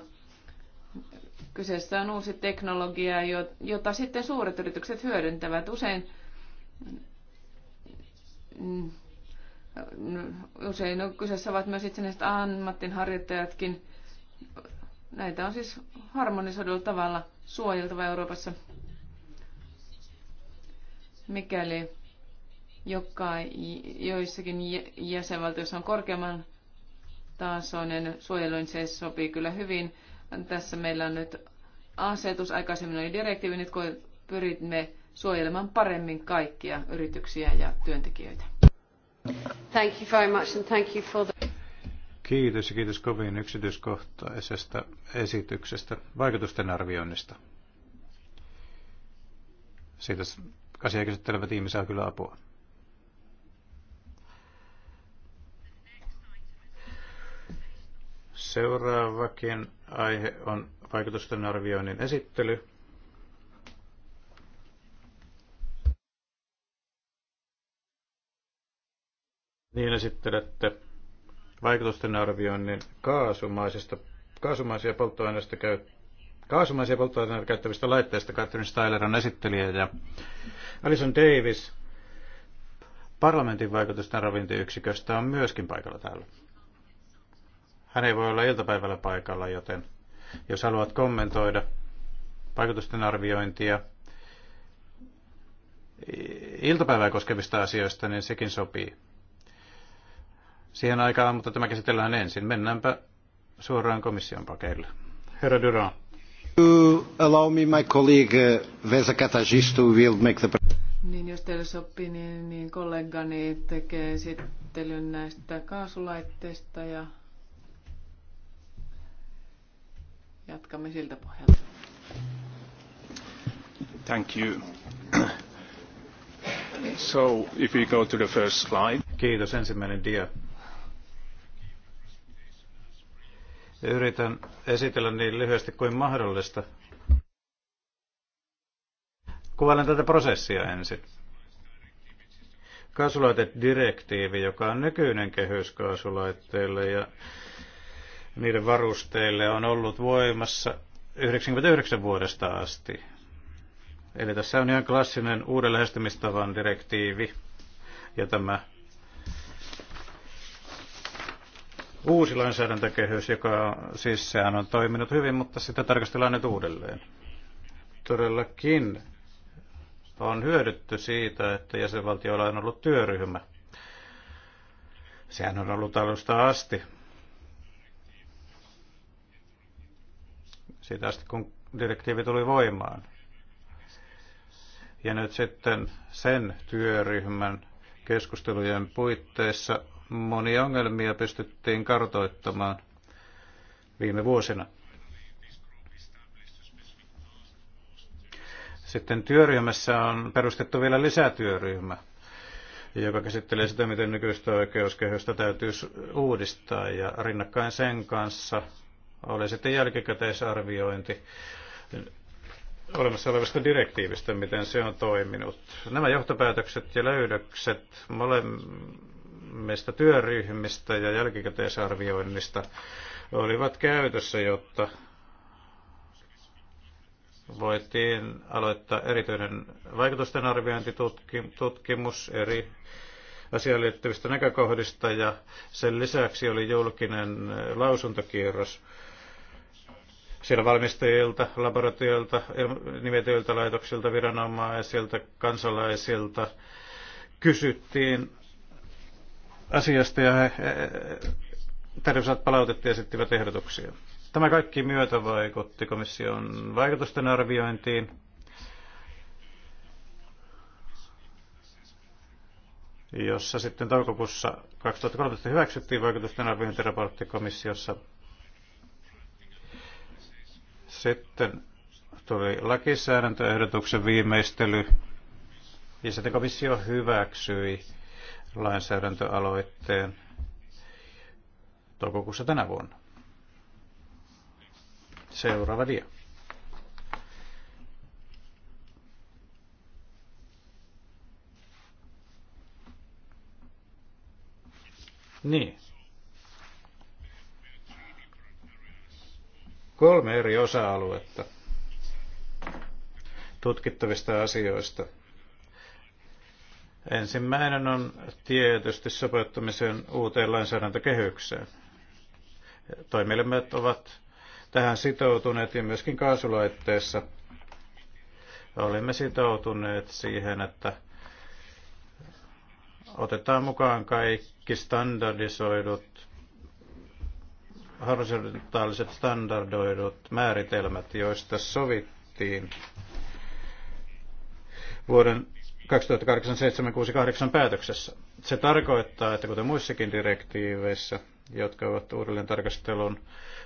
Kyseessä on uusi teknologia, jota sitten suuret yritykset hyödyntävät. Usein, usein no, kyseessä ovat myös itsenäiset ammattinharjoittajatkin. Näitä on siis harmonisoidulla tavalla suojeltava Euroopassa. Mikäli joka joissakin jäsenvaltioissa on korkeamman tasoinen suojelu, niin se sopii kyllä hyvin. Tässä meillä on nyt asetus, aikaisemmin oli direktiivi, nyt kun pyrimme suojelemaan paremmin kaikkia yrityksiä ja työntekijöitä. Thank you very much and thank you for the... Kiitos ja kiitos kovin yksityiskohtaisesta esityksestä, vaikutusten arvioinnista. Siitä asiaa käsittelevä tiimi saa kyllä apua. Seuraavakin aihe on vaikutusten arvioinnin esittely. Niin esittelette vaikutusten arvioinnin kaasumaisista kaasumaisia polttoaineista käy, kaasumaisia polttoaineita käyttävistä laitteista. Catherine Styler on esittelijä ja Alison Davis parlamentin vaikutusten ravintiyksiköstä on myöskin paikalla täällä. Hän ei voi olla iltapäivällä paikalla, joten jos haluat kommentoida vaikutusten arviointia iltapäivää koskevista asioista, niin sekin sopii. Siihen aikaan, mutta tämä käsitellään ensin. Mennäänpä suoraan komission pakeille. Herra Duran. Allow me, my colleague uh, Vesa Katajisto will make the... Niin, jos teille sopii, niin, niin kollegani tekee esittelyn näistä kaasulaitteista ja Jatkamme siltä pohjalta. Thank you. So if we go to the first slide. Kiitos. Ensimmäinen dia. Yritän esitellä niin lyhyesti kuin mahdollista. Kuvailen tätä prosessia ensin. Kaasulaitedirektiivi, joka on nykyinen kehys kaasulaitteille ja niiden varusteille on ollut voimassa 99 vuodesta asti. Eli tässä on ihan klassinen uuden lähestymistavan direktiivi ja tämä uusi lainsäädäntökehys, joka siis sehän on toiminut hyvin, mutta sitä tarkastellaan nyt uudelleen. Todellakin on hyödytty siitä, että jäsenvaltioilla on ollut työryhmä. Sehän on ollut alusta asti siitä asti, kun direktiivi tuli voimaan. Ja nyt sitten sen työryhmän keskustelujen puitteissa monia ongelmia pystyttiin kartoittamaan viime vuosina. Sitten työryhmässä on perustettu vielä lisätyöryhmä, joka käsittelee sitä, miten nykyistä oikeuskehystä täytyy uudistaa. Ja rinnakkain sen kanssa oli sitten jälkikäteisarviointi olemassa olevasta direktiivistä, miten se on toiminut. Nämä johtopäätökset ja löydökset molemmista työryhmistä ja jälkikäteisarvioinnista olivat käytössä, jotta voitiin aloittaa erityinen vaikutusten arviointitutkimus eri asiaan liittyvistä näkökohdista ja sen lisäksi oli julkinen lausuntokierros siellä valmistajilta, laboratorioilta, nimetyiltä laitoksilta, viranomaisilta, kansalaisilta kysyttiin asiasta ja he, tarjousat palautetta ja esittivät ehdotuksia. Tämä kaikki myötä vaikutti komission vaikutusten arviointiin. jossa sitten toukokuussa 2013 hyväksyttiin vaikutusten arviointiraportti komissiossa sitten tuli lakisäädäntöehdotuksen viimeistely ja sitten komissio hyväksyi lainsäädäntöaloitteen toukokuussa tänä vuonna. Seuraava dia. Niin. kolme eri osa-aluetta tutkittavista asioista. Ensimmäinen on tietysti sopeuttamisen uuteen lainsäädäntökehykseen. Toimielimet ovat tähän sitoutuneet ja myöskin kaasulaitteessa olimme sitoutuneet siihen, että otetaan mukaan kaikki standardisoidut horisontaaliset standardoidut määritelmät, joista sovittiin vuoden 2008-768 päätöksessä. Se tarkoittaa, että kuten muissakin direktiiveissä, jotka ovat uudelleen tarkastelun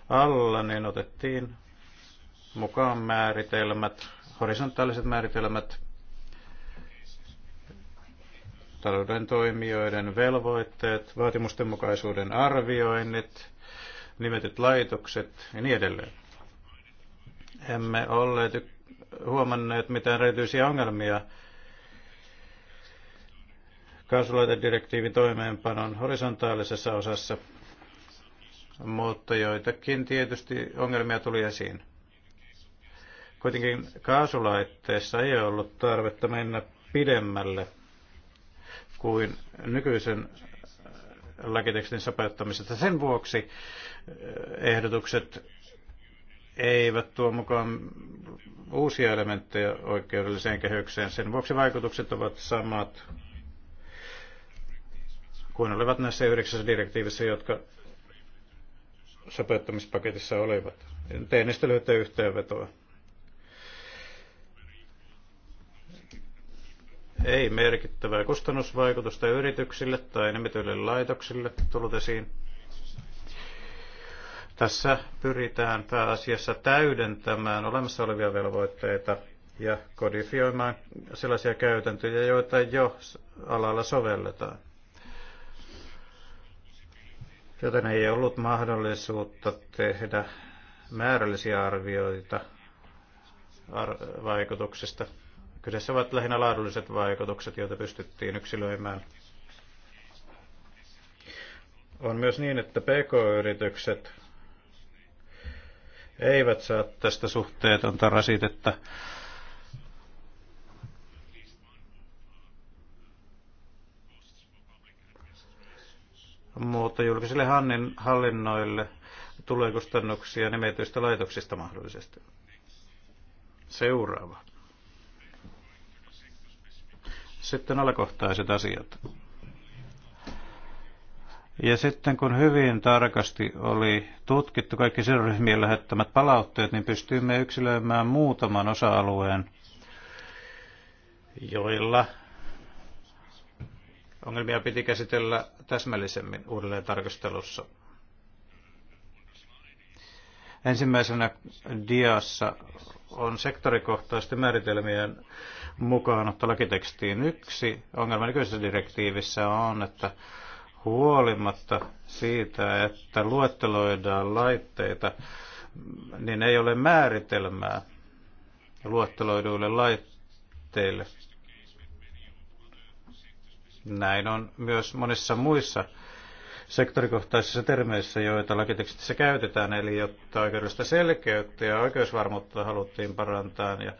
alla, niin otettiin mukaan määritelmät, horisontaaliset määritelmät, talouden toimijoiden velvoitteet, mukaisuuden arvioinnit, nimetyt laitokset ja niin edelleen. Emme olleet huomanneet mitään erityisiä ongelmia kaasulaitedirektiivin toimeenpanon horisontaalisessa osassa, mutta joitakin tietysti ongelmia tuli esiin. Kuitenkin kaasulaitteessa ei ollut tarvetta mennä pidemmälle kuin nykyisen lakitekstin sopeuttamisesta. Sen vuoksi eh, ehdotukset eivät tuo mukaan uusia elementtejä oikeudelliseen kehykseen. Sen vuoksi vaikutukset ovat samat kuin olivat näissä yhdeksässä direktiivissä, jotka sopeuttamispaketissa olivat. Tein niistä lyhyttä yhteenvetoa. ei merkittävää kustannusvaikutusta yrityksille tai nimetyille laitoksille tullut esiin. Tässä pyritään pääasiassa täydentämään olemassa olevia velvoitteita ja kodifioimaan sellaisia käytäntöjä, joita jo alalla sovelletaan. Joten ei ollut mahdollisuutta tehdä määrällisiä arvioita vaikutuksista Kyseessä ovat lähinnä laadulliset vaikutukset, joita pystyttiin yksilöimään. On myös niin, että pk-yritykset eivät saa tästä suhteetonta rasitetta. Mutta julkisille hallinnoille tulee kustannuksia nimetyistä laitoksista mahdollisesti. Seuraava. Sitten alakohtaiset asiat. Ja sitten kun hyvin tarkasti oli tutkittu kaikki sidosryhmien lähettämät palautteet, niin pystyimme yksilöimään muutaman osa-alueen, joilla ongelmia piti käsitellä täsmällisemmin uudelleen tarkastelussa. Ensimmäisenä diassa on sektorikohtaisten määritelmien mukaanotto lakitekstiin. Yksi ongelma nykyisessä direktiivissä on, että huolimatta siitä, että luetteloidaan laitteita, niin ei ole määritelmää luetteloiduille laitteille. Näin on myös monissa muissa sektorikohtaisissa termeissä, joita lakitekstissä käytetään, eli jotta oikeudellista selkeyttä ja oikeusvarmuutta haluttiin parantaa ja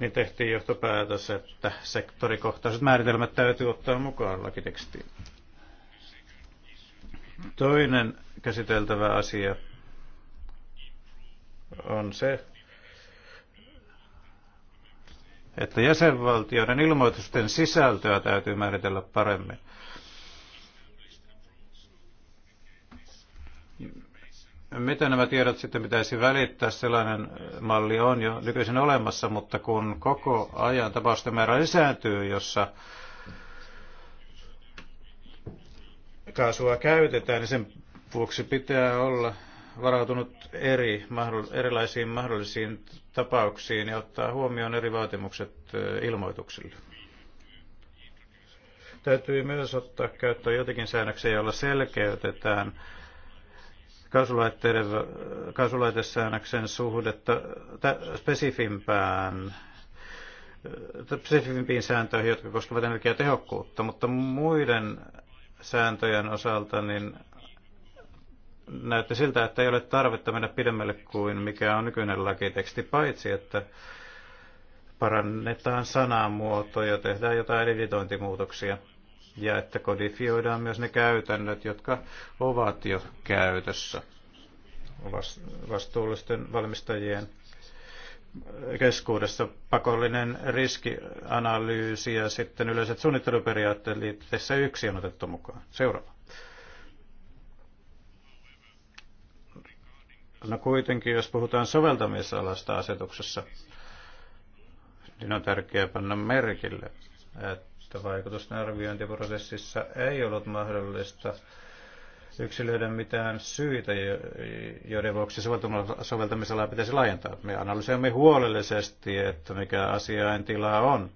niin tehtiin johtopäätös, että sektorikohtaiset määritelmät täytyy ottaa mukaan lakitekstiin. Toinen käsiteltävä asia on se, että jäsenvaltioiden ilmoitusten sisältöä täytyy määritellä paremmin. Miten nämä tiedot sitten pitäisi välittää? Sellainen malli on jo nykyisin olemassa, mutta kun koko ajan tapausten määrä lisääntyy, jossa kaasua käytetään, niin sen vuoksi pitää olla varautunut eri, erilaisiin mahdollisiin tapauksiin ja ottaa huomioon eri vaatimukset eh, ilmoituksille. Täytyy myös ottaa käyttöön jotenkin säännöksiä, joilla selkeytetään kaasulaitteiden, kaasulaitesäännöksen suhdetta spesifimpään spesifimpiin sääntöihin, jotka koskevat energiatehokkuutta, mutta muiden sääntöjen osalta niin näyttää siltä, että ei ole tarvetta mennä pidemmälle kuin mikä on nykyinen lakiteksti, paitsi että parannetaan sanamuotoja, tehdään jotain editointimuutoksia ja että kodifioidaan myös ne käytännöt, jotka ovat jo käytössä vastuullisten valmistajien keskuudessa pakollinen riskianalyysi ja sitten yleiset suunnitteluperiaatteet liitteessä yksi on otettu mukaan. Seuraava. No kuitenkin, jos puhutaan soveltamisalasta asetuksessa, niin on tärkeää panna merkille, että että vaikutusten arviointiprosessissa ei ollut mahdollista yksilöidä mitään syitä, joiden vuoksi soveltamisalaa pitäisi laajentaa. Me analysoimme huolellisesti, että mikä asiaintila on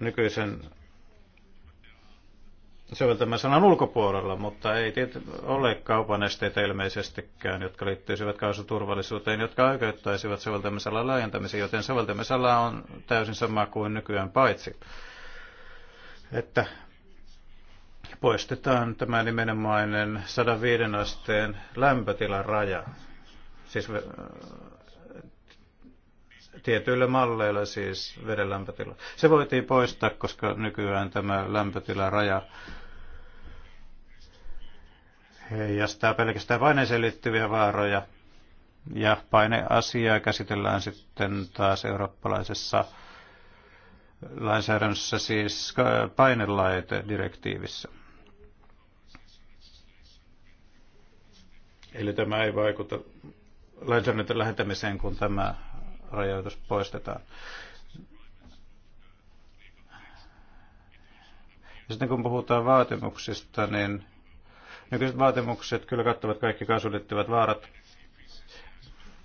nykyisen soveltamisen sanan ulkopuolella, mutta ei ole kaupan esteitä ilmeisestikään, jotka liittyisivät kaasuturvallisuuteen, jotka oikeuttaisivat soveltamisalan laajentamiseen, joten soveltamisala on täysin sama kuin nykyään paitsi, että poistetaan tämä nimenomainen 105 asteen lämpötilan raja. Siis tietyillä malleilla siis veden lämpötila. Se voitiin poistaa, koska nykyään tämä raja heijastaa pelkästään paineeseen liittyviä vaaroja. Ja paineasiaa käsitellään sitten taas eurooppalaisessa lainsäädännössä, siis painelaitedirektiivissä. Eli tämä ei vaikuta lainsäädännön lähettämiseen, kun tämä rajoitus poistetaan. Ja sitten kun puhutaan vaatimuksista, niin Nykyiset vaatimukset kyllä kattavat kaikki kaasuun vaarat,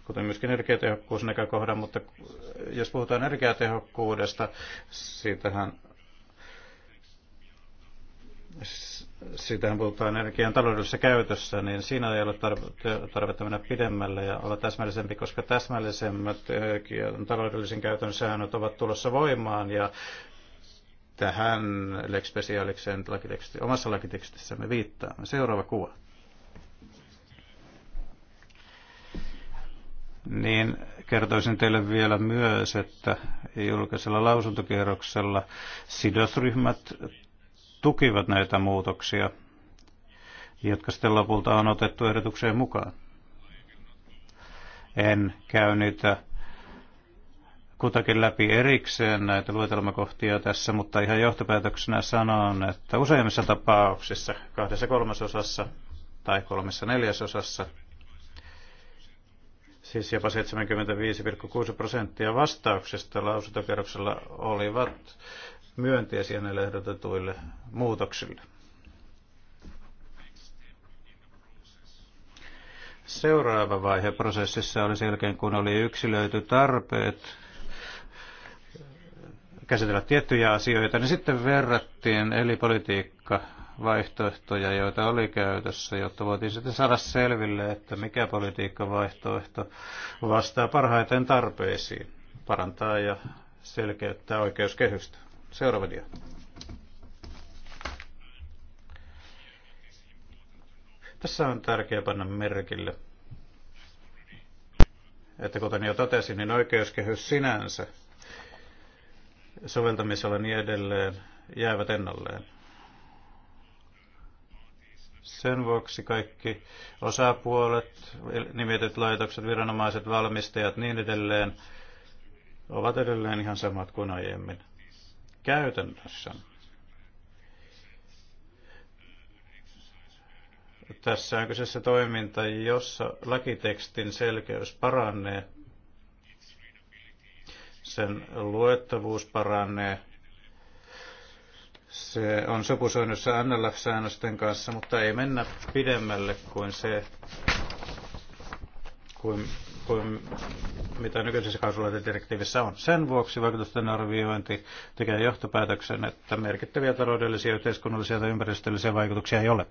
kuten myöskin energiatehokkuusnäkökohdan, mutta jos puhutaan energiatehokkuudesta, siitähän siitähän puhutaan energian taloudellisessa käytössä, niin siinä ei ole tarvetta mennä pidemmälle ja olla täsmällisempi, koska täsmällisemmät eh, taloudellisen käytön säännöt ovat tulossa voimaan ja tähän Lex Specialiksen lakiteksti, omassa lakitekstissämme viittaamme. Seuraava kuva. Niin kertoisin teille vielä myös, että julkisella lausuntokierroksella sidosryhmät tukivat näitä muutoksia, jotka sitten lopulta on otettu ehdotukseen mukaan. En käy niitä kutakin läpi erikseen näitä luetelmakohtia tässä, mutta ihan johtopäätöksenä sanon, että useimmissa tapauksissa, kahdessa kolmasosassa tai kolmessa neljäsosassa, siis jopa 75,6 prosenttia vastauksista lausuntokerroksella olivat myönteisiä näille ehdotetuille muutoksille. Seuraava vaihe prosessissa oli selkeän, kun oli yksilöity tarpeet käsitellä tiettyjä asioita, niin sitten verrattiin eli politiikka vaihtoehtoja, joita oli käytössä, jotta voitiin sitten saada selville, että mikä politiikkavaihtoehto vastaa parhaiten tarpeisiin, parantaa ja selkeyttää oikeuskehystä. Seuraava dia. Tässä on tärkeää panna merkille, että kuten jo totesin, niin oikeuskehys sinänsä soveltamisella niin edelleen jäävät ennalleen. Sen vuoksi kaikki osapuolet, nimetyt laitokset, viranomaiset, valmistajat niin edelleen ovat edelleen ihan samat kuin aiemmin. Käytännössä tässä on kyseessä toiminta, jossa lakitekstin selkeys paranee sen luettavuus paranee. Se on sopusoinnussa NLF-säännösten kanssa, mutta ei mennä pidemmälle kuin se, kuin, kuin mitä nykyisessä kansalaisdirektiivissä on. Sen vuoksi vaikutusten arviointi tekee johtopäätöksen, että merkittäviä taloudellisia, yhteiskunnallisia tai ympäristöllisiä vaikutuksia ei ole.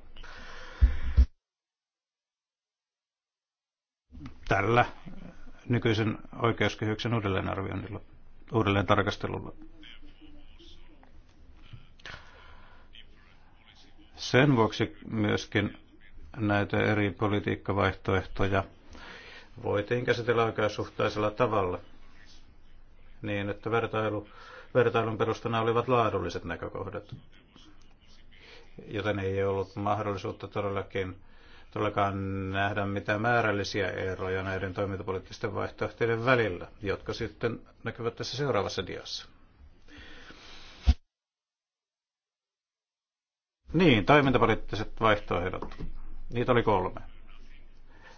Tällä nykyisen oikeuskehyksen uudelleenarvioinnilla, uudelleen tarkastelulla. Sen vuoksi myöskin näitä eri politiikkavaihtoehtoja voitiin käsitellä oikeussuhtaisella tavalla niin, että vertailu, vertailun perustana olivat laadulliset näkökohdat, joten ei ollut mahdollisuutta todellakin todellakaan nähdä mitään määrällisiä eroja näiden toimintapoliittisten vaihtoehtojen välillä, jotka sitten näkyvät tässä seuraavassa diassa. Niin, toimintapoliittiset vaihtoehdot. Niitä oli kolme.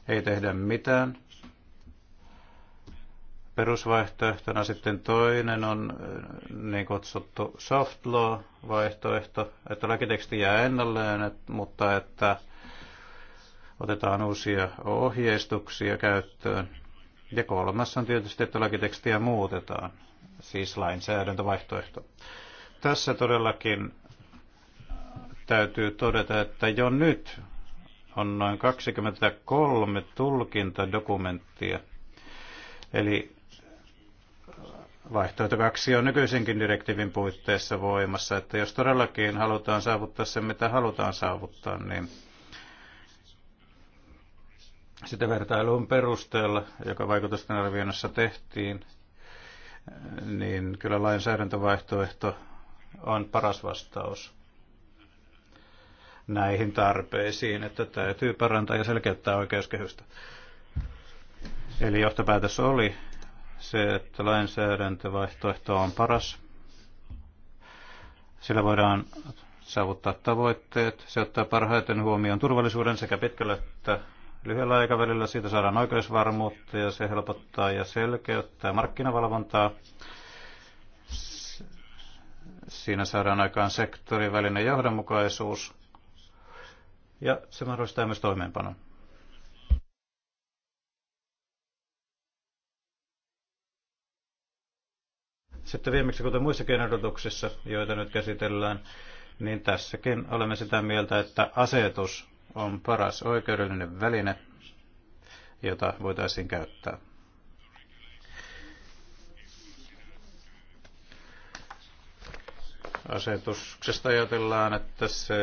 Ei tehdä mitään. Perusvaihtoehtona sitten toinen on äh, niin kutsuttu soft law-vaihtoehto, että lakiteksti jää ennalleen, mutta että otetaan uusia ohjeistuksia käyttöön. Ja kolmas on tietysti, että lakitekstiä muutetaan, siis lainsäädäntövaihtoehto. Tässä todellakin täytyy todeta, että jo nyt on noin 23 tulkintadokumenttia. Eli vaihtoehto kaksi on nykyisenkin direktiivin puitteissa voimassa, että jos todellakin halutaan saavuttaa se, mitä halutaan saavuttaa, niin sitä vertailun perusteella, joka vaikutusten arvioinnissa tehtiin, niin kyllä lainsäädäntövaihtoehto on paras vastaus näihin tarpeisiin, että täytyy parantaa ja selkeyttää oikeuskehystä. Eli johtopäätös oli se, että lainsäädäntövaihtoehto on paras. Sillä voidaan saavuttaa tavoitteet. Se ottaa parhaiten huomioon turvallisuuden sekä pitkällä että Lyhyellä aikavälillä siitä saadaan oikeusvarmuutta ja se helpottaa ja selkeyttää markkinavalvontaa. Siinä saadaan aikaan sektorin välinen johdonmukaisuus ja se mahdollistaa myös toimeenpanon. Sitten viimeksi, kuten muissakin ehdotuksissa, joita nyt käsitellään, niin tässäkin olemme sitä mieltä, että asetus on paras oikeudellinen väline, jota voitaisiin käyttää. asetuksesta ajatellaan, että se,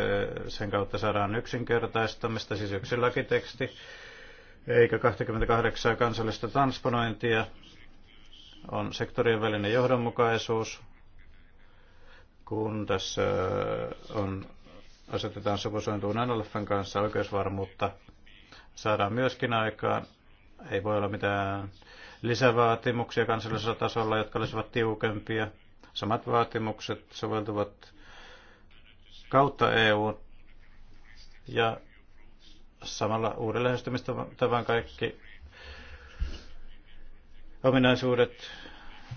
sen kautta saadaan yksinkertaistamista, siis yksi lakiteksti, eikä 28 kansallista transponointia. On sektorien välinen johdonmukaisuus, kun tässä äh, on asetetaan sopusointuun NLFn kanssa oikeusvarmuutta saadaan myöskin aikaan. Ei voi olla mitään lisävaatimuksia kansallisella tasolla, jotka olisivat tiukempia. Samat vaatimukset soveltuvat kautta EU ja samalla uuden tavan kaikki ominaisuudet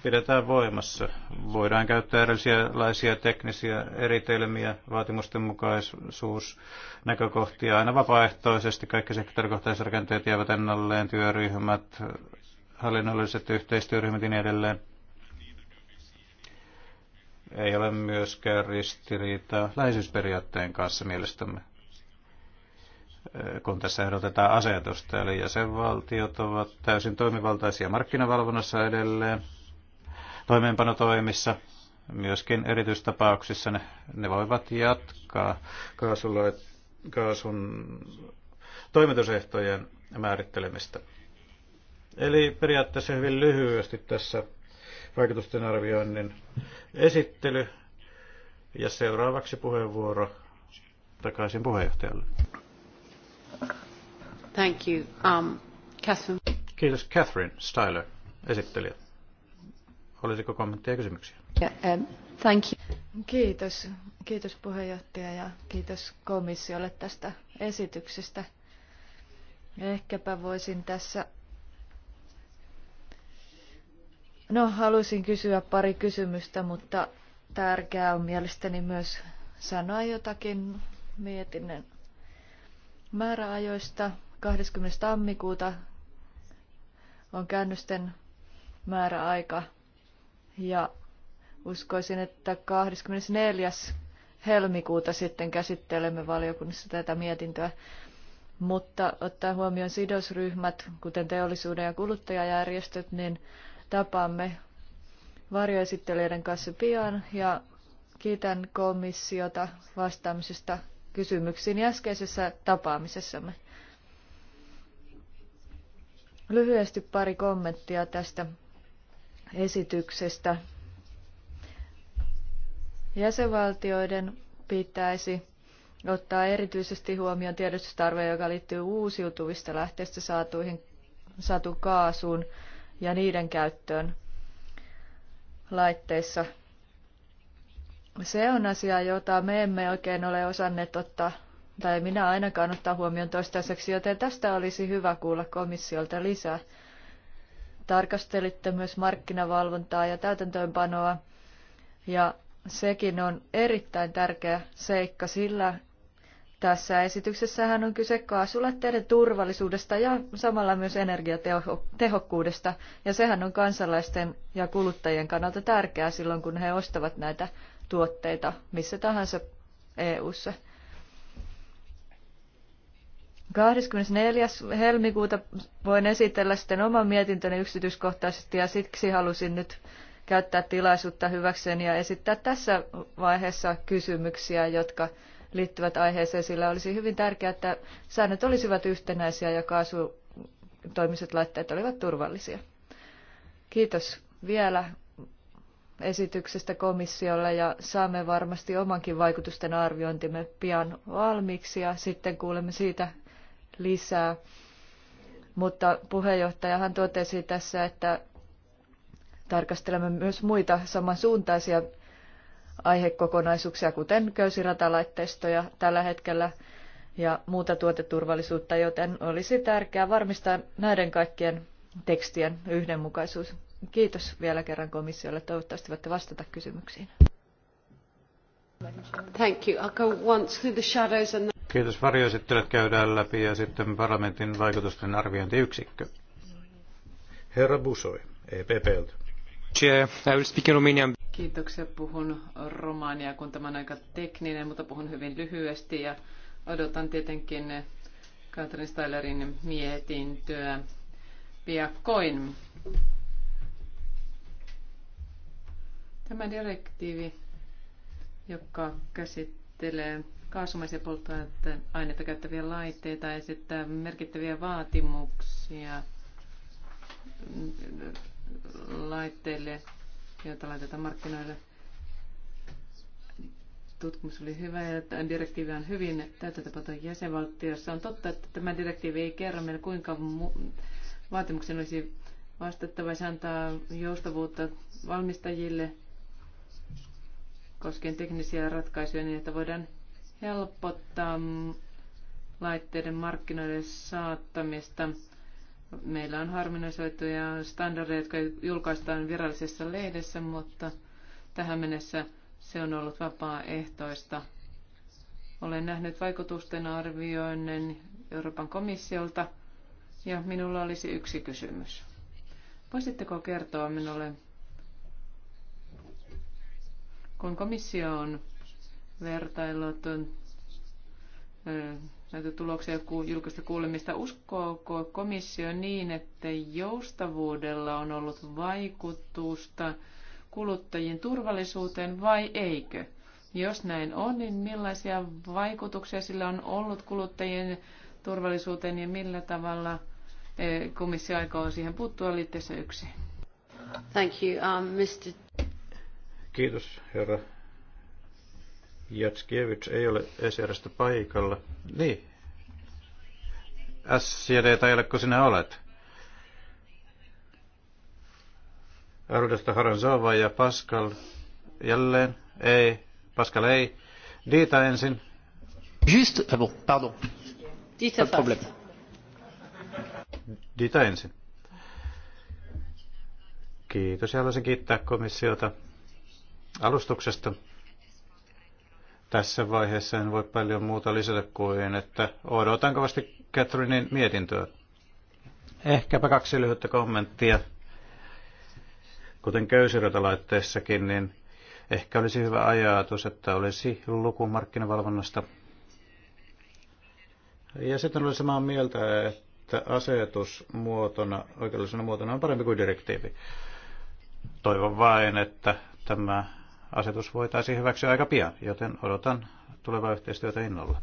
pidetään voimassa. Voidaan käyttää erilaisia teknisiä eritelmiä, vaatimusten mukaisuus, näkökohtia aina vapaaehtoisesti. Kaikki sektorikohtaiset rakenteet jäävät ennalleen, työryhmät, hallinnolliset yhteistyöryhmät ja niin edelleen. Ei ole myöskään ristiriitaa läheisyysperiaatteen kanssa mielestämme kun tässä ehdotetaan asetusta. Eli jäsenvaltiot ovat täysin toimivaltaisia markkinavalvonnassa edelleen toimeenpanotoimissa, myöskin erityistapauksissa ne, ne voivat jatkaa kaasulla, kaasun toimitusehtojen määrittelemistä. Eli periaatteessa hyvin lyhyesti tässä vaikutusten arvioinnin esittely ja seuraavaksi puheenvuoro takaisin puheenjohtajalle. Thank you. Um, Catherine. Kiitos Catherine Styler, esittelijä. Olisiko kommentteja ja kysymyksiä? Um, thank you. Kiitos. Kiitos puheenjohtaja ja kiitos komissiolle tästä esityksestä. Ehkäpä voisin tässä... No, halusin kysyä pari kysymystä, mutta tärkeää on mielestäni myös sanoa jotakin mietinnän määräajoista. 20. tammikuuta on käännösten määräaika. Ja uskoisin, että 24. helmikuuta sitten käsittelemme valiokunnassa tätä mietintöä. Mutta ottaa huomioon sidosryhmät, kuten teollisuuden ja kuluttajajärjestöt, niin tapaamme varjoesittelijöiden kanssa pian ja kiitän komissiota vastaamisesta kysymyksiin äskeisessä tapaamisessamme. Lyhyesti pari kommenttia tästä esityksestä. Jäsenvaltioiden pitäisi ottaa erityisesti huomioon tiedostustarve, joka liittyy uusiutuvista lähteistä saatuihin, saatuun kaasuun ja niiden käyttöön laitteissa. Se on asia, jota me emme oikein ole osanneet ottaa, tai minä ainakaan ottaa huomioon toistaiseksi, joten tästä olisi hyvä kuulla komissiolta lisää. Tarkastelitte myös markkinavalvontaa ja täytäntöönpanoa ja sekin on erittäin tärkeä seikka, sillä tässä esityksessähän on kyse kaasulaitteiden turvallisuudesta ja samalla myös energiatehokkuudesta, ja sehän on kansalaisten ja kuluttajien kannalta tärkeää silloin, kun he ostavat näitä tuotteita missä tahansa EU-ssa. 24. helmikuuta voin esitellä sitten oman mietintöni yksityiskohtaisesti ja siksi halusin nyt käyttää tilaisuutta hyväkseni ja esittää tässä vaiheessa kysymyksiä, jotka liittyvät aiheeseen, sillä olisi hyvin tärkeää, että säännöt olisivat yhtenäisiä ja kaasutoimiset laitteet olivat turvallisia. Kiitos vielä esityksestä komissiolle ja saamme varmasti omankin vaikutusten arviointimme pian valmiiksi ja sitten kuulemme siitä, lisää. Mutta puheenjohtajahan totesi tässä, että tarkastelemme myös muita samansuuntaisia aihekokonaisuuksia, kuten köysiratalaitteistoja tällä hetkellä ja muuta tuoteturvallisuutta, joten olisi tärkeää varmistaa näiden kaikkien tekstien yhdenmukaisuus. Kiitos vielä kerran komissiolle. Toivottavasti voitte vastata kysymyksiin. Thank you. I'll go once through the shadows and Kiitos. Varjoesittelyt käydään läpi ja sitten parlamentin vaikutusten arviointiyksikkö. Herra Busoi, EPPltä. Kiitoksia. Puhun romaania, kun tämä on aika tekninen, mutta puhun hyvin lyhyesti ja odotan tietenkin Katrin Steilerin mietintöä piakkoin. Tämä direktiivi, joka käsittelee kaasumaisia polttoaineita käyttäviä laitteita esittää merkittäviä vaatimuksia laitteille, joita laitetaan markkinoille. Tutkimus oli hyvä ja tämä direktiivi on hyvin täytäntöpaton jäsenvaltiossa. On totta, että tämä direktiivi ei kerro meille, kuinka vaatimuksen olisi vastattava. Se antaa joustavuutta valmistajille koskien teknisiä ratkaisuja niin, että voidaan helpottaa laitteiden markkinoille saattamista. Meillä on harmonisoituja standardeja, jotka julkaistaan virallisessa lehdessä, mutta tähän mennessä se on ollut vapaaehtoista. Olen nähnyt vaikutusten arvioinnin Euroopan komissiolta ja minulla olisi yksi kysymys. Voisitteko kertoa minulle, kun komissio on vertailut näitä tuloksia julkista kuulemista. Uskooko komissio niin, että joustavuudella on ollut vaikutusta kuluttajien turvallisuuteen vai eikö? Jos näin on, niin millaisia vaikutuksia sillä on ollut kuluttajien turvallisuuteen ja millä tavalla komissio aikoo siihen puuttua liitteessä yksi? Thank you, um, Mr. Kiitos, herra Jatskiewicz ei ole esijärjestö paikalla. Niin. SCD tai ole, kun sinä olet. Arudesta Haranzova ja Pascal jälleen. Ei. Pascal ei. Diita ensin. Just, ah bon, pardon. Diita problem. Diita ensin. Kiitos ja haluaisin kiittää komissiota alustuksesta tässä vaiheessa en voi paljon muuta lisätä kuin, että odotan kovasti Catherinein mietintöä. Ehkäpä kaksi lyhyttä kommenttia. Kuten köysirötalaitteessakin, niin ehkä olisi hyvä ajatus, että olisi lukumarkkinavalvonnasta. Ja sitten olen samaa mieltä, että asetusmuotona, oikeudellisena muotona on parempi kuin direktiivi. Toivon vain, että tämä asetus voitaisiin hyväksyä aika pian, joten odotan tulevaa yhteistyötä innolla.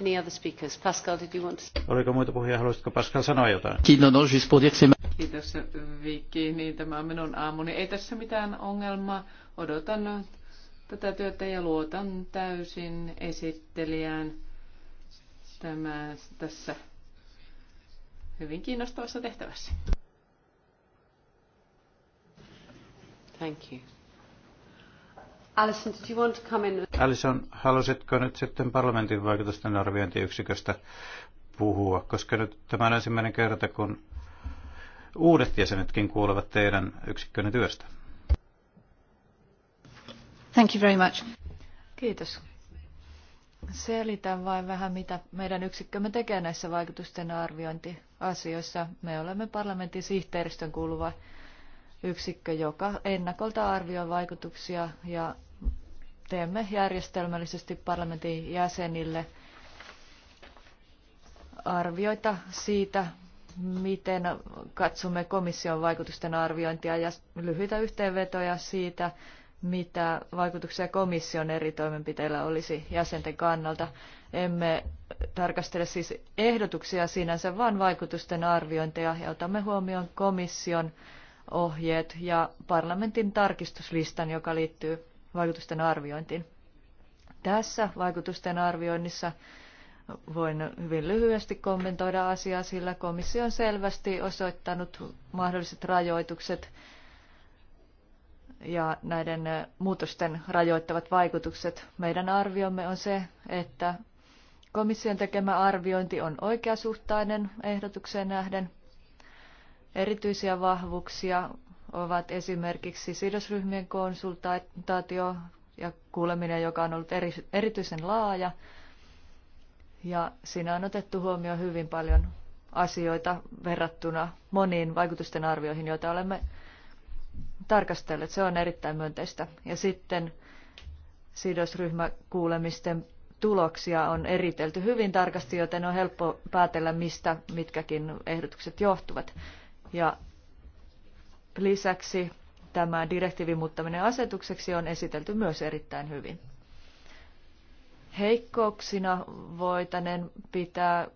Any other speakers? Pascal, did you want to... Oliko muita puhujia? Haluaisitko Pascal sanoa jotain? No, siis Kiitos Vicky, niin tämä on minun aamuni. Ei tässä mitään ongelmaa. Odotan tätä työtä ja luotan täysin esittelijään tämä, tässä hyvin kiinnostavassa tehtävässä. Thank you. Alison, did you want to come in? Alison, halusitko nyt sitten parlamentin vaikutusten arviointiyksiköstä puhua, koska nyt tämä on ensimmäinen kerta, kun uudet jäsenetkin kuulevat teidän yksikkönne työstä. Thank you very much. Kiitos. Selitän vain vähän, mitä meidän yksikkömme tekee näissä vaikutusten arviointiasioissa. Me olemme parlamentin sihteeristön kuuluva yksikkö, joka ennakolta arvioi vaikutuksia ja teemme järjestelmällisesti parlamentin jäsenille arvioita siitä, miten katsomme komission vaikutusten arviointia ja lyhyitä yhteenvetoja siitä, mitä vaikutuksia komission eri toimenpiteillä olisi jäsenten kannalta. Emme tarkastele siis ehdotuksia sinänsä, vaan vaikutusten arviointeja ja otamme huomioon komission ohjeet ja parlamentin tarkistuslistan, joka liittyy vaikutusten arviointiin. Tässä vaikutusten arvioinnissa voin hyvin lyhyesti kommentoida asiaa, sillä komissio on selvästi osoittanut mahdolliset rajoitukset ja näiden muutosten rajoittavat vaikutukset. Meidän arviomme on se, että komission tekemä arviointi on oikeasuhtainen ehdotukseen nähden Erityisiä vahvuuksia ovat esimerkiksi sidosryhmien konsultaatio ja kuuleminen, joka on ollut eri, erityisen laaja. Ja siinä on otettu huomioon hyvin paljon asioita verrattuna moniin vaikutusten arvioihin, joita olemme tarkastelleet. Se on erittäin myönteistä. Ja sitten sidosryhmäkuulemisten tuloksia on eritelty hyvin tarkasti, joten on helppo päätellä, mistä mitkäkin ehdotukset johtuvat. Ja lisäksi tämä direktiivin muuttaminen asetukseksi on esitelty myös erittäin hyvin. Heikkouksina voitainen pitää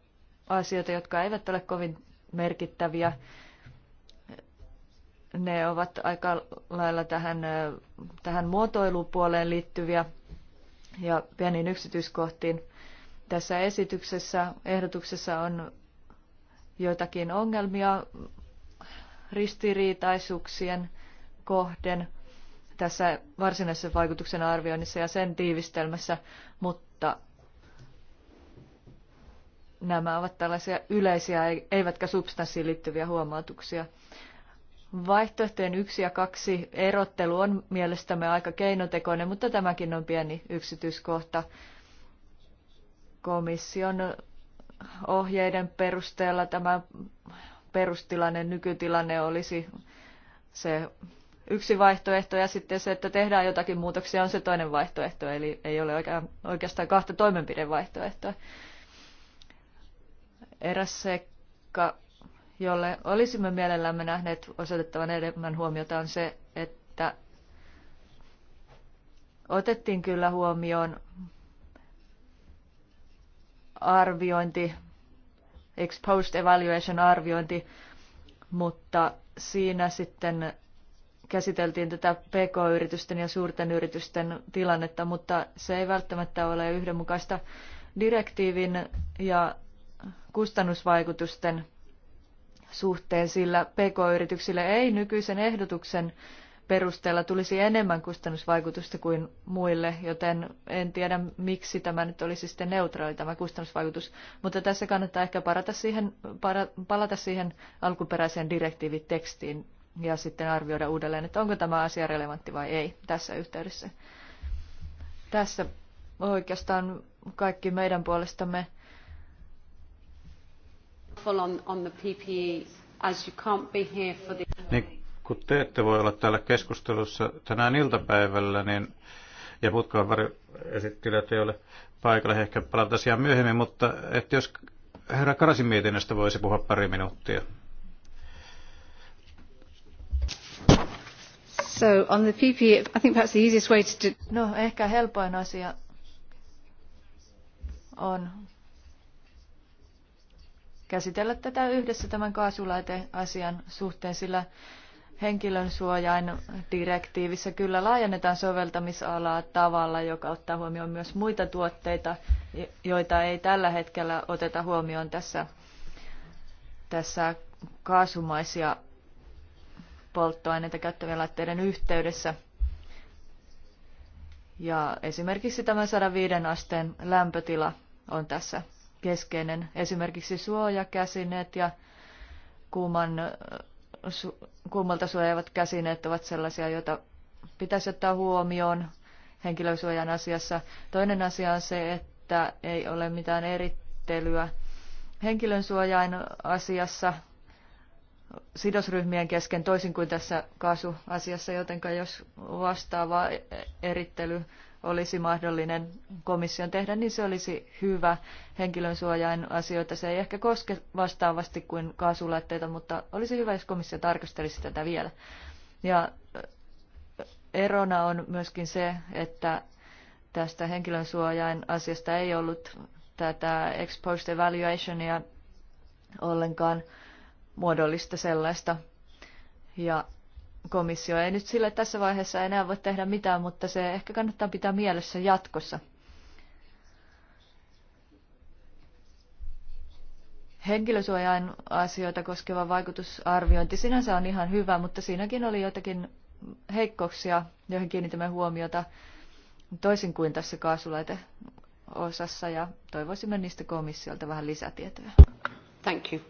asioita, jotka eivät ole kovin merkittäviä. Ne ovat aika lailla tähän, tähän muotoilupuoleen liittyviä ja pieniin yksityiskohtiin. Tässä esityksessä, ehdotuksessa on joitakin ongelmia, ristiriitaisuuksien kohden tässä varsinaisessa vaikutuksen arvioinnissa ja sen tiivistelmässä, mutta nämä ovat tällaisia yleisiä eivätkä substanssiin liittyviä huomautuksia. Vaihtoehtojen yksi ja kaksi erottelu on mielestämme aika keinotekoinen, mutta tämäkin on pieni yksityiskohta. Komission ohjeiden perusteella tämä perustilanne, nykytilanne olisi se yksi vaihtoehto ja sitten se, että tehdään jotakin muutoksia on se toinen vaihtoehto, eli ei ole oikeastaan kahta toimenpidevaihtoehtoa. Eräs seikka, jolle olisimme mielellämme nähneet osoitettavan enemmän huomiota on se, että otettiin kyllä huomioon arviointi ex post evaluation arviointi, mutta siinä sitten käsiteltiin tätä pk-yritysten ja suurten yritysten tilannetta, mutta se ei välttämättä ole yhdenmukaista direktiivin ja kustannusvaikutusten suhteen, sillä pk-yrityksille ei nykyisen ehdotuksen perusteella tulisi enemmän kustannusvaikutusta kuin muille, joten en tiedä miksi tämä nyt olisi sitten neutraali tämä kustannusvaikutus, mutta tässä kannattaa ehkä parata siihen, para, palata siihen alkuperäiseen direktiivitekstiin ja sitten arvioida uudelleen, että onko tämä asia relevantti vai ei tässä yhteydessä. Tässä oikeastaan kaikki meidän puolestamme. On, on the PPE, as you can't be here for the kun te ette voi olla täällä keskustelussa tänään iltapäivällä, niin ja putkaan varjoesittelijät ei ole paikalla, ehkä palataan asiaan myöhemmin, mutta että jos herra Karasin mietinnöstä voisi puhua pari minuuttia. So on the PP, I think perhaps the easiest way to do... No, ehkä helpoin asia on käsitellä tätä yhdessä tämän kaasulaiteasian suhteen, sillä henkilön suojain direktiivissä kyllä laajennetaan soveltamisalaa tavalla, joka ottaa huomioon myös muita tuotteita, joita ei tällä hetkellä oteta huomioon tässä, tässä kaasumaisia polttoaineita käyttävien laitteiden yhteydessä. Ja esimerkiksi tämä 105 asteen lämpötila on tässä keskeinen. Esimerkiksi suojakäsineet ja kuuman su- kummalta suojaavat käsineet ovat sellaisia, joita pitäisi ottaa huomioon henkilösuojan asiassa. Toinen asia on se, että ei ole mitään erittelyä henkilön suojain asiassa sidosryhmien kesken toisin kuin tässä kaasuasiassa, jotenka jos vastaava erittely olisi mahdollinen komission tehdä, niin se olisi hyvä. Henkilön suojain asioita se ei ehkä koske vastaavasti kuin kaasulaitteita, mutta olisi hyvä, jos komissio tarkastelisi tätä vielä. Ja erona on myöskin se, että tästä henkilön suojain asiasta ei ollut tätä ex post evaluationia ollenkaan muodollista sellaista. Ja komissio. Ei nyt sille tässä vaiheessa enää voi tehdä mitään, mutta se ehkä kannattaa pitää mielessä jatkossa. Henkilösuojan asioita koskeva vaikutusarviointi sinänsä on ihan hyvä, mutta siinäkin oli joitakin heikkouksia, joihin kiinnitämme huomiota toisin kuin tässä kaasulaiteosassa ja toivoisimme niistä komissiolta vähän lisätietoja. Thank you.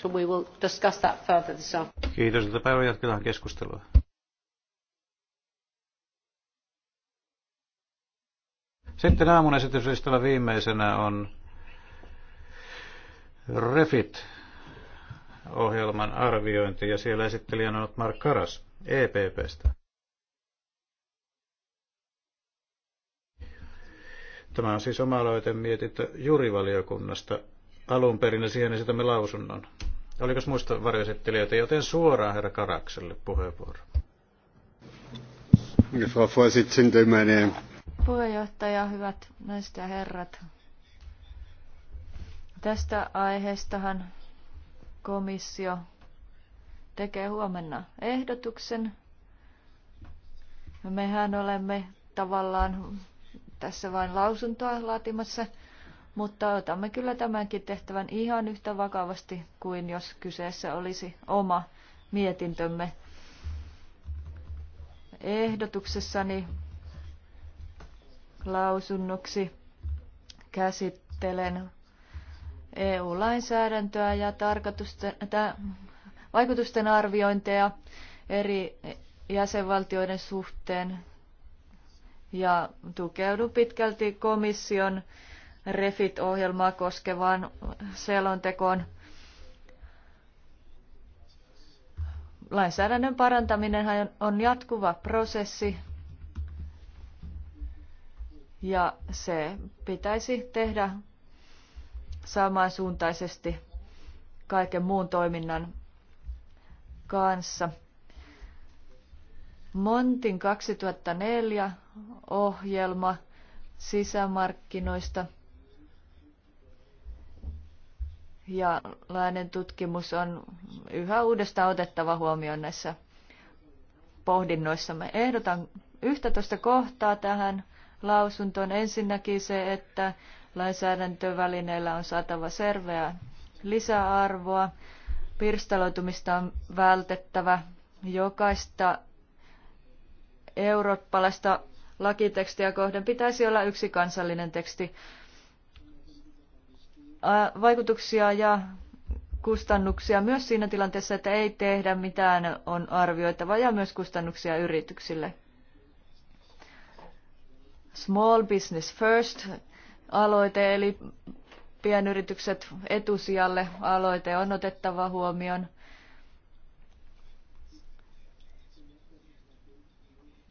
So we will discuss that further this afternoon. Kiitos, että päivä jatketaan keskustelua. Sitten aamun esityslistalla viimeisenä on Refit ohjelman arviointi ja siellä esittelijänä on Mark Karas EPPstä. Tämä on siis oma mietintö jurivaliokunnasta alun perin ja siihen esitämme lausunnon. Oliko muista varjoesittelijöitä, joten suoraan herra Karakselle puheenvuoro. puheenjohtaja, hyvät naiset ja herrat. Tästä aiheestahan komissio tekee huomenna ehdotuksen. Mehän olemme tavallaan tässä vain lausuntoa laatimassa – mutta otamme kyllä tämänkin tehtävän ihan yhtä vakavasti kuin jos kyseessä olisi oma mietintömme. Ehdotuksessani lausunnoksi käsittelen EU-lainsäädäntöä ja vaikutusten arviointeja eri jäsenvaltioiden suhteen ja tukeudu pitkälti komission REFIT-ohjelmaa koskevaan selontekoon. Lainsäädännön parantaminen on jatkuva prosessi ja se pitäisi tehdä samansuuntaisesti kaiken muun toiminnan kanssa. Montin 2004 ohjelma sisämarkkinoista – ja lainen tutkimus on yhä uudestaan otettava huomioon näissä pohdinnoissamme. Ehdotan 11 kohtaa tähän lausuntoon. Ensinnäkin se, että lainsäädäntövälineillä on saatava serveä lisäarvoa, pirstaloitumista on vältettävä, jokaista eurooppalaista lakitekstiä kohden pitäisi olla yksi kansallinen teksti vaikutuksia ja kustannuksia myös siinä tilanteessa, että ei tehdä mitään, on arvioitava ja myös kustannuksia yrityksille. Small Business First aloite, eli pienyritykset etusijalle aloite on otettava huomioon.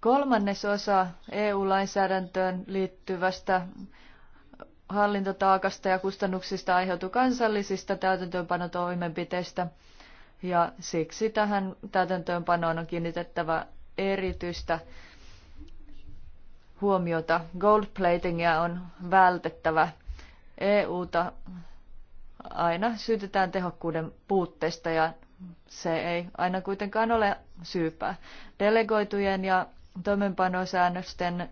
Kolmannes osa EU-lainsäädäntöön liittyvästä hallintotaakasta ja kustannuksista aiheutuu kansallisista täytäntöönpanotoimenpiteistä ja siksi tähän täytäntöönpanoon on kiinnitettävä erityistä huomiota. Gold platingia on vältettävä. EUta aina syytetään tehokkuuden puutteesta ja se ei aina kuitenkaan ole syypää. Delegoitujen ja toimenpanosäännösten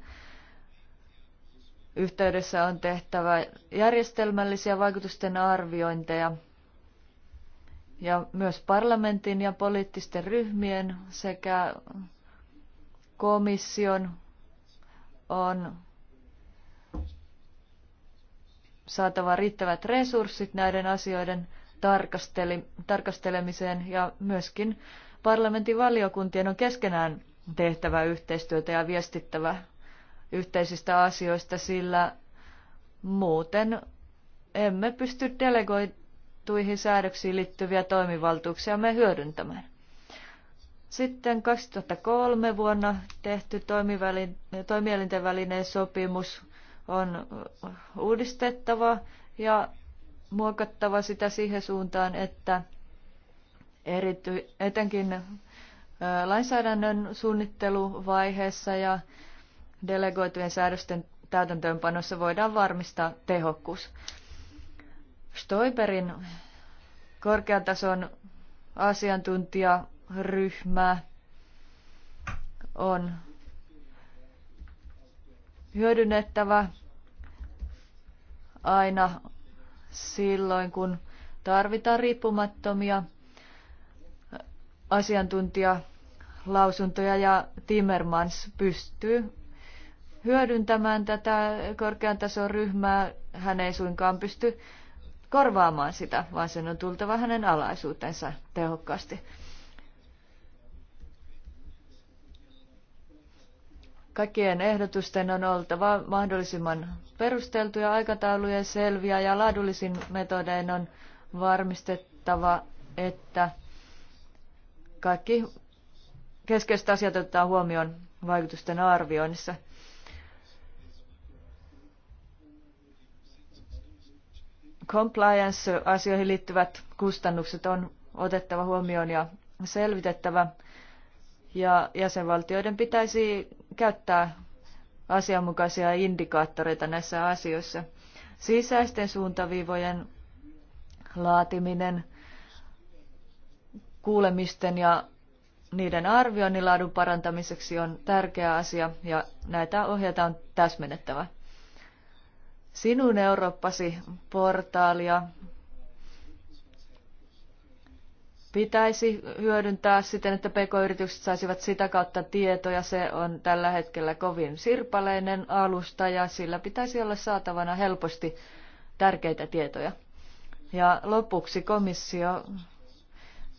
yhteydessä on tehtävä järjestelmällisiä vaikutusten arviointeja ja myös parlamentin ja poliittisten ryhmien sekä komission on saatava riittävät resurssit näiden asioiden tarkastelemiseen ja myöskin parlamentin valiokuntien on keskenään tehtävä yhteistyötä ja viestittävä yhteisistä asioista, sillä muuten emme pysty delegoituihin säädöksiin liittyviä toimivaltuuksia me hyödyntämään. Sitten 2003 vuonna tehty toimielinten välinen sopimus on uudistettava ja muokattava sitä siihen suuntaan, että erity, etenkin lainsäädännön suunnitteluvaiheessa ja delegoitujen säädösten täytäntöönpanossa voidaan varmistaa tehokkuus. Stoiberin korkeatason asiantuntijaryhmä on hyödynnettävä aina silloin, kun tarvitaan riippumattomia asiantuntijalausuntoja ja Timmermans pystyy hyödyntämään tätä korkean tason ryhmää. Hän ei suinkaan pysty korvaamaan sitä, vaan sen on tultava hänen alaisuutensa tehokkaasti. Kaikkien ehdotusten on oltava mahdollisimman perusteltuja, aikatauluja selviä ja laadullisin metodein on varmistettava, että kaikki keskeiset asiat otetaan huomioon vaikutusten arvioinnissa. compliance-asioihin liittyvät kustannukset on otettava huomioon ja selvitettävä. Ja jäsenvaltioiden pitäisi käyttää asianmukaisia indikaattoreita näissä asioissa. Sisäisten suuntaviivojen laatiminen, kuulemisten ja niiden arvioinnin laadun parantamiseksi on tärkeä asia ja näitä ohjeita on täsmennettävä. Sinun Eurooppasi portaalia. Pitäisi hyödyntää siten, että pk-yritykset saisivat sitä kautta tietoja. Se on tällä hetkellä kovin sirpaleinen alusta ja sillä pitäisi olla saatavana helposti tärkeitä tietoja. Ja lopuksi komissio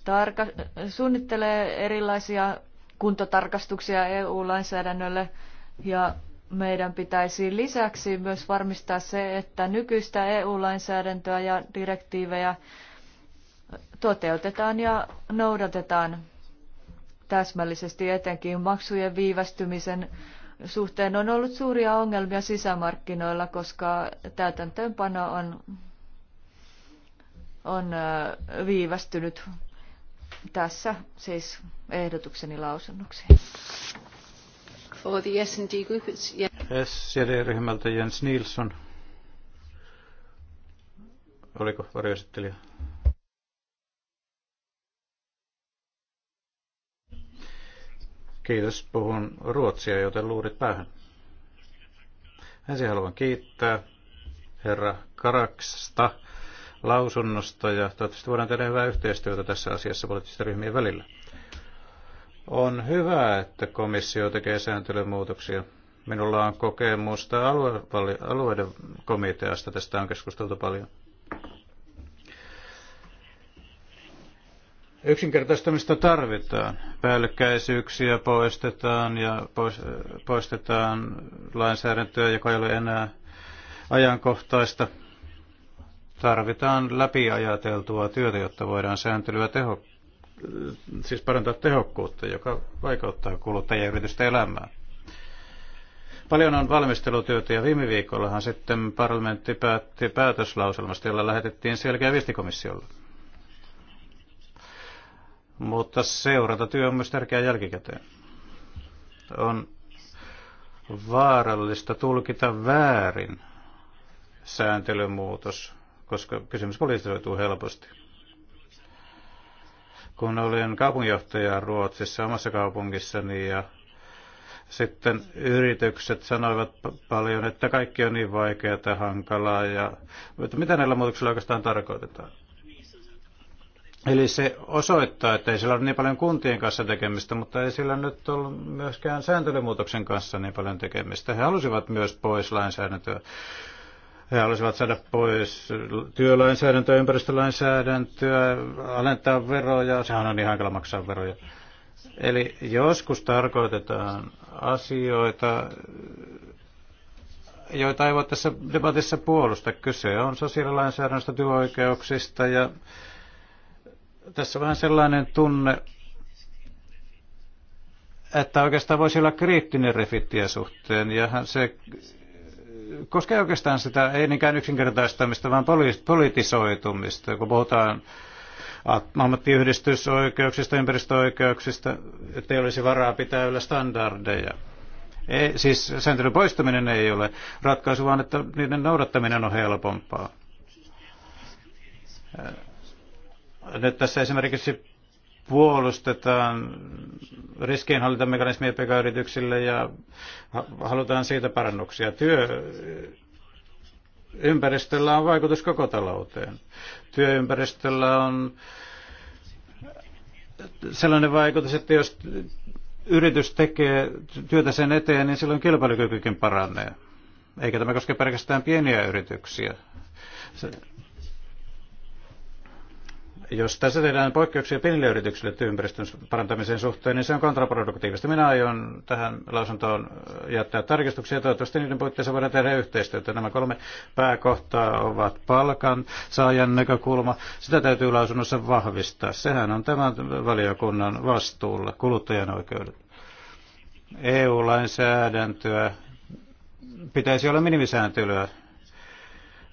tarka- suunnittelee erilaisia kuntotarkastuksia EU-lainsäädännölle ja meidän pitäisi lisäksi myös varmistaa se, että nykyistä EU-lainsäädäntöä ja direktiivejä toteutetaan ja noudatetaan täsmällisesti etenkin maksujen viivästymisen suhteen on ollut suuria ongelmia sisämarkkinoilla, koska täytäntöönpano on, on viivästynyt tässä siis ehdotukseni lausunnoksi. For the S&D group, it's... SCD-ryhmältä Jens Nilsson. Oliko varjoesittelijä? Kiitos, puhun ruotsia, joten luurit päähän. Ensin haluan kiittää herra Karaksta lausunnosta ja toivottavasti voidaan tehdä hyvää yhteistyötä tässä asiassa poliittisten ryhmien välillä. On hyvä, että komissio tekee sääntelymuutoksia. Minulla on kokemusta alueiden komiteasta, tästä on keskusteltu paljon. Yksinkertaistamista tarvitaan. Päällekkäisyyksiä poistetaan ja poistetaan lainsäädäntöä, joka ei ole enää ajankohtaista. Tarvitaan läpiajateltua työtä, jotta voidaan sääntelyä tehokkaasti siis parantaa tehokkuutta, joka vaikeuttaa kuluttajayritysten elämää. Paljon on valmistelutyötä ja viime viikollahan sitten parlamentti päätti päätöslauselmasta, jolla lähetettiin selkeä viestikomissiolle. Mutta seurata työ on myös tärkeää jälkikäteen. On vaarallista tulkita väärin sääntelymuutos, koska kysymys poliisoituu helposti kun olin kaupunginjohtaja Ruotsissa omassa kaupungissani ja sitten yritykset sanoivat paljon, että kaikki on niin vaikeaa ja hankalaa ja että mitä näillä muutoksilla oikeastaan tarkoitetaan. Eli se osoittaa, että ei sillä ole niin paljon kuntien kanssa tekemistä, mutta ei sillä nyt ollut myöskään sääntelymuutoksen kanssa niin paljon tekemistä. He halusivat myös pois lainsäädäntöä he halusivat saada pois työlainsäädäntöä, ympäristölainsäädäntöä, alentaa veroja. Sehän on ihan hankala maksaa veroja. Eli joskus tarkoitetaan asioita, joita ei voi tässä debatissa puolustaa. Kyse on sosiaalilainsäädännöstä, työoikeuksista ja tässä on vähän sellainen tunne, että oikeastaan voisi olla kriittinen refittien suhteen. Ja se koskee oikeastaan sitä ei niinkään yksinkertaistamista, vaan politisoitumista, kun puhutaan ammattiyhdistysoikeuksista, ympäristöoikeuksista, ettei olisi varaa pitää yllä standardeja. Ei, siis sääntelyn poistaminen ei ole ratkaisu, vaan että niiden noudattaminen on helpompaa. Nyt tässä esimerkiksi puolustetaan riskienhallintamekanismia pekayrityksille yrityksille ja halutaan siitä parannuksia. Työ ympäristöllä on vaikutus koko talouteen. Työympäristöllä on sellainen vaikutus, että jos yritys tekee työtä sen eteen, niin silloin kilpailukykykin paranee. Eikä tämä koske pelkästään pieniä yrityksiä jos tässä tehdään poikkeuksia pienille yrityksille ympäristön parantamisen suhteen, niin se on kontraproduktiivista. Minä aion tähän lausuntoon jättää tarkistuksia. Toivottavasti niiden puitteissa voidaan tehdä yhteistyötä. Nämä kolme pääkohtaa ovat palkan saajan näkökulma. Sitä täytyy lausunnossa vahvistaa. Sehän on tämän valiokunnan vastuulla, kuluttajan oikeudet. EU-lainsäädäntöä pitäisi olla minimisääntelyä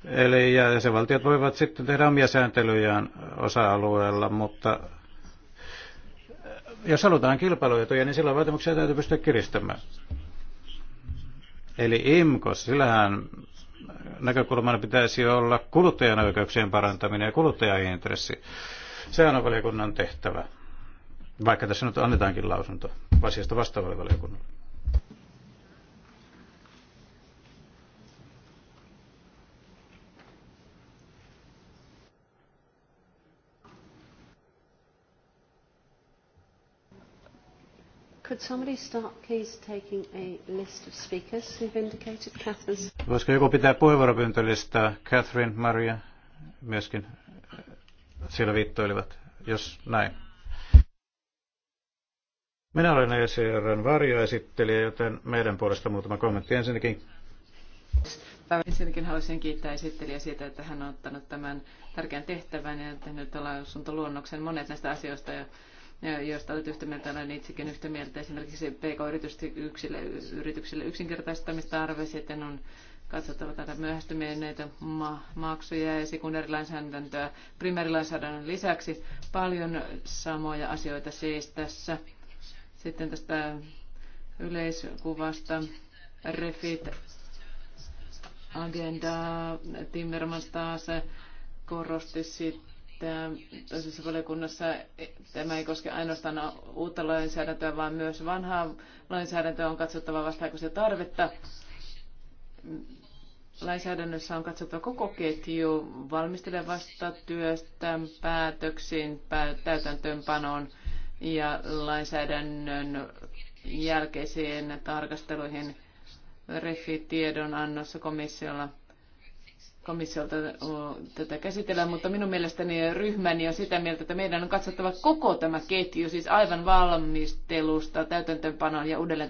Eli jäsenvaltiot voivat sitten tehdä omia sääntelyjään osa-alueella, mutta jos halutaan kilpailuetuja, niin silloin vaatimuksia täytyy pystyä kiristämään. Eli IMKOS, sillähän näkökulmana pitäisi olla kuluttajan oikeuksien parantaminen ja kuluttajaintressi. Sehän on valiokunnan tehtävä, vaikka tässä nyt annetaankin lausunto asiasta vastaavalle valiokunnalle. Could somebody start please taking a list of speakers who've indicated Catherine's? Voisiko joku pitää puheenvuoropyyntölistaa? Catherine, Maria myöskin äh, siellä viittoilivat, jos näin. Minä olen ECRn varjoesittelijä, joten meidän puolesta muutama kommentti ensinnäkin. Ensinnäkin haluaisin kiittää esittelijä siitä, että hän on ottanut tämän tärkeän tehtävän ja tehnyt lausuntoluonnoksen monet näistä asioista, josta olet yhtä mieltä, olen itsekin yhtä mieltä. Esimerkiksi PK-yrityksille yrityksille yksinkertaistamista arvesiten on katsottava tätä myöhästymineitä ma- maksuja ja sekundaarilainsäädäntöä primäärilainsäädännön lisäksi. Paljon samoja asioita siis tässä. Sitten tästä yleiskuvasta refit agenda Timmermans taas korosti sitä, että toisessa valiokunnassa tämä ei koske ainoastaan uutta lainsäädäntöä, vaan myös vanhaa lainsäädäntöä on katsottava vastaako se tarvetta. Lainsäädännössä on katsottava koko ketju valmistelevasta vasta työstä päätöksiin, täytäntöönpanoon ja lainsäädännön jälkeisiin tarkasteluihin tiedon annossa komissiolla – komissiolta tätä käsitellään, mutta minun mielestäni ryhmäni on sitä mieltä, että meidän on katsottava koko tämä ketju, siis aivan valmistelusta, täytäntöönpanoon ja uudelleen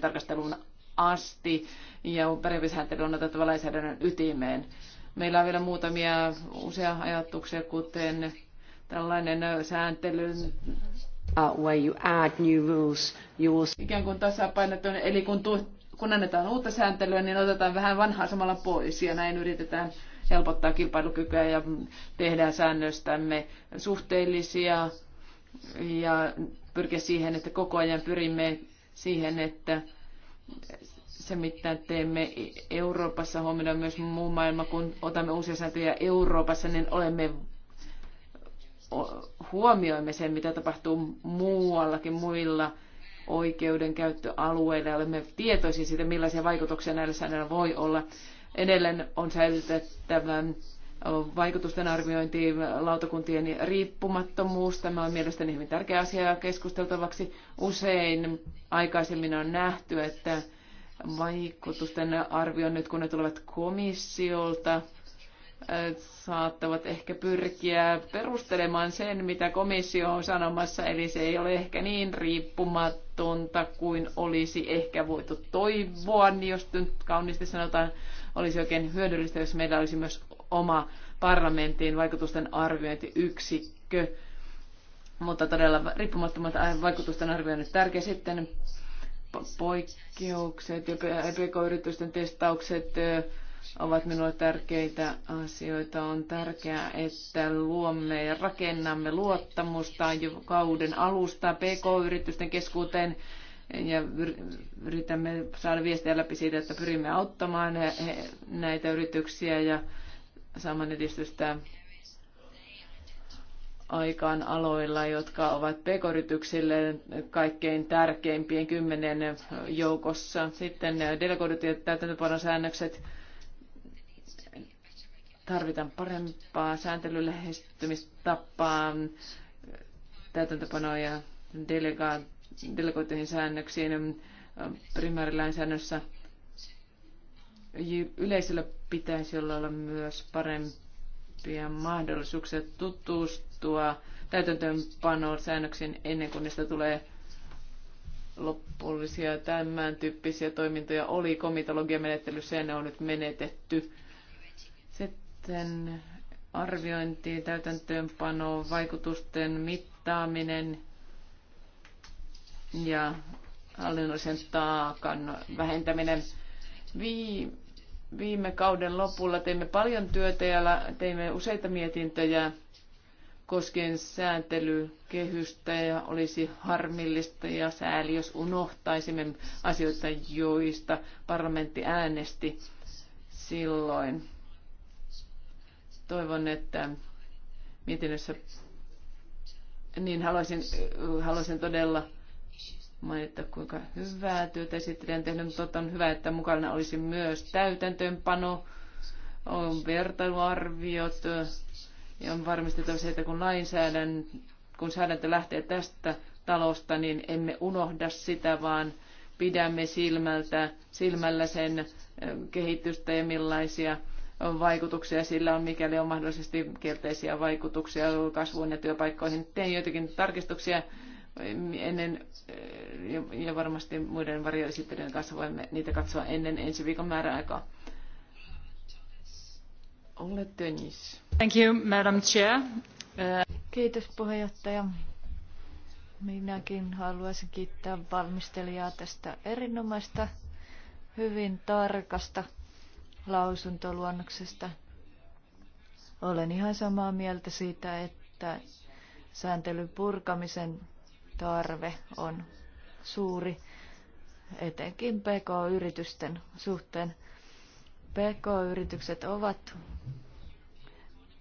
asti, ja pärevisääntely on otettava lainsäädännön ytimeen. Meillä on vielä muutamia uusia ajatuksia, kuten tällainen sääntelyn uh, where you add new rules, Ikään kuin tasapainoton, eli kun, tu, kun annetaan uutta sääntelyä, niin otetaan vähän vanhaa samalla pois ja näin yritetään helpottaa kilpailukykyä ja tehdään säännöistämme suhteellisia ja pyrkiä siihen, että koko ajan pyrimme siihen, että se, mitä teemme Euroopassa, huomioidaan myös muu maailma, kun otamme uusia sääntöjä Euroopassa, niin olemme huomioimme sen, mitä tapahtuu muuallakin muilla oikeudenkäyttöalueilla. Olemme tietoisia siitä, millaisia vaikutuksia näillä säännöillä voi olla. Edelleen on säilytettävä vaikutusten arviointi, lautakuntien riippumattomuus. Tämä on mielestäni hyvin tärkeä asia keskusteltavaksi. Usein aikaisemmin on nähty, että vaikutusten arvioinnit, kun ne tulevat komissiolta, saattavat ehkä pyrkiä perustelemaan sen, mitä komissio on sanomassa, eli se ei ole ehkä niin riippumatonta kuin olisi ehkä voitu toivoa, niin jos nyt kauniisti sanotaan olisi oikein hyödyllistä, jos meillä olisi myös oma parlamentin vaikutusten arviointiyksikkö. Mutta todella riippumattomat vaikutusten arvioinnit tärkeä sitten poikkeukset ja pk-yritysten testaukset ovat minulle tärkeitä asioita. On tärkeää, että luomme ja rakennamme luottamusta jo kauden alusta pk-yritysten keskuuteen ja yritämme saada viestiä läpi siitä, että pyrimme auttamaan näitä yrityksiä ja saamaan edistystä aikaan aloilla, jotka ovat pk kaikkein tärkeimpien kymmenen joukossa. Sitten delegoidut ja säännökset tarvitaan parempaa sääntelylähestymistapaa, täytäntöpanoja, delegaat delegoitujen säännöksiin primäärilainsäädännössä yleisöllä pitäisi olla myös parempia mahdollisuuksia tutustua täytäntöönpanoon säännöksiin ennen kuin niistä tulee lopullisia tämän tyyppisiä toimintoja oli komitologiamenettelyssä ja ne on nyt menetetty. Sitten arviointi, täytäntöönpano, vaikutusten mittaaminen ja hallinnollisen taakan vähentäminen. Viime kauden lopulla teimme paljon työtä ja teimme useita mietintöjä koskien sääntelykehystä ja olisi harmillista ja sääli, jos unohtaisimme asioita, joista parlamentti äänesti silloin. Toivon, että mietinnössä niin haluaisin, haluaisin todella mainita, kuinka hyvää työtä esittelijä on tehnyt, mutta totta on hyvä, että mukana olisi myös täytäntöönpano, on vertailuarviot ja on varmistettava se, että kun lainsäädäntö, kun säädäntö lähtee tästä talosta, niin emme unohda sitä, vaan pidämme silmältä, silmällä sen kehitystä ja millaisia vaikutuksia sillä on, mikäli on mahdollisesti kielteisiä vaikutuksia kasvuun ja työpaikkoihin. Tein joitakin tarkistuksia ennen ja varmasti muiden varjoesittelyjen kanssa voimme niitä katsoa ennen ensi viikon määräaikaa. Ole Thank you, Madam Chair. Kiitos puheenjohtaja. Minäkin haluaisin kiittää valmistelijaa tästä erinomaista, hyvin tarkasta lausuntoluonnoksesta. Olen ihan samaa mieltä siitä, että sääntelyn purkamisen tarve on suuri, etenkin PK-yritysten suhteen. PK-yritykset ovat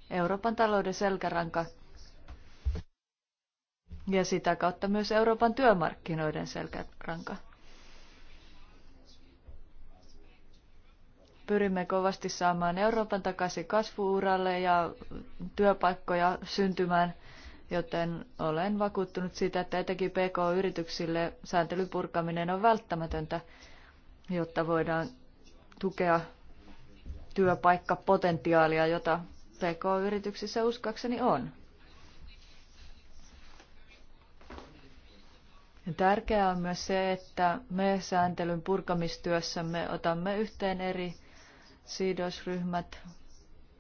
Euroopan talouden selkäranka ja sitä kautta myös Euroopan työmarkkinoiden selkäranka. Pyrimme kovasti saamaan Euroopan takaisin kasvuuralle ja työpaikkoja syntymään – joten olen vakuuttunut siitä, että etenkin PK-yrityksille sääntelyn purkaminen on välttämätöntä, jotta voidaan tukea työpaikkapotentiaalia, jota PK-yrityksissä uskakseni on. Tärkeää on myös se, että me sääntelyn purkamistyössämme otamme yhteen eri sidosryhmät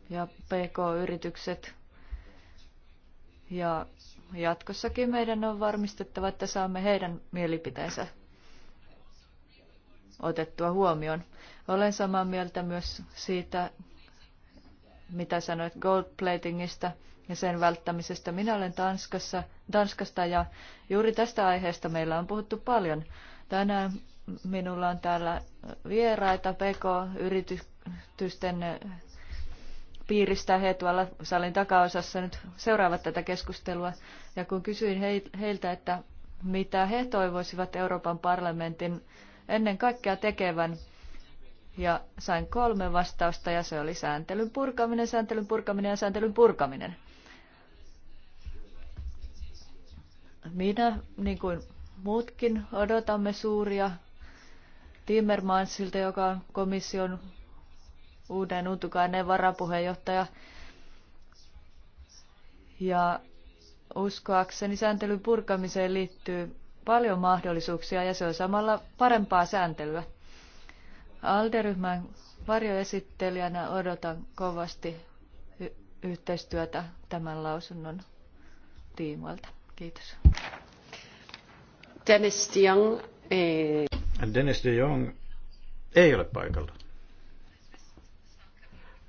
ja PK-yritykset ja jatkossakin meidän on varmistettava, että saamme heidän mielipiteensä otettua huomioon. Olen samaa mieltä myös siitä, mitä sanoit goldplatingista ja sen välttämisestä. Minä olen Tanskassa, Tanskasta ja juuri tästä aiheesta meillä on puhuttu paljon. Tänään minulla on täällä vieraita PK-yritysten piiristä he tuolla salin takaosassa nyt seuraavat tätä keskustelua. Ja kun kysyin heiltä, että mitä he toivoisivat Euroopan parlamentin ennen kaikkea tekevän, ja sain kolme vastausta ja se oli sääntelyn purkaminen, sääntelyn purkaminen ja sääntelyn purkaminen. Minä, niin kuin muutkin, odotamme suuria Timmermansilta, joka on komission uuden Utukainen varapuheenjohtaja. Ja uskoakseni sääntelyn purkamiseen liittyy paljon mahdollisuuksia ja se on samalla parempaa sääntelyä. Alderyhmän varjoesittelijänä odotan kovasti yhteistyötä tämän lausunnon tiimoilta. Kiitos. Dennis de Jong, eh. Dennis de Jong ei ole paikalla.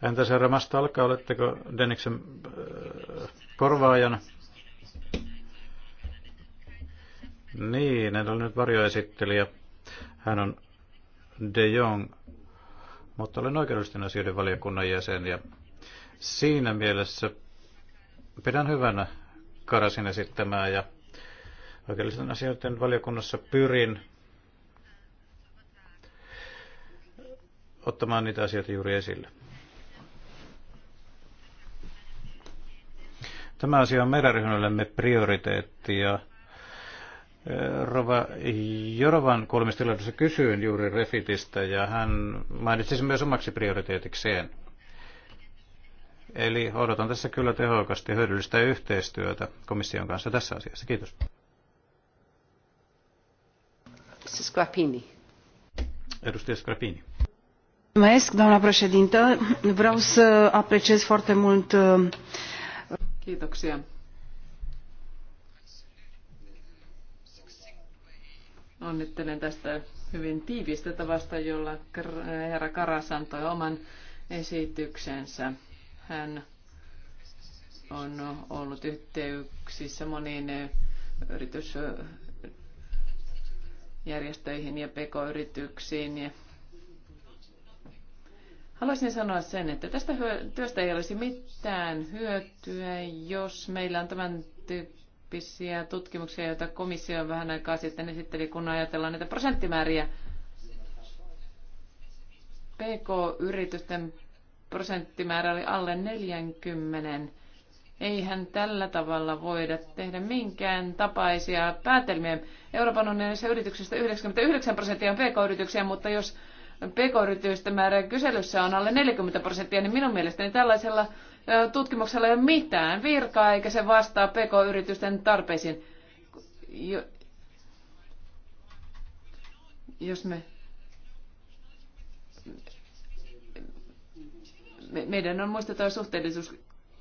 Entäs herra Mastalka, oletteko Deniksen äh, korvaajana? Niin, en ole nyt varjoesittelijä. Hän on De Jong, mutta olen oikeudellisten asioiden valiokunnan jäsen ja siinä mielessä pidän hyvänä Karasin esittämää ja oikeudellisten asioiden valiokunnassa pyrin ottamaan niitä asioita juuri esille. Tämä asia on meidän ryhmällemme prioriteetti ja eh, Rova Jorovan kolmistilaisuudessa kysyin juuri Refitistä ja hän mainitsi sen myös omaksi prioriteetikseen. Eli odotan tässä kyllä tehokasti ja hyödyllistä yhteistyötä komission kanssa tässä asiassa. Kiitos. Scrapini. Edustaja Scrapini. Mulțumesc, doamna președintă. Vreau să apreciez foarte mult Kiitoksia. Onnittelen tästä hyvin tiivistä tavasta, jolla herra Karas antoi oman esityksensä. Hän on ollut yhteyksissä moniin eh, yritysjärjestöihin ja pk-yrityksiin ja Haluaisin sanoa sen, että tästä työstä ei olisi mitään hyötyä, jos meillä on tämän tyyppisiä tutkimuksia, joita komissio vähän aikaa sitten esitteli, kun ajatellaan näitä prosenttimääriä. PK-yritysten prosenttimäärä oli alle 40. Eihän tällä tavalla voida tehdä minkään tapaisia päätelmiä. Euroopan unionissa yrityksistä 99 prosenttia on PK-yrityksiä, mutta jos pk-yritysten määrä kyselyssä on alle 40 prosenttia, niin minun mielestäni tällaisella tutkimuksella ei ole mitään virkaa, eikä se vastaa pk-yritysten tarpeisiin. Jos me meidän on muistettava suhteellisuus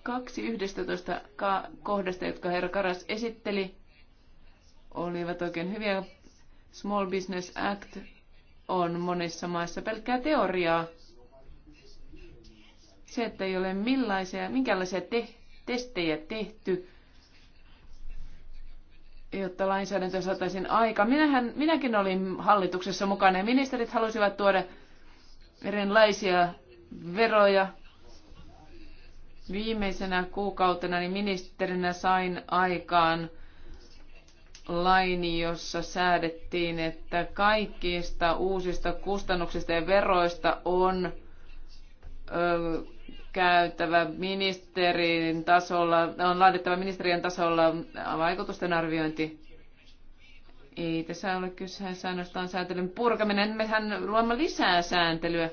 kaksi 11 kohdasta, jotka herra Karas esitteli, olivat oikein hyviä. Small Business Act on monissa maissa pelkkää teoriaa. Se, että ei ole millaisia, minkälaisia te- testejä tehty, jotta lainsäädäntö saataisiin aika. Minähän, minäkin olin hallituksessa mukana ja ministerit halusivat tuoda erilaisia veroja. Viimeisenä kuukautena niin ministerinä sain aikaan lain, jossa säädettiin, että kaikista uusista kustannuksista ja veroista on ö, käytävä ministerin tasolla, on laadittava ministeriön tasolla vaikutusten arviointi. Ei tässä ole kyse ainoastaan sääntelyn purkaminen. Mehän luomme lisää sääntelyä.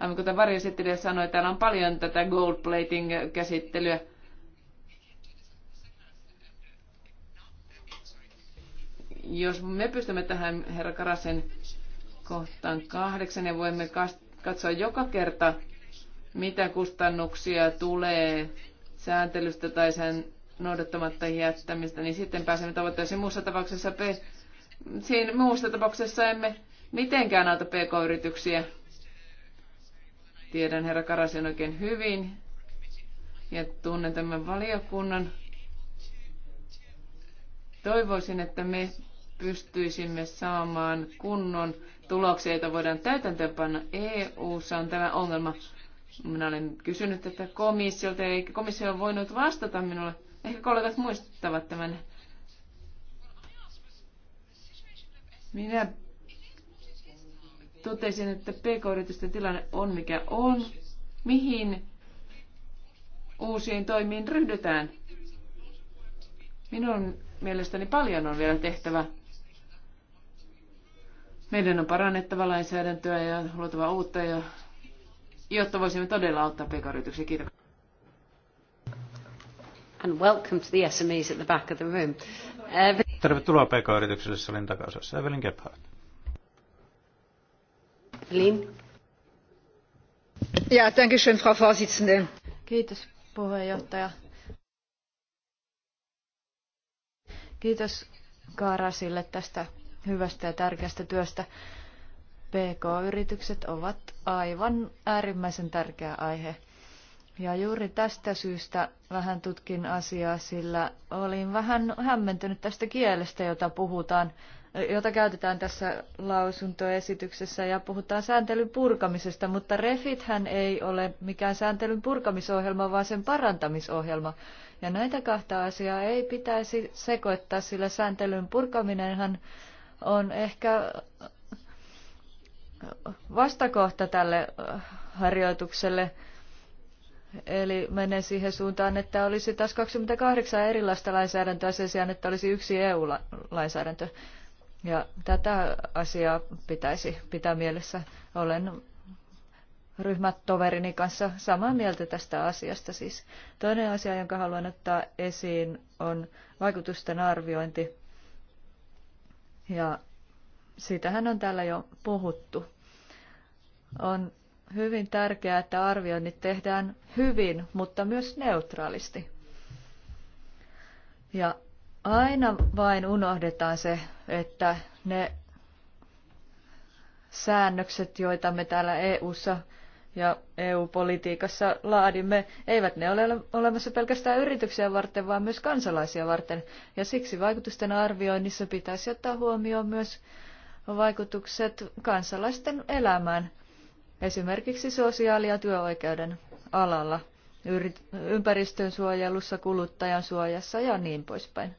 Aivan kuten varjo sanoi, täällä on paljon tätä gold plating-käsittelyä Jos me pystymme tähän herra Karasen kohtaan kahdeksan ja voimme katsoa joka kerta, mitä kustannuksia tulee sääntelystä tai sen noudattamatta jättämistä, niin sitten pääsemme tavoitteeseen. Muussa tapauksessa, pe- siinä muussa tapauksessa emme mitenkään auta pk-yrityksiä. Tiedän herra Karasen oikein hyvin ja tunnen tämän valiokunnan. Toivoisin, että me pystyisimme saamaan kunnon tuloksia, joita voidaan täytäntöönpanna EU-ssa, on tämä ongelma. Minä olen kysynyt tätä komissiolta, eikä komissio on voinut vastata minulle. Ehkä kollegat muistavat tämän. Minä totesin, että pk-yritysten tilanne on mikä on. Mihin uusiin toimiin ryhdytään? Minun mielestäni paljon on vielä tehtävä. Meidän on parannettava lainsäädäntöä ja luotava uutta, ja, jotta voisimme todella auttaa pk-yrityksiä. Kiitos. And welcome to the SMEs at the back of the room. Every... Uh, Tervetuloa PK-yritykselle salin takaosassa. Evelyn Gebhardt. Evelyn. Ja, danke schön, Frau Vorsitzende. Kiitos puheenjohtaja. Kiitos Kaarasille tästä hyvästä ja tärkeästä työstä. PK-yritykset ovat aivan äärimmäisen tärkeä aihe. Ja juuri tästä syystä vähän tutkin asiaa, sillä olin vähän hämmentynyt tästä kielestä, jota puhutaan, jota käytetään tässä lausuntoesityksessä ja puhutaan sääntelyn purkamisesta, mutta hän ei ole mikään sääntelyn purkamisohjelma, vaan sen parantamisohjelma. Ja näitä kahta asiaa ei pitäisi sekoittaa, sillä sääntelyn purkaminenhan on ehkä vastakohta tälle harjoitukselle. Eli menee siihen suuntaan, että olisi taas 28 erilaista lainsäädäntöä sen sijaan, että olisi yksi EU-lainsäädäntö. Ja tätä asiaa pitäisi pitää mielessä. Olen ryhmätoverini kanssa samaa mieltä tästä asiasta. Siis toinen asia, jonka haluan ottaa esiin, on vaikutusten arviointi. Ja siitähän on täällä jo puhuttu. On hyvin tärkeää, että arvioinnit tehdään hyvin, mutta myös neutraalisti. Ja aina vain unohdetaan se, että ne säännökset, joita me täällä EU:ssa ssa ja EU-politiikassa laadimme, eivät ne ole olemassa pelkästään yrityksiä varten, vaan myös kansalaisia varten. Ja siksi vaikutusten arvioinnissa pitäisi ottaa huomioon myös vaikutukset kansalaisten elämään, esimerkiksi sosiaali- ja työoikeuden alalla, ympäristön suojelussa, kuluttajan suojassa ja niin poispäin.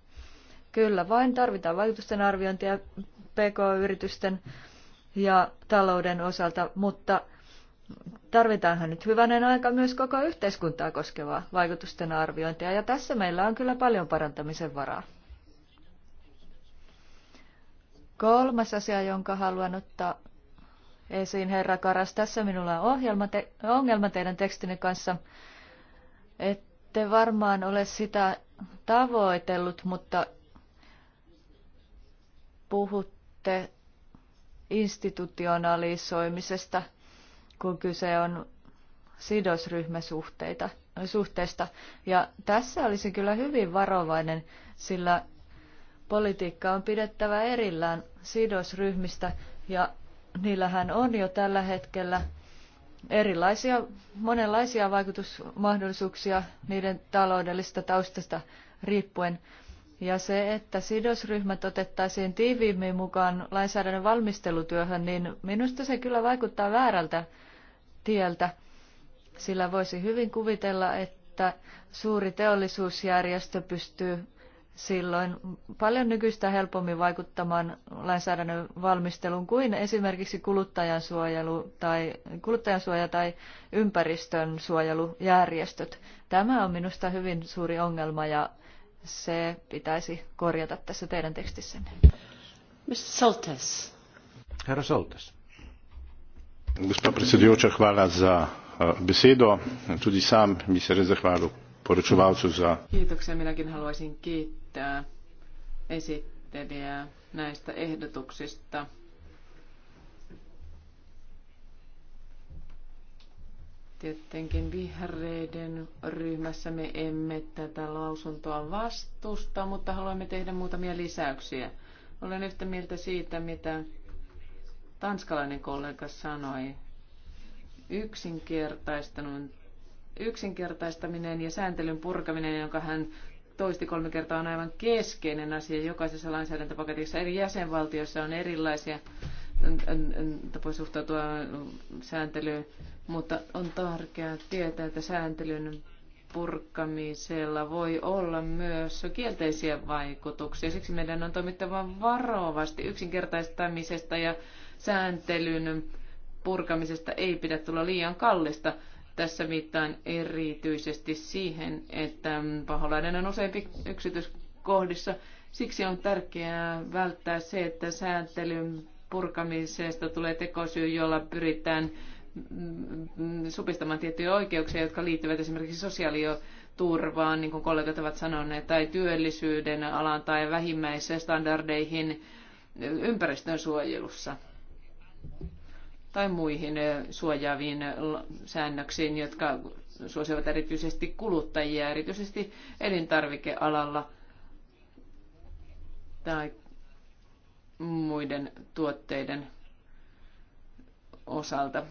Kyllä vain tarvitaan vaikutusten arviointia PK-yritysten ja talouden osalta, mutta tarvitaanhan nyt hyvänen aika myös koko yhteiskuntaa koskevaa vaikutusten arviointia, ja tässä meillä on kyllä paljon parantamisen varaa. Kolmas asia, jonka haluan ottaa esiin, herra Karas, tässä minulla on ohjelma te- ongelma teidän tekstinne kanssa. Ette varmaan ole sitä tavoitellut, mutta puhutte institutionalisoimisesta – kun kyse on sidosryhmäsuhteita suhteesta. Ja tässä olisin kyllä hyvin varovainen, sillä politiikka on pidettävä erillään sidosryhmistä ja niillähän on jo tällä hetkellä erilaisia, monenlaisia vaikutusmahdollisuuksia niiden taloudellisesta taustasta riippuen. Ja se, että sidosryhmät otettaisiin tiiviimmin mukaan lainsäädännön valmistelutyöhön, niin minusta se kyllä vaikuttaa väärältä tieltä, sillä voisi hyvin kuvitella, että suuri teollisuusjärjestö pystyy silloin paljon nykyistä helpommin vaikuttamaan lainsäädännön valmisteluun kuin esimerkiksi kuluttajansuojelu tai, kuluttajansuoja tai ympäristön suojelujärjestöt. Tämä on minusta hyvin suuri ongelma ja se pitäisi korjata tässä teidän tekstissänne. Mr. Soltes. Herra Soltes. Gospa predsedujoča, hvala za eh, besedo. Tudi sam bi se res zahvalil poročevalcu za. Tietenkin vihreiden ryhmässä me emme tätä lausuntoa vastusta, mutta haluamme tehdä muutamia lisäyksiä. Olen yhtä mieltä siitä, mitä tanskalainen kollega sanoi, yksinkertaistaminen ja sääntelyn purkaminen, jonka hän toisti kolme kertaa, on aivan keskeinen asia. Jokaisessa lainsäädäntöpaketissa eri jäsenvaltioissa on erilaisia tapoja suhtautua sääntelyyn, mutta on tärkeää tietää, että sääntelyn purkamisella voi olla myös kielteisiä vaikutuksia. Siksi meidän on toimittava varovasti yksinkertaistamisesta ja sääntelyn purkamisesta ei pidä tulla liian kallista. Tässä viittaan erityisesti siihen, että paholainen on useampi yksityiskohdissa. Siksi on tärkeää välttää se, että sääntelyn purkamisesta tulee tekosyy, jolla pyritään supistamaan tiettyjä oikeuksia, jotka liittyvät esimerkiksi sosiaaliturvaan, niin kuin kollegat ovat sanoneet, tai työllisyyden alaan tai vähimmäisstandardeihin ympäristön suojelussa tai muihin suojaaviin säännöksiin, jotka suosivat erityisesti kuluttajia, erityisesti elintarvikealalla tai muiden tuotteiden osalta.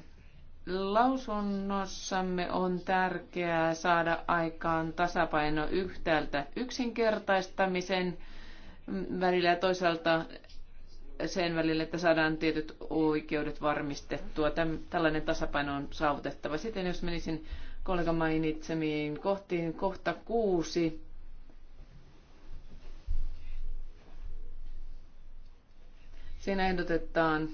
Lausunnossamme on tärkeää saada aikaan tasapaino yhtäältä yksinkertaistamisen välillä ja toisaalta sen välillä, että saadaan tietyt oikeudet varmistettua. Täm, tällainen tasapaino on saavutettava. Sitten jos menisin kollega mainitsemiin kohtiin, kohta kuusi. Siinä ehdotetaan,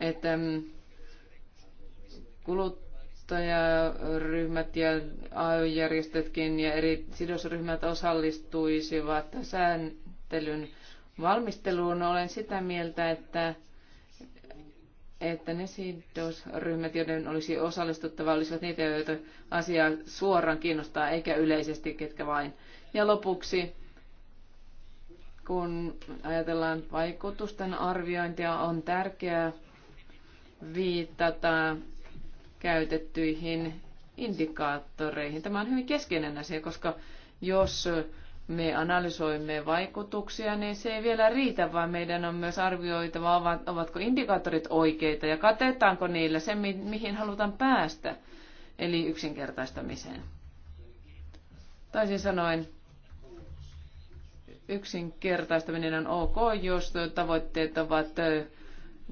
että mm, kuluttajaryhmät ja AY-järjestötkin ja eri sidosryhmät osallistuisivat sään, käsittelyn valmisteluun. Olen sitä mieltä, että, että ne sidosryhmät, joiden olisi osallistuttava, olisivat niitä, joita asiaa suoraan kiinnostaa, eikä yleisesti ketkä vain. Ja lopuksi, kun ajatellaan vaikutusten arviointia, on tärkeää viitata käytettyihin indikaattoreihin. Tämä on hyvin keskeinen asia, koska jos me analysoimme vaikutuksia, niin se ei vielä riitä, vaan meidän on myös arvioitava, ovatko indikaattorit oikeita ja katetaanko niillä se, mihin halutaan päästä, eli yksinkertaistamiseen. Taisin sanoen, yksinkertaistaminen on ok, jos tavoitteet ovat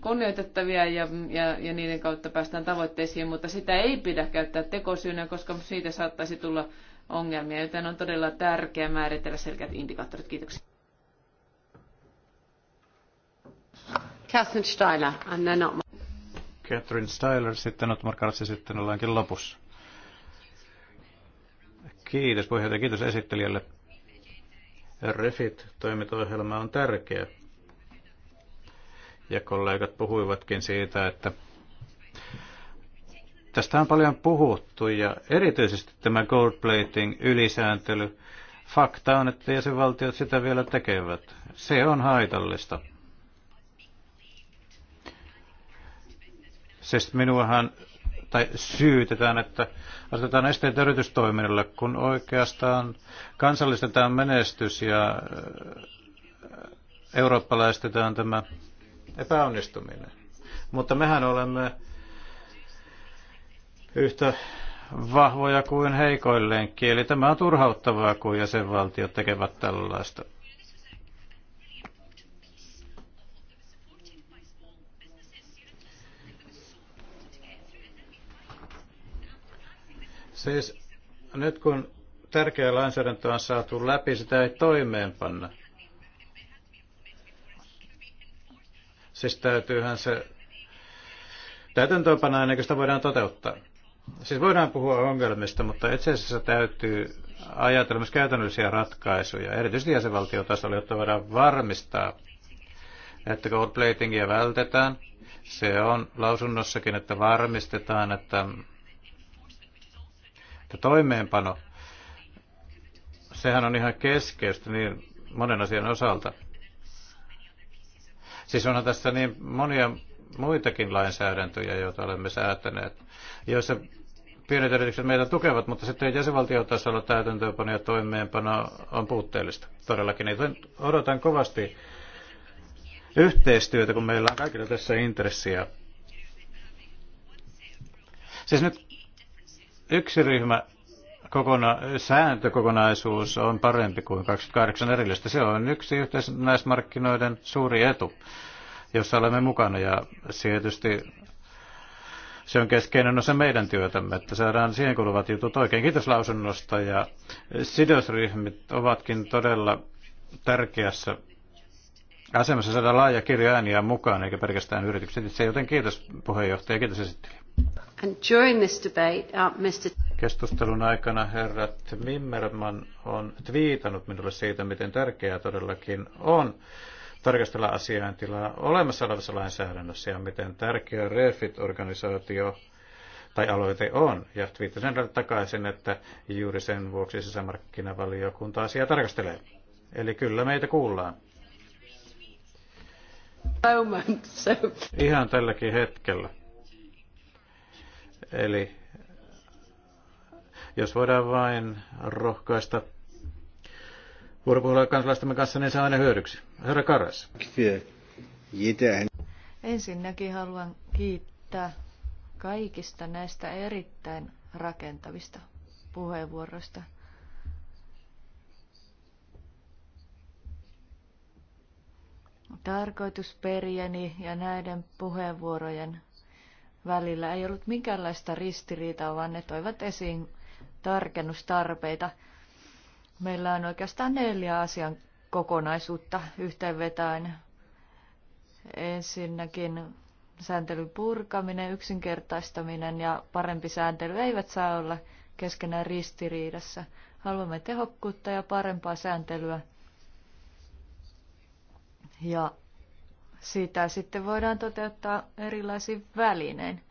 kunnioitettavia ja, ja, ja niiden kautta päästään tavoitteisiin, mutta sitä ei pidä käyttää tekosyynä, koska siitä saattaisi tulla ongelmia, joten on todella tärkeää määritellä selkeät indikaattorit. Kiitoksia. Catherine Styler, and then not... Catherine Styler, sitten Otmar Kartsi, sitten ollaankin lopussa. Kiitos puheenjohtaja, kiitos esittelijälle. Refit-toimintaohjelma on tärkeä. Ja kollegat puhuivatkin siitä, että Tästä on paljon puhuttu ja erityisesti tämä gold plating, ylisääntely, fakta on, että jäsenvaltiot sitä vielä tekevät. Se on haitallista. Siis minuahan tai syytetään, että asetetaan esteitä yritystoiminnalle, kun oikeastaan kansallistetaan menestys ja äh, eurooppalaistetaan tämä epäonnistuminen. Mutta mehän olemme yhtä vahvoja kuin heikoilleen Eli tämä on turhauttavaa, kun jäsenvaltiot tekevät tällaista. Siis nyt kun tärkeä lainsäädäntö on saatu läpi, sitä ei toimeenpanna. Siis täytyyhän se täytäntöönpanna ennen kuin sitä voidaan toteuttaa. Siis voidaan puhua ongelmista, mutta itse asiassa täytyy ajatella myös käytännöllisiä ratkaisuja, erityisesti jäsenvaltiotasolla, jotta voidaan varmistaa, että platingia vältetään. Se on lausunnossakin, että varmistetaan, että, että toimeenpano, sehän on ihan keskeistä niin monen asian osalta. Siis onhan tässä niin monia muitakin lainsäädäntöjä, joita olemme säätäneet, joissa pienet yritykset meitä tukevat, mutta sitten jäsenvaltiotasolla täytäntöönpano ja toimeenpano on puutteellista todellakin. Joten odotan kovasti yhteistyötä, kun meillä on kaikilla tässä intressiä. Siis nyt yksi ryhmä kokona, sääntökokonaisuus on parempi kuin 28 erillistä. Se on yksi yhteismarkkinoiden suuri etu, jossa olemme mukana. Ja tietysti se on keskeinen osa meidän työtämme, että saadaan siihen kuluvat jutut oikein. Kiitos lausunnosta ja sidosryhmät ovatkin todella tärkeässä asemassa saada laaja kirja ääniä mukaan, eikä pelkästään yritykset itse, joten kiitos puheenjohtaja, kiitos esittelijä. And uh, Keskustelun aikana herra Mimmerman on twiitannut minulle siitä, miten tärkeää todellakin on tarkastella asiantilaa olemassa olevassa lainsäädännössä ja miten tärkeä REFIT-organisaatio tai aloite on. Ja viittasin takaisin, että juuri sen vuoksi sisämarkkinavaliokunta asiaa tarkastelee. Eli kyllä meitä kuullaan. Ihan tälläkin hetkellä. Eli jos voidaan vain rohkaista vuoropuhelua kansalaistemme kanssa, niin se on aina hyödyksi. Herra Karas. Ensinnäkin haluan kiittää kaikista näistä erittäin rakentavista puheenvuoroista. Tarkoitusperieni ja näiden puheenvuorojen välillä ei ollut minkäänlaista ristiriitaa, vaan ne toivat esiin tarkennustarpeita – Meillä on oikeastaan neljä asian kokonaisuutta yhteenvetäen. Ensinnäkin sääntelyn purkaminen, yksinkertaistaminen ja parempi sääntely eivät saa olla keskenään ristiriidassa. Haluamme tehokkuutta ja parempaa sääntelyä. Ja sitä sitten voidaan toteuttaa erilaisin välinein.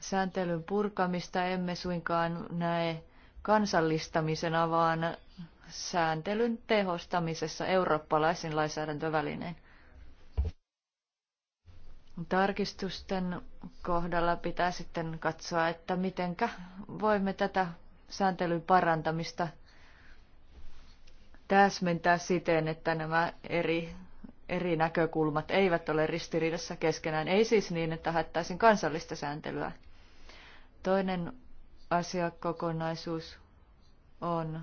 Sääntelyn purkamista emme suinkaan näe Kansallistamisen avaan sääntelyn tehostamisessa eurooppalaisin lainsäädäntövälineen. Tarkistusten kohdalla pitää sitten katsoa, että mitenkä voimme tätä sääntelyn parantamista täsmentää siten, että nämä eri, eri näkökulmat eivät ole ristiriidassa keskenään. Ei siis niin, että haettaisiin kansallista sääntelyä. Toinen asiakokonaisuus on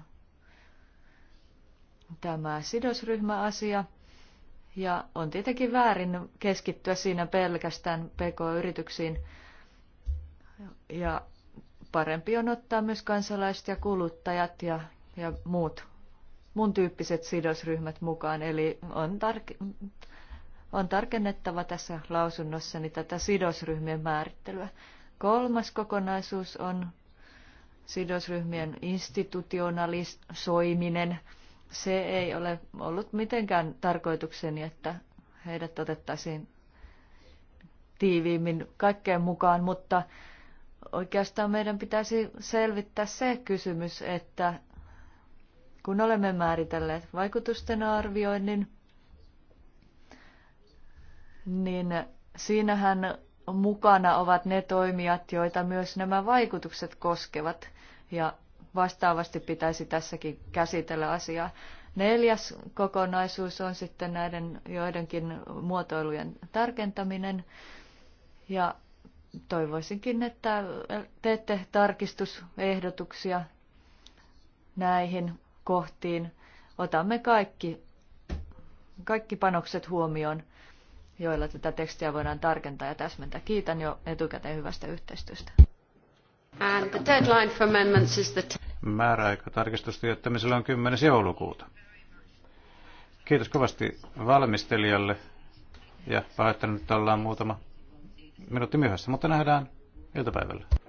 tämä sidosryhmäasia. Ja on tietenkin väärin keskittyä siinä pelkästään PK-yrityksiin. Ja parempi on ottaa myös kansalaiset ja kuluttajat ja, ja muut mun tyyppiset sidosryhmät mukaan. Eli on, tar- on tarkennettava tässä lausunnossani niin tätä sidosryhmien määrittelyä. Kolmas kokonaisuus on sidosryhmien institutionalisoiminen, se ei ole ollut mitenkään tarkoitukseni, että heidät otettaisiin tiiviimmin kaikkeen mukaan, mutta oikeastaan meidän pitäisi selvittää se kysymys, että kun olemme määritelleet vaikutusten arvioinnin, niin siinähän mukana ovat ne toimijat, joita myös nämä vaikutukset koskevat ja vastaavasti pitäisi tässäkin käsitellä asiaa. Neljäs kokonaisuus on sitten näiden joidenkin muotoilujen tarkentaminen ja toivoisinkin, että teette tarkistusehdotuksia näihin kohtiin. Otamme kaikki, kaikki panokset huomioon, joilla tätä tekstiä voidaan tarkentaa ja täsmentää. Kiitän jo etukäteen hyvästä yhteistyöstä. And the deadline for amendments is the Määräaika tarkistusten on 10. joulukuuta. Kiitos kovasti valmistelijalle ja pahoittelen, että ollaan muutama minuutti myöhässä, mutta nähdään iltapäivällä.